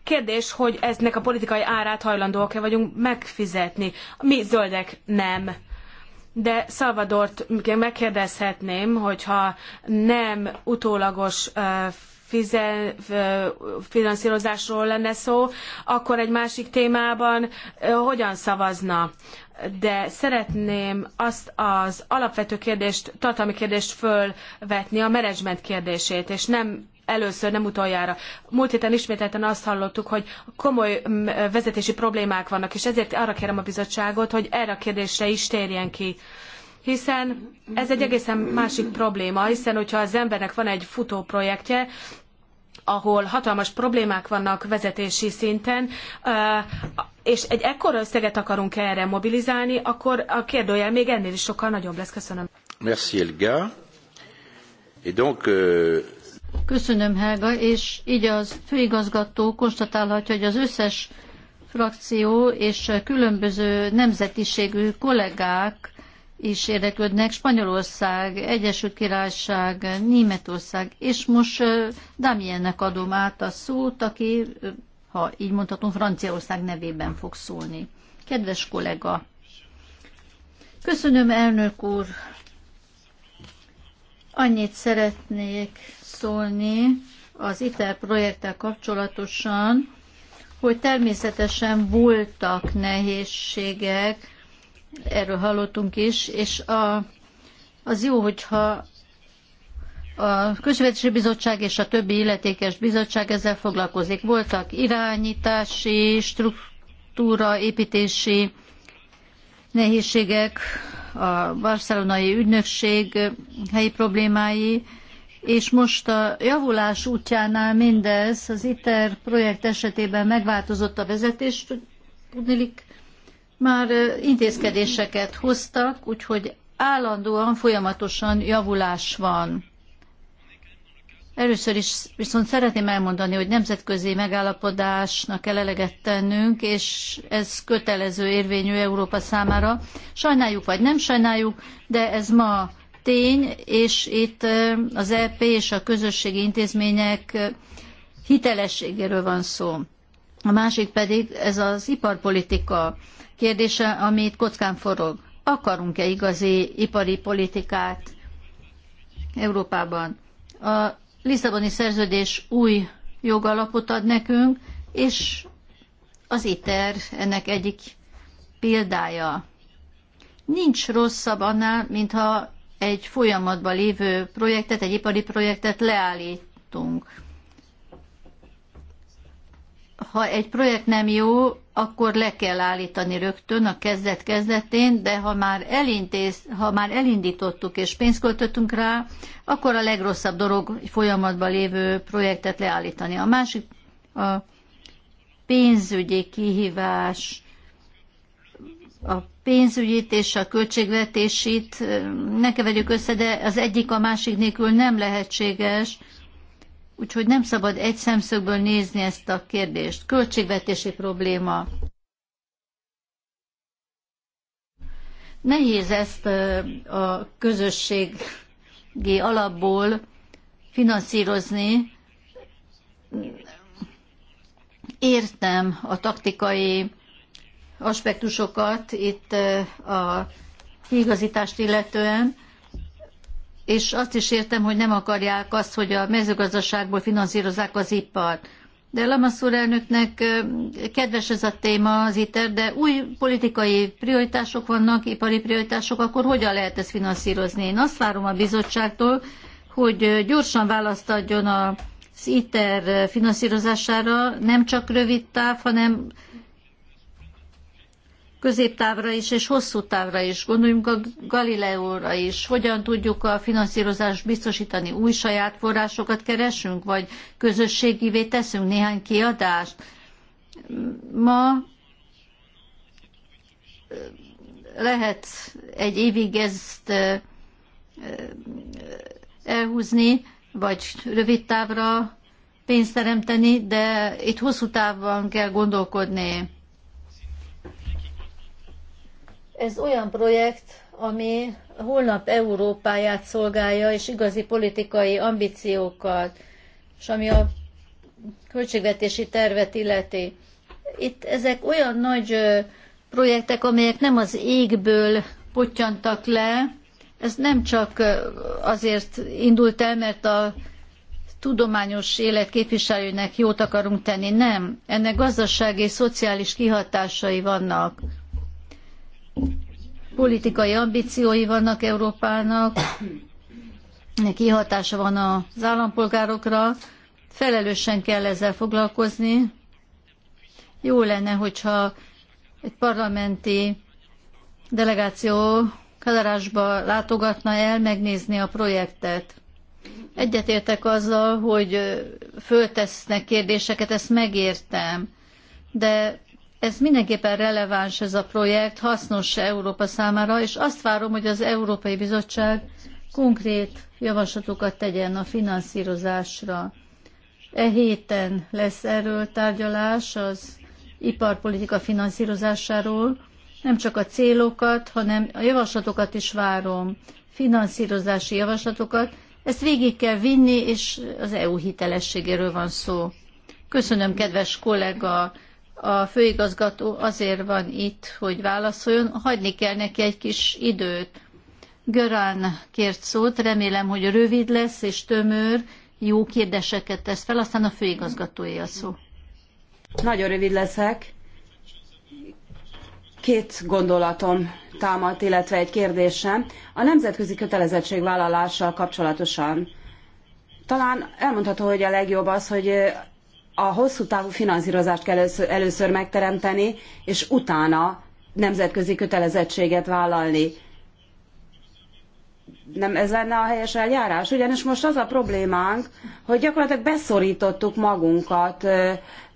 kérdés, hogy eznek a politikai árát hajlandóak-e vagyunk megfizetni. Mi zöldek nem. De Szalvadort megkérdezhetném, hogyha nem utólagos fize, finanszírozásról lenne szó, akkor egy másik témában hogyan szavazna? de szeretném azt az alapvető kérdést, tartalmi kérdést fölvetni, a menedzsment kérdését, és nem először, nem utoljára. Múlt héten ismételten azt hallottuk, hogy komoly mm, vezetési problémák vannak, és ezért arra kérem a bizottságot, hogy erre a kérdésre is térjen ki. Hiszen ez egy egészen másik probléma, hiszen hogyha az embernek van egy futóprojektje, ahol hatalmas problémák vannak vezetési szinten, és egy ekkora összeget akarunk erre mobilizálni, akkor a kérdőjel még ennél is sokkal nagyobb lesz. Köszönöm. Merci, Elga. Et donc, euh... Köszönöm, Helga, és így az főigazgató konstatálhatja, hogy az összes frakció és különböző nemzetiségű kollégák is érdeklődnek, Spanyolország, Egyesült Királyság, Németország, és most Damiennek adom át a szót, aki, ha így mondhatom, Franciaország nevében fog szólni. Kedves kollega, köszönöm elnök úr, annyit szeretnék szólni az ITER projekttel kapcsolatosan, hogy természetesen voltak nehézségek, erről hallottunk is, és a, az jó, hogyha a Közvetési Bizottság és a többi illetékes bizottság ezzel foglalkozik. Voltak irányítási, struktúra, építési nehézségek, a barcelonai ügynökség helyi problémái, és most a javulás útjánál mindez az ITER projekt esetében megváltozott a vezetés, tudnilik már intézkedéseket hoztak, úgyhogy állandóan, folyamatosan javulás van. Először is viszont szeretném elmondani, hogy nemzetközi megállapodásnak kell eleget tennünk, és ez kötelező érvényű Európa számára. Sajnáljuk vagy nem sajnáljuk, de ez ma tény, és itt az EP és a közösségi intézmények hitelességéről van szó. A másik pedig ez az iparpolitika kérdése, amit kockán forog. Akarunk-e igazi ipari politikát Európában? A Lisszaboni szerződés új jogalapot ad nekünk, és az ITER ennek egyik példája. Nincs rosszabb annál, mintha egy folyamatban lévő projektet, egy ipari projektet leállítunk ha egy projekt nem jó, akkor le kell állítani rögtön a kezdet kezdetén, de ha már, elintéz, ha már elindítottuk és pénzt költöttünk rá, akkor a legrosszabb dolog folyamatban lévő projektet leállítani. A másik a pénzügyi kihívás, a pénzügyit és a költségvetését ne keverjük össze, de az egyik a másik nélkül nem lehetséges, Úgyhogy nem szabad egy szemszögből nézni ezt a kérdést. Költségvetési probléma. Nehéz ezt a közösségi alapból finanszírozni. Értem a taktikai aspektusokat itt a kiigazítást illetően, és azt is értem, hogy nem akarják azt, hogy a mezőgazdaságból finanszírozzák az ipart. De Lamaszúr elnöknek kedves ez a téma az ITER, de új politikai prioritások vannak, ipari prioritások, akkor hogyan lehet ezt finanszírozni? Én azt várom a bizottságtól, hogy gyorsan választ adjon az ITER finanszírozására, nem csak rövid táv, hanem középtávra is és hosszú távra is. Gondoljunk a Galileóra is. Hogyan tudjuk a finanszírozást biztosítani? Új saját forrásokat keresünk, vagy közösségivé teszünk néhány kiadást? Ma lehet egy évig ezt elhúzni, vagy rövid távra pénzt teremteni, de itt hosszú távban kell gondolkodni. Ez olyan projekt, ami holnap Európáját szolgálja, és igazi politikai ambíciókat, és ami a költségvetési tervet illeti. Itt ezek olyan nagy projektek, amelyek nem az égből potyantak le, ez nem csak azért indult el, mert a tudományos élet képviselőnek jót akarunk tenni, nem. Ennek gazdasági és szociális kihatásai vannak politikai ambíciói vannak Európának, kihatása van az állampolgárokra, felelősen kell ezzel foglalkozni. Jó lenne, hogyha egy parlamenti delegáció Kadarásba látogatna el megnézni a projektet. Egyetértek azzal, hogy föltesznek kérdéseket, ezt megértem, de ez mindenképpen releváns ez a projekt, hasznos Európa számára, és azt várom, hogy az Európai Bizottság konkrét javaslatokat tegyen a finanszírozásra. E héten lesz erről tárgyalás az iparpolitika finanszírozásáról. Nem csak a célokat, hanem a javaslatokat is várom, finanszírozási javaslatokat. Ezt végig kell vinni, és az EU hitelességéről van szó. Köszönöm, kedves kollega! a főigazgató azért van itt, hogy válaszoljon, hagyni kell neki egy kis időt. Görán kért szót, remélem, hogy rövid lesz és tömör, jó kérdéseket tesz fel, aztán a főigazgatója a szó. Nagyon rövid leszek. Két gondolatom támadt, illetve egy kérdésem. A nemzetközi vállalással kapcsolatosan talán elmondható, hogy a legjobb az, hogy a hosszú távú finanszírozást kell először, először megteremteni, és utána nemzetközi kötelezettséget vállalni. Nem ez lenne a helyes eljárás? Ugyanis most az a problémánk, hogy gyakorlatilag beszorítottuk magunkat,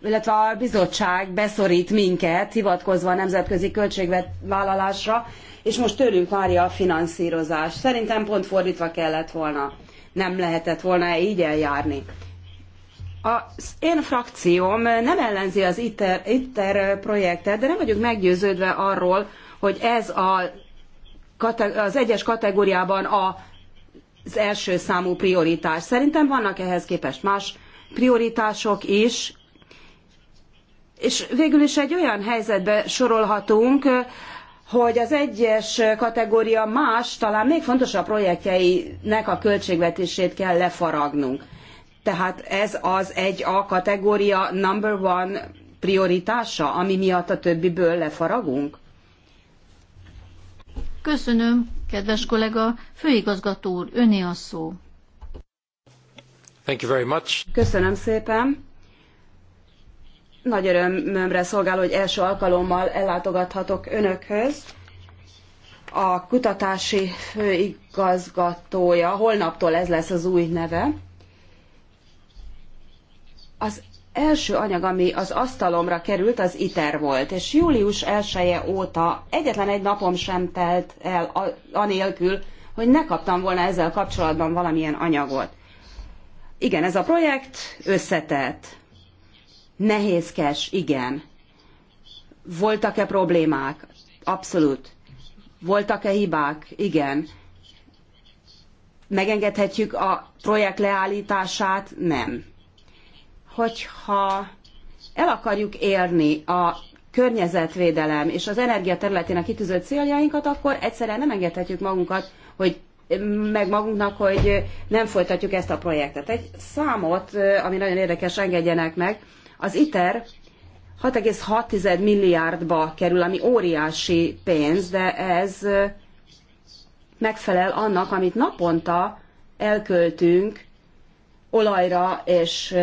illetve a bizottság beszorít minket, hivatkozva a nemzetközi költségvállalásra, és most tőlünk várja a finanszírozás. Szerintem pont fordítva kellett volna. Nem lehetett volna így eljárni. Az én frakcióm nem ellenzi az ITER, ITER projektet, de nem vagyok meggyőződve arról, hogy ez a, az egyes kategóriában a, az első számú prioritás. Szerintem vannak ehhez képest más prioritások is, és végül is egy olyan helyzetbe sorolhatunk, hogy az egyes kategória más, talán még fontosabb projektjeinek a költségvetését kell lefaragnunk. Tehát ez az egy A kategória number one prioritása, ami miatt a többiből lefaragunk? Köszönöm, kedves kollega. Főigazgató úr, öné a szó. Thank you very much. Köszönöm szépen. Nagy örömömre szolgál, hogy első alkalommal ellátogathatok önökhöz. A kutatási főigazgatója, holnaptól ez lesz az új neve, az első anyag, ami az asztalomra került, az ITER volt, és július 1 -e óta egyetlen egy napom sem telt el anélkül, hogy ne kaptam volna ezzel kapcsolatban valamilyen anyagot. Igen, ez a projekt összetett. Nehézkes, igen. Voltak-e problémák? Abszolút. Voltak-e hibák? Igen. Megengedhetjük a projekt leállítását? Nem hogyha el akarjuk érni a környezetvédelem és az energia területének kitűzött céljainkat, akkor egyszerűen nem engedhetjük magunkat, hogy meg magunknak, hogy nem folytatjuk ezt a projektet. Egy számot, ami nagyon érdekes, engedjenek meg. Az ITER 6,6 milliárdba kerül, ami óriási pénz, de ez megfelel annak, amit naponta elköltünk olajra és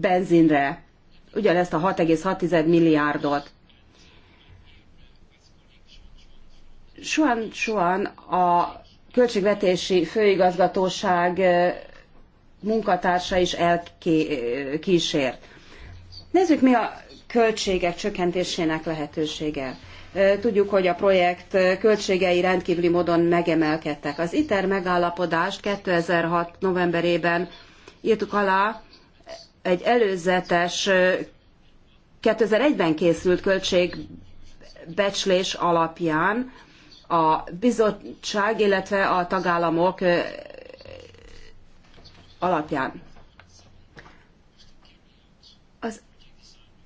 benzinre, ugyanezt a 6,6 milliárdot. Soan, soan a költségvetési főigazgatóság munkatársa is elkísért. Nézzük, mi a költségek csökkentésének lehetősége. Tudjuk, hogy a projekt költségei rendkívüli módon megemelkedtek. Az ITER megállapodást 2006. novemberében írtuk alá, egy előzetes 2001-ben készült költségbecslés alapján a bizottság, illetve a tagállamok alapján. Az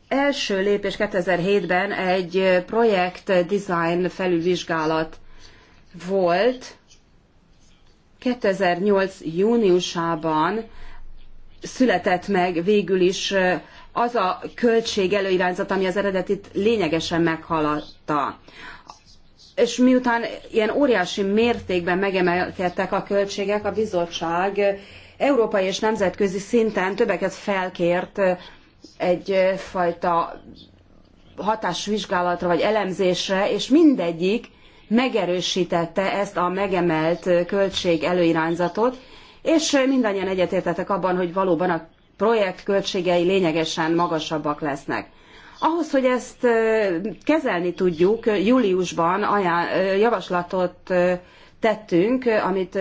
első lépés 2007-ben egy projekt design felülvizsgálat volt. 2008. júniusában született meg végül is az a költség előirányzat, ami az eredetit lényegesen meghaladta. És miután ilyen óriási mértékben megemelkedtek a költségek, a bizottság európai és nemzetközi szinten többeket felkért egyfajta hatásvizsgálatra vagy elemzésre, és mindegyik megerősítette ezt a megemelt költség előirányzatot, és eh, mindannyian egyetértettek abban, hogy valóban a projekt költségei lényegesen magasabbak lesznek. Ahhoz, hogy ezt eh, kezelni tudjuk, eh, júliusban aján javaslatot tettünk, amit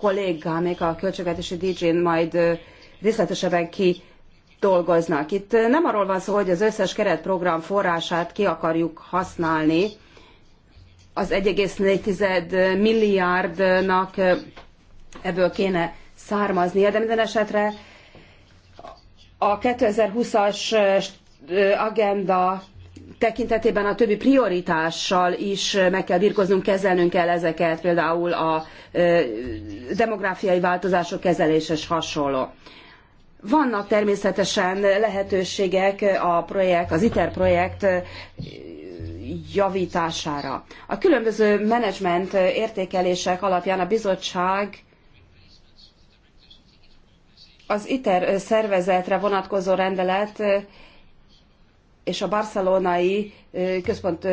kollégámék a költségvetési DJ-n majd részletesebben ki dolgoznak. Itt nem arról van szó, hogy az összes keretprogram forrását ki akarjuk használni, az 1,4 milliárdnak ebből kéne származnia, de minden esetre a 2020-as agenda tekintetében a többi prioritással is meg kell birkoznunk, kezelnünk kell ezeket, például a demográfiai változások kezelése és hasonló. Vannak természetesen lehetőségek a projekt, az ITER projekt javítására. A különböző menedzsment értékelések alapján a bizottság az ITER szervezetre vonatkozó rendelet és a barcelonai központ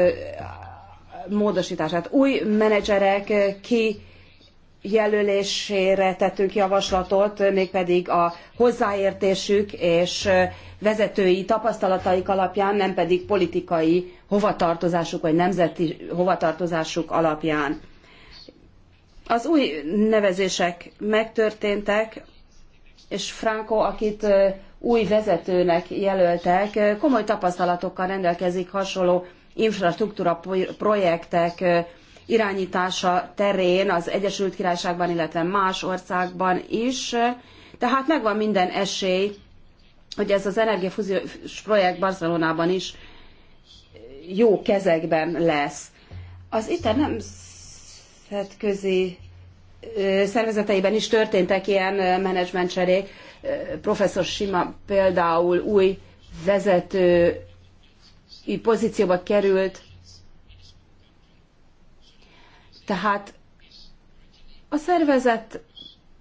módosítását. Új menedzserek ki jelölésére tettünk javaslatot, mégpedig a hozzáértésük és vezetői tapasztalataik alapján, nem pedig politikai hovatartozásuk vagy nemzeti hovatartozásuk alapján. Az új nevezések megtörténtek, és Franco, akit új vezetőnek jelöltek, komoly tapasztalatokkal rendelkezik hasonló infrastruktúra projektek irányítása terén az Egyesült Királyságban, illetve más országban is. Tehát megvan minden esély, hogy ez az energiafúziós projekt Barcelonában is jó kezekben lesz. Az itt nem nemzetközi szervezeteiben is történtek ilyen menedzsmentcserék. Professzor Sima például új vezető pozícióba került. Tehát a szervezet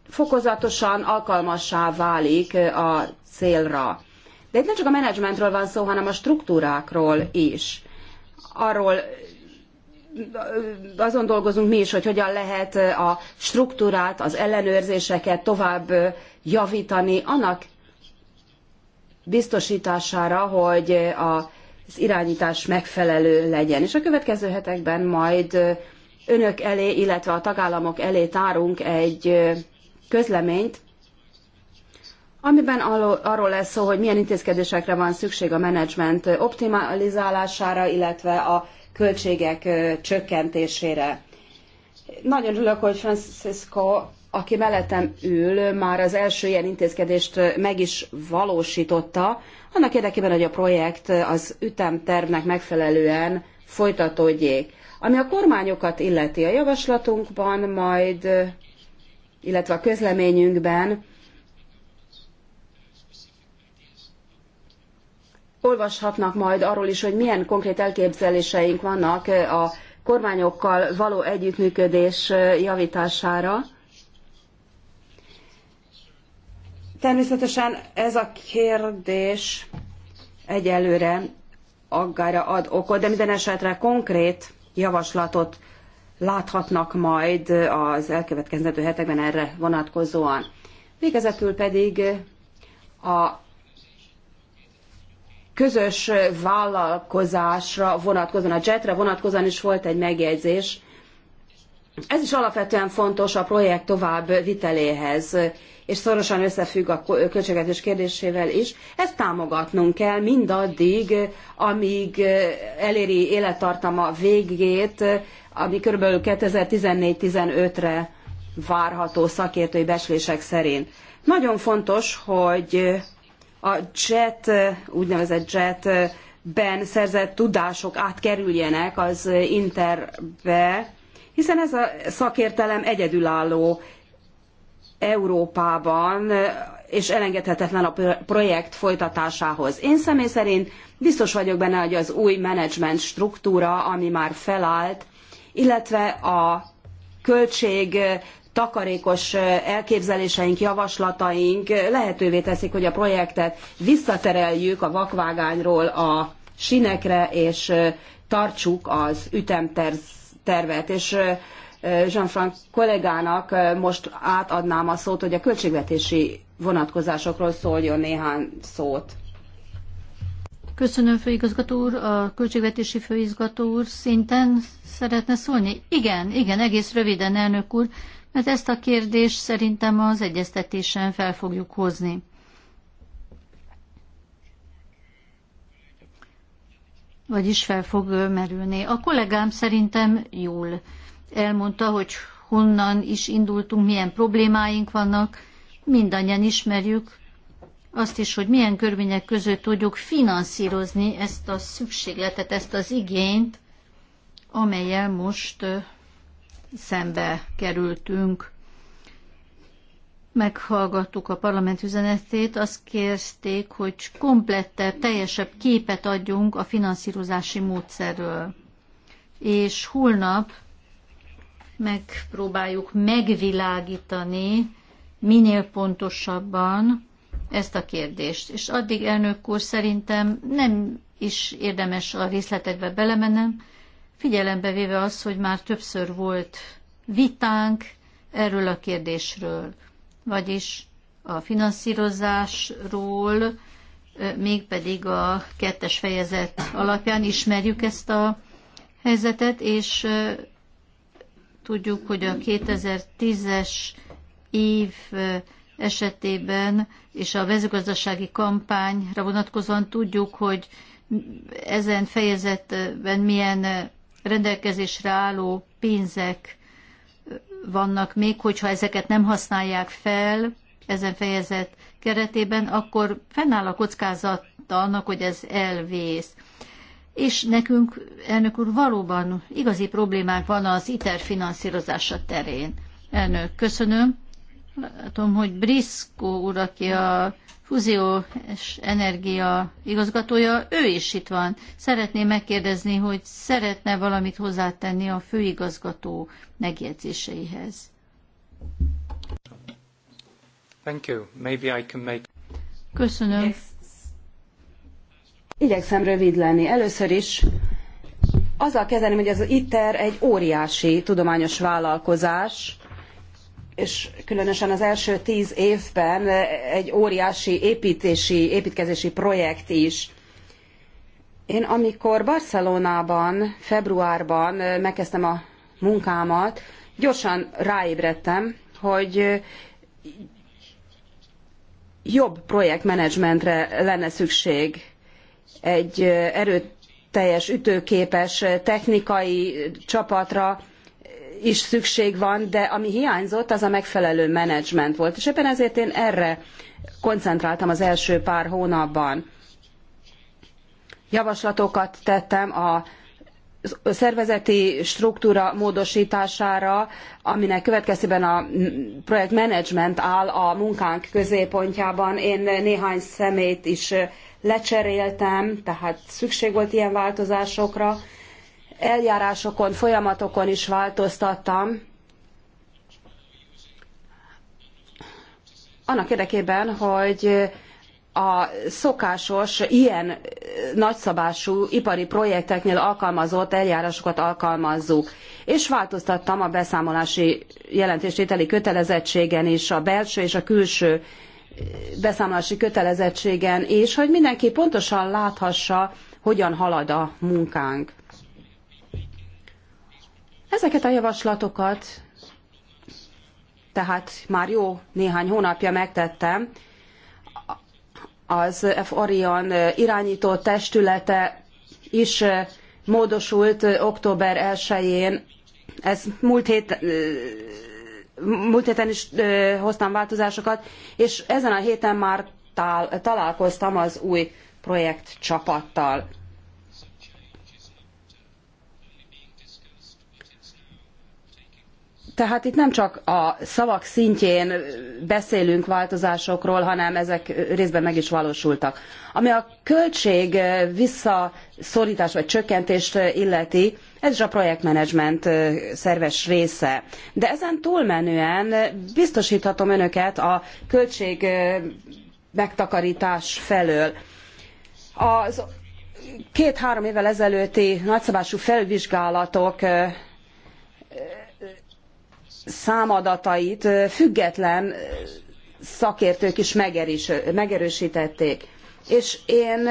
fokozatosan alkalmassá válik a célra. De itt nem csak a menedzsmentről van szó, hanem a struktúrákról is. Arról azon dolgozunk mi is, hogy hogyan lehet a struktúrát, az ellenőrzéseket tovább javítani, annak biztosítására, hogy az irányítás megfelelő legyen. És a következő hetekben majd önök elé, illetve a tagállamok elé tárunk egy közleményt, amiben arról lesz szó, hogy milyen intézkedésekre van szükség a menedzsment optimalizálására, illetve a költségek csökkentésére. Nagyon örülök, hogy Francisco, aki mellettem ül, már az első ilyen intézkedést meg is valósította, annak érdekében, hogy a projekt az ütemtervnek megfelelően folytatódjék. Ami a kormányokat illeti a javaslatunkban, majd, illetve a közleményünkben, olvashatnak majd arról is, hogy milyen konkrét elképzeléseink vannak a kormányokkal való együttműködés javítására. Természetesen ez a kérdés egyelőre aggára ad okot, de minden esetre konkrét javaslatot láthatnak majd az elkövetkezendő hetekben erre vonatkozóan. Végezetül pedig a közös vállalkozásra vonatkozóan, a jetre vonatkozóan is volt egy megjegyzés. Ez is alapvetően fontos a projekt tovább viteléhez, és szorosan összefügg a költségvetés kérdésével is. Ezt támogatnunk kell mindaddig, amíg eléri élettartama végét, ami kb. 2014-15-re várható szakértői beslések szerint. Nagyon fontos, hogy a JET, úgynevezett JET ben szerzett tudások átkerüljenek az Interbe, hiszen ez a szakértelem egyedülálló Európában, és elengedhetetlen a projekt folytatásához. Én személy szerint biztos vagyok benne, hogy az új menedzsment struktúra, ami már felállt, illetve a költség takarékos elképzeléseink, javaslataink lehetővé teszik, hogy a projektet visszatereljük a vakvágányról a sinekre, és tartsuk az ütemtervet. És Jean-Franc kollégának most átadnám a szót, hogy a költségvetési vonatkozásokról szóljon néhány szót. Köszönöm, főigazgató úr. A költségvetési főigazgató úr szinten szeretne szólni? Igen, igen, egész röviden, elnök úr. Hát ezt a kérdést szerintem az egyeztetésen fel fogjuk hozni. Vagyis fel fog merülni. A kollégám szerintem jól elmondta, hogy honnan is indultunk, milyen problémáink vannak, mindannyian ismerjük azt is, hogy milyen körmények között tudjuk finanszírozni ezt a szükségletet, ezt az igényt, amelyel most szembe kerültünk. Meghallgattuk a parlament üzenetét, azt kérték, hogy komplettebb, teljesebb képet adjunk a finanszírozási módszerről. És holnap megpróbáljuk megvilágítani minél pontosabban ezt a kérdést. És addig, elnök úr, szerintem nem is érdemes a részletekbe belemennem, figyelembe véve az, hogy már többször volt vitánk erről a kérdésről, vagyis a finanszírozásról, mégpedig a kettes fejezet alapján ismerjük ezt a helyzetet, és tudjuk, hogy a 2010-es év esetében és a vezőgazdasági kampányra vonatkozóan tudjuk, hogy ezen fejezetben milyen rendelkezésre álló pénzek vannak még, hogyha ezeket nem használják fel ezen fejezet keretében, akkor fennáll a kockázata, annak, hogy ez elvész. És nekünk, elnök úr, valóban igazi problémák van az ITER finanszírozása terén. Elnök, köszönöm. Látom, hogy Briszkó úr, aki a fúziós energia igazgatója, ő is itt van. Szeretném megkérdezni, hogy szeretne valamit hozzátenni a főigazgató megjegyzéseihez. Thank you. Maybe I can make... Köszönöm. Yes. Igyekszem rövid lenni. Először is azzal kezdeném, hogy ez az ITER egy óriási tudományos vállalkozás, és különösen az első tíz évben egy óriási építési, építkezési projekt is. Én amikor Barcelonában, februárban megkezdtem a munkámat, gyorsan ráébredtem, hogy jobb projektmenedzsmentre lenne szükség, egy erőteljes, ütőképes technikai csapatra, is szükség van, de ami hiányzott, az a megfelelő menedzsment volt. És éppen ezért én erre koncentráltam az első pár hónapban. Javaslatokat tettem a szervezeti struktúra módosítására, aminek következtében a projektmenedzsment áll a munkánk középpontjában. Én néhány szemét is lecseréltem, tehát szükség volt ilyen változásokra, eljárásokon, folyamatokon is változtattam, annak érdekében, hogy a szokásos, ilyen nagyszabású ipari projekteknél alkalmazott eljárásokat alkalmazzuk. És változtattam a beszámolási jelentéstételi kötelezettségen is, a belső és a külső beszámolási kötelezettségen is, hogy mindenki pontosan láthassa, hogyan halad a munkánk. Ezeket a javaslatokat tehát már jó néhány hónapja megtettem, az F. Orion irányító testülete is módosult október 1-én. Ez múlt, hét, múlt héten is hoztam változásokat, és ezen a héten már találkoztam az új projekt csapattal. Tehát itt nem csak a szavak szintjén beszélünk változásokról, hanem ezek részben meg is valósultak. Ami a költség visszaszorítás vagy csökkentést illeti, ez is a projektmenedzsment szerves része. De ezen túlmenően biztosíthatom önöket a költség megtakarítás felől. Az két-három évvel ezelőtti nagyszabású felvizsgálatok számadatait független szakértők is megerősítették. És én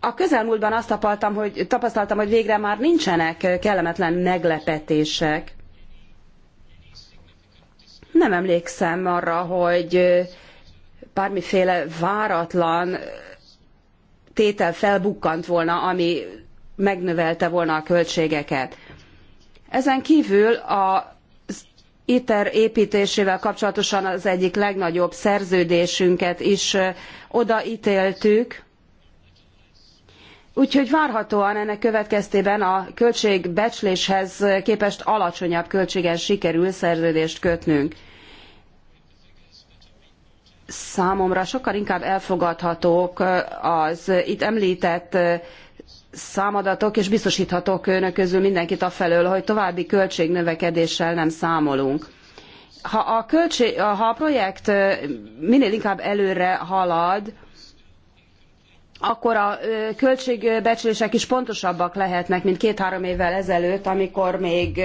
a közelmúltban azt tapaltam, hogy, tapasztaltam, hogy végre már nincsenek kellemetlen meglepetések. Nem emlékszem arra, hogy bármiféle váratlan tétel felbukkant volna, ami megnövelte volna a költségeket. Ezen kívül a ITER építésével kapcsolatosan az egyik legnagyobb szerződésünket is odaítéltük. Úgyhogy várhatóan ennek következtében a költségbecsléshez képest alacsonyabb költséggel sikerül szerződést kötnünk. Számomra sokkal inkább elfogadhatók az itt említett számadatok, és biztosíthatok önök közül mindenkit afelől, hogy további költségnövekedéssel nem számolunk. Ha a, költség, ha a projekt minél inkább előre halad, akkor a költségbecslések is pontosabbak lehetnek, mint két-három évvel ezelőtt, amikor még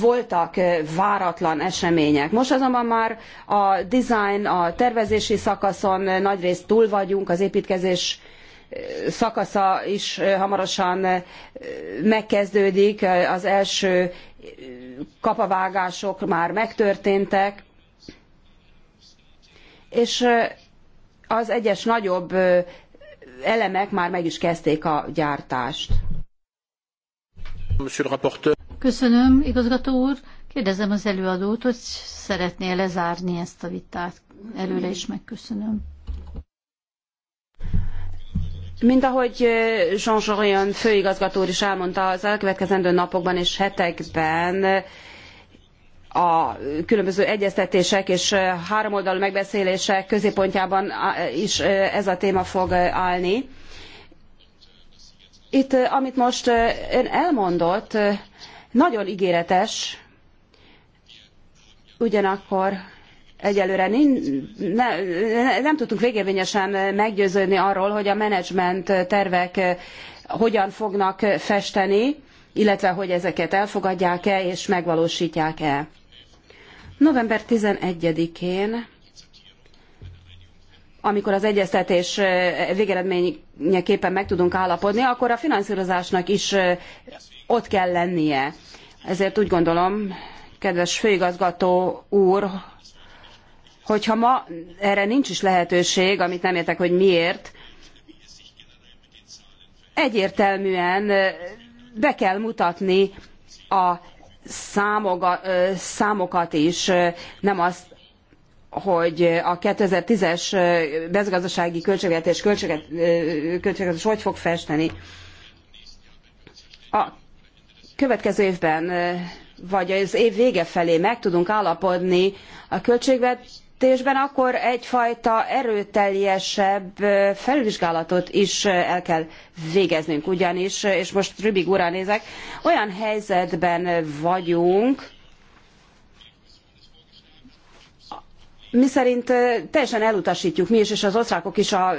voltak váratlan események. Most azonban már a design, a tervezési szakaszon nagyrészt túl vagyunk, az építkezés szakasza is hamarosan megkezdődik, az első kapavágások már megtörténtek, és az egyes nagyobb elemek már meg is kezdték a gyártást. Köszönöm, igazgató úr. Kérdezem az előadót, hogy szeretné lezárni ezt a vitát. Előre is megköszönöm. Mint ahogy Jean Jorion főigazgató úr is elmondta, az elkövetkezendő napokban és hetekben a különböző egyeztetések és háromoldalú megbeszélések középpontjában is ez a téma fog állni. Itt, amit most ön elmondott, nagyon ígéretes, ugyanakkor egyelőre nem tudtunk végérvényesen meggyőződni arról, hogy a menedzsment tervek hogyan fognak festeni, illetve hogy ezeket elfogadják-e és megvalósítják-e. November 11-én, amikor az egyeztetés végeredményeképpen meg tudunk állapodni, akkor a finanszírozásnak is ott kell lennie. Ezért úgy gondolom, kedves főigazgató úr, Hogyha ma erre nincs is lehetőség, amit nem értek, hogy miért, egyértelműen be kell mutatni a számoga, számokat is, nem azt, hogy a 2010-es bezgazdasági költségvetés költséget, költségvetés hogy fog festeni. A következő évben, vagy az év vége felé meg tudunk állapodni a költségvetés jelentésben, akkor egyfajta erőteljesebb felvizsgálatot is el kell végeznünk ugyanis, és most Rübig úrra nézek, olyan helyzetben vagyunk, miszerint teljesen elutasítjuk mi is, és az osztrákok is a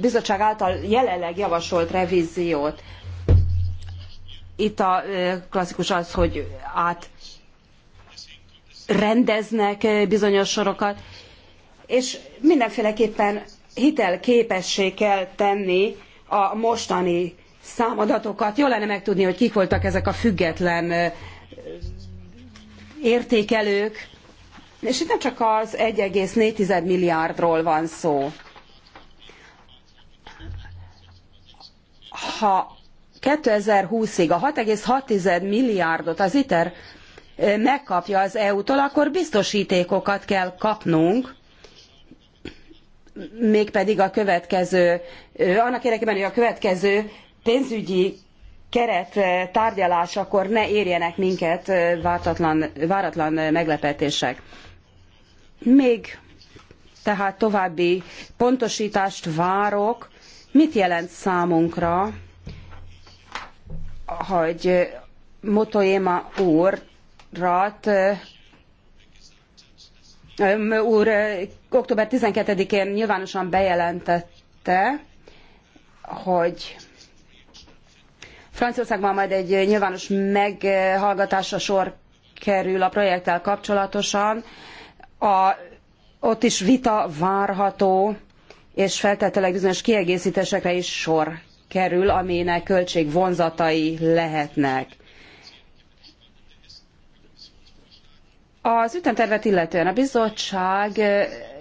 bizottság által jelenleg javasolt revíziót. Itt a klasszikus az, hogy át rendeznek bizonyos sorokat, és mindenféleképpen hitelképessé kell tenni a mostani számadatokat. Jó lenne megtudni, hogy kik voltak ezek a független értékelők, és itt nem csak az 1,4 milliárdról van szó. Ha 2020-ig a 6,6 milliárdot az ITER megkapja az EU-tól, akkor biztosítékokat kell kapnunk, mégpedig a következő, annak érdekében, hogy a következő pénzügyi keret tárgyalásakor ne érjenek minket váratlan, váratlan meglepetések. Még tehát további pontosítást várok, mit jelent számunkra, hogy Motoéma úrrat úr október 12-én nyilvánosan bejelentette, hogy Franciaországban majd egy nyilvános meghallgatásra sor kerül a projekttel kapcsolatosan. A, ott is vita várható, és feltetőleg bizonyos kiegészítésekre is sor kerül, aminek költségvonzatai lehetnek. Az ütemtervet illetően a bizottság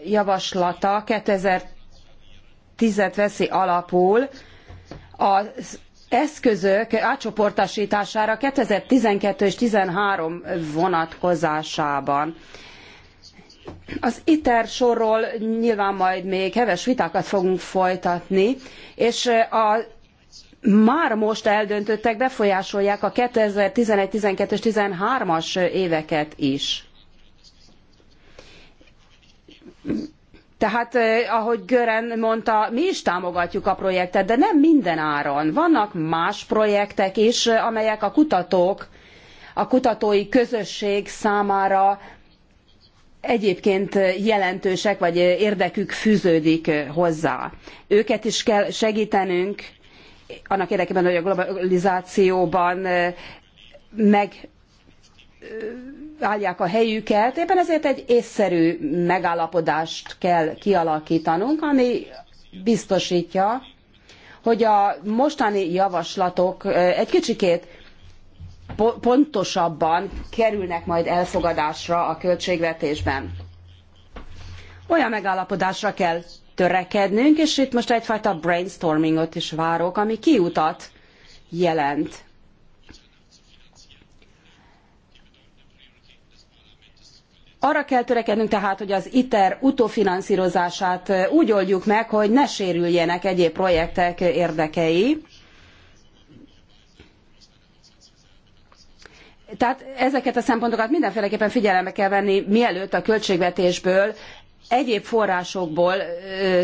javaslata 2010-et veszi alapul az eszközök átcsoportosítására 2012 és 13 vonatkozásában. Az ITER sorról nyilván majd még heves vitákat fogunk folytatni, és a már most eldöntöttek befolyásolják a 2011, 12 és 13-as éveket is. Tehát, ahogy Gören mondta, mi is támogatjuk a projektet, de nem minden áron. Vannak más projektek is, amelyek a kutatók, a kutatói közösség számára egyébként jelentősek, vagy érdekük fűződik hozzá. Őket is kell segítenünk, annak érdekében, hogy a globalizációban meg állják a helyüket. Éppen ezért egy észszerű megállapodást kell kialakítanunk, ami biztosítja, hogy a mostani javaslatok egy kicsikét pontosabban kerülnek majd elfogadásra a költségvetésben. Olyan megállapodásra kell törekednünk, és itt most egyfajta brainstormingot is várok, ami kiutat jelent. Arra kell törekednünk tehát, hogy az ITER utófinanszírozását úgy oldjuk meg, hogy ne sérüljenek egyéb projektek érdekei. Tehát ezeket a szempontokat mindenféleképpen figyelembe kell venni, mielőtt a költségvetésből, egyéb forrásokból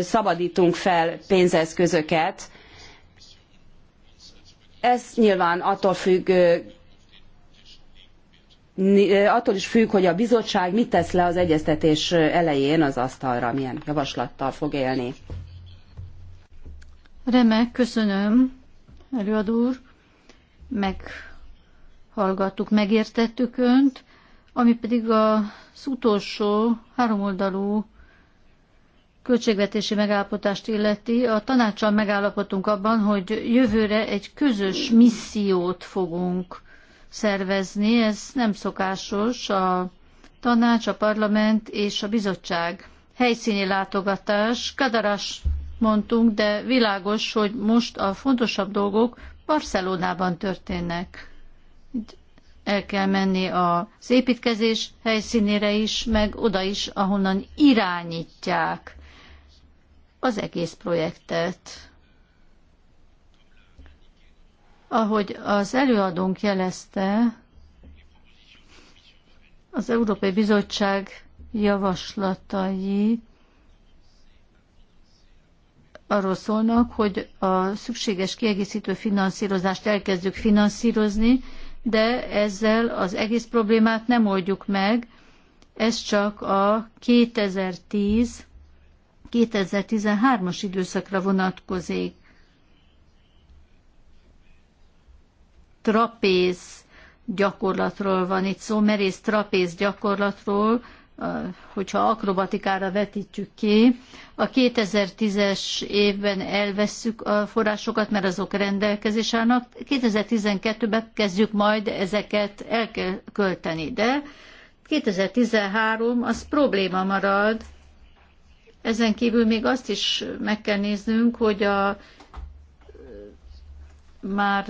szabadítunk fel pénzeszközöket. Ez nyilván attól függ, attól is függ, hogy a bizottság mit tesz le az egyeztetés elején az asztalra, milyen javaslattal fog élni. Remek, köszönöm, előadó úr. Meghallgattuk, megértettük önt, ami pedig az utolsó háromoldalú költségvetési megállapotást illeti. A tanácssal megállapodtunk abban, hogy jövőre egy közös missziót fogunk szervezni. Ez nem szokásos. A tanács, a parlament és a bizottság helyszíni látogatás. Kadarás mondtunk, de világos, hogy most a fontosabb dolgok Barcelonában történnek. El kell menni az építkezés helyszínére is, meg oda is, ahonnan irányítják az egész projektet. Ahogy az előadónk jelezte, az Európai Bizottság javaslatai arról szólnak, hogy a szükséges kiegészítő finanszírozást elkezdjük finanszírozni, de ezzel az egész problémát nem oldjuk meg, ez csak a 2010-2013-as időszakra vonatkozik. trapéz gyakorlatról van itt szó, merész trapéz gyakorlatról, hogyha akrobatikára vetítjük ki. A 2010-es évben elvesszük a forrásokat, mert azok rendelkezés állnak. 2012-ben kezdjük majd ezeket el kell költeni, de 2013 az probléma marad. Ezen kívül még azt is meg kell néznünk, hogy a már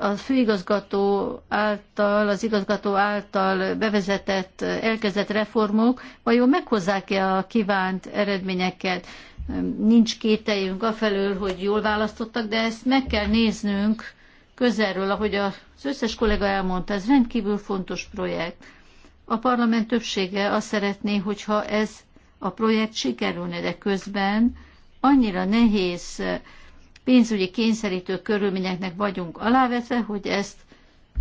a főigazgató által, az igazgató által bevezetett, elkezdett reformok vajon meghozzák-e a kívánt eredményeket? Nincs kételjünk afelől, hogy jól választottak, de ezt meg kell néznünk közelről, ahogy az összes kollega elmondta, ez rendkívül fontos projekt. A parlament többsége azt szeretné, hogyha ez a projekt sikerülne, de közben annyira nehéz pénzügyi kényszerítő körülményeknek vagyunk alávetve, hogy ezt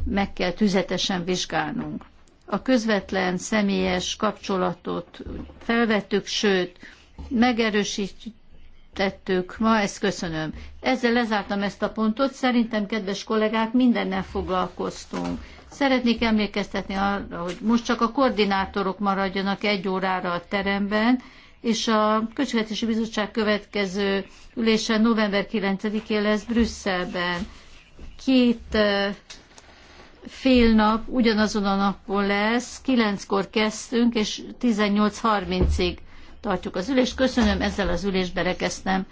meg kell tüzetesen vizsgálnunk. A közvetlen személyes kapcsolatot felvettük, sőt, megerősítettük ma, ezt köszönöm. Ezzel lezártam ezt a pontot, szerintem, kedves kollégák, mindennel foglalkoztunk. Szeretnék emlékeztetni arra, hogy most csak a koordinátorok maradjanak egy órára a teremben, és a Költségvetési Bizottság következő ülése november 9-én lesz Brüsszelben. Két fél nap ugyanazon a napon lesz, kilenckor kezdtünk, és 18.30-ig tartjuk az ülést. Köszönöm, ezzel az ülést berekeztem.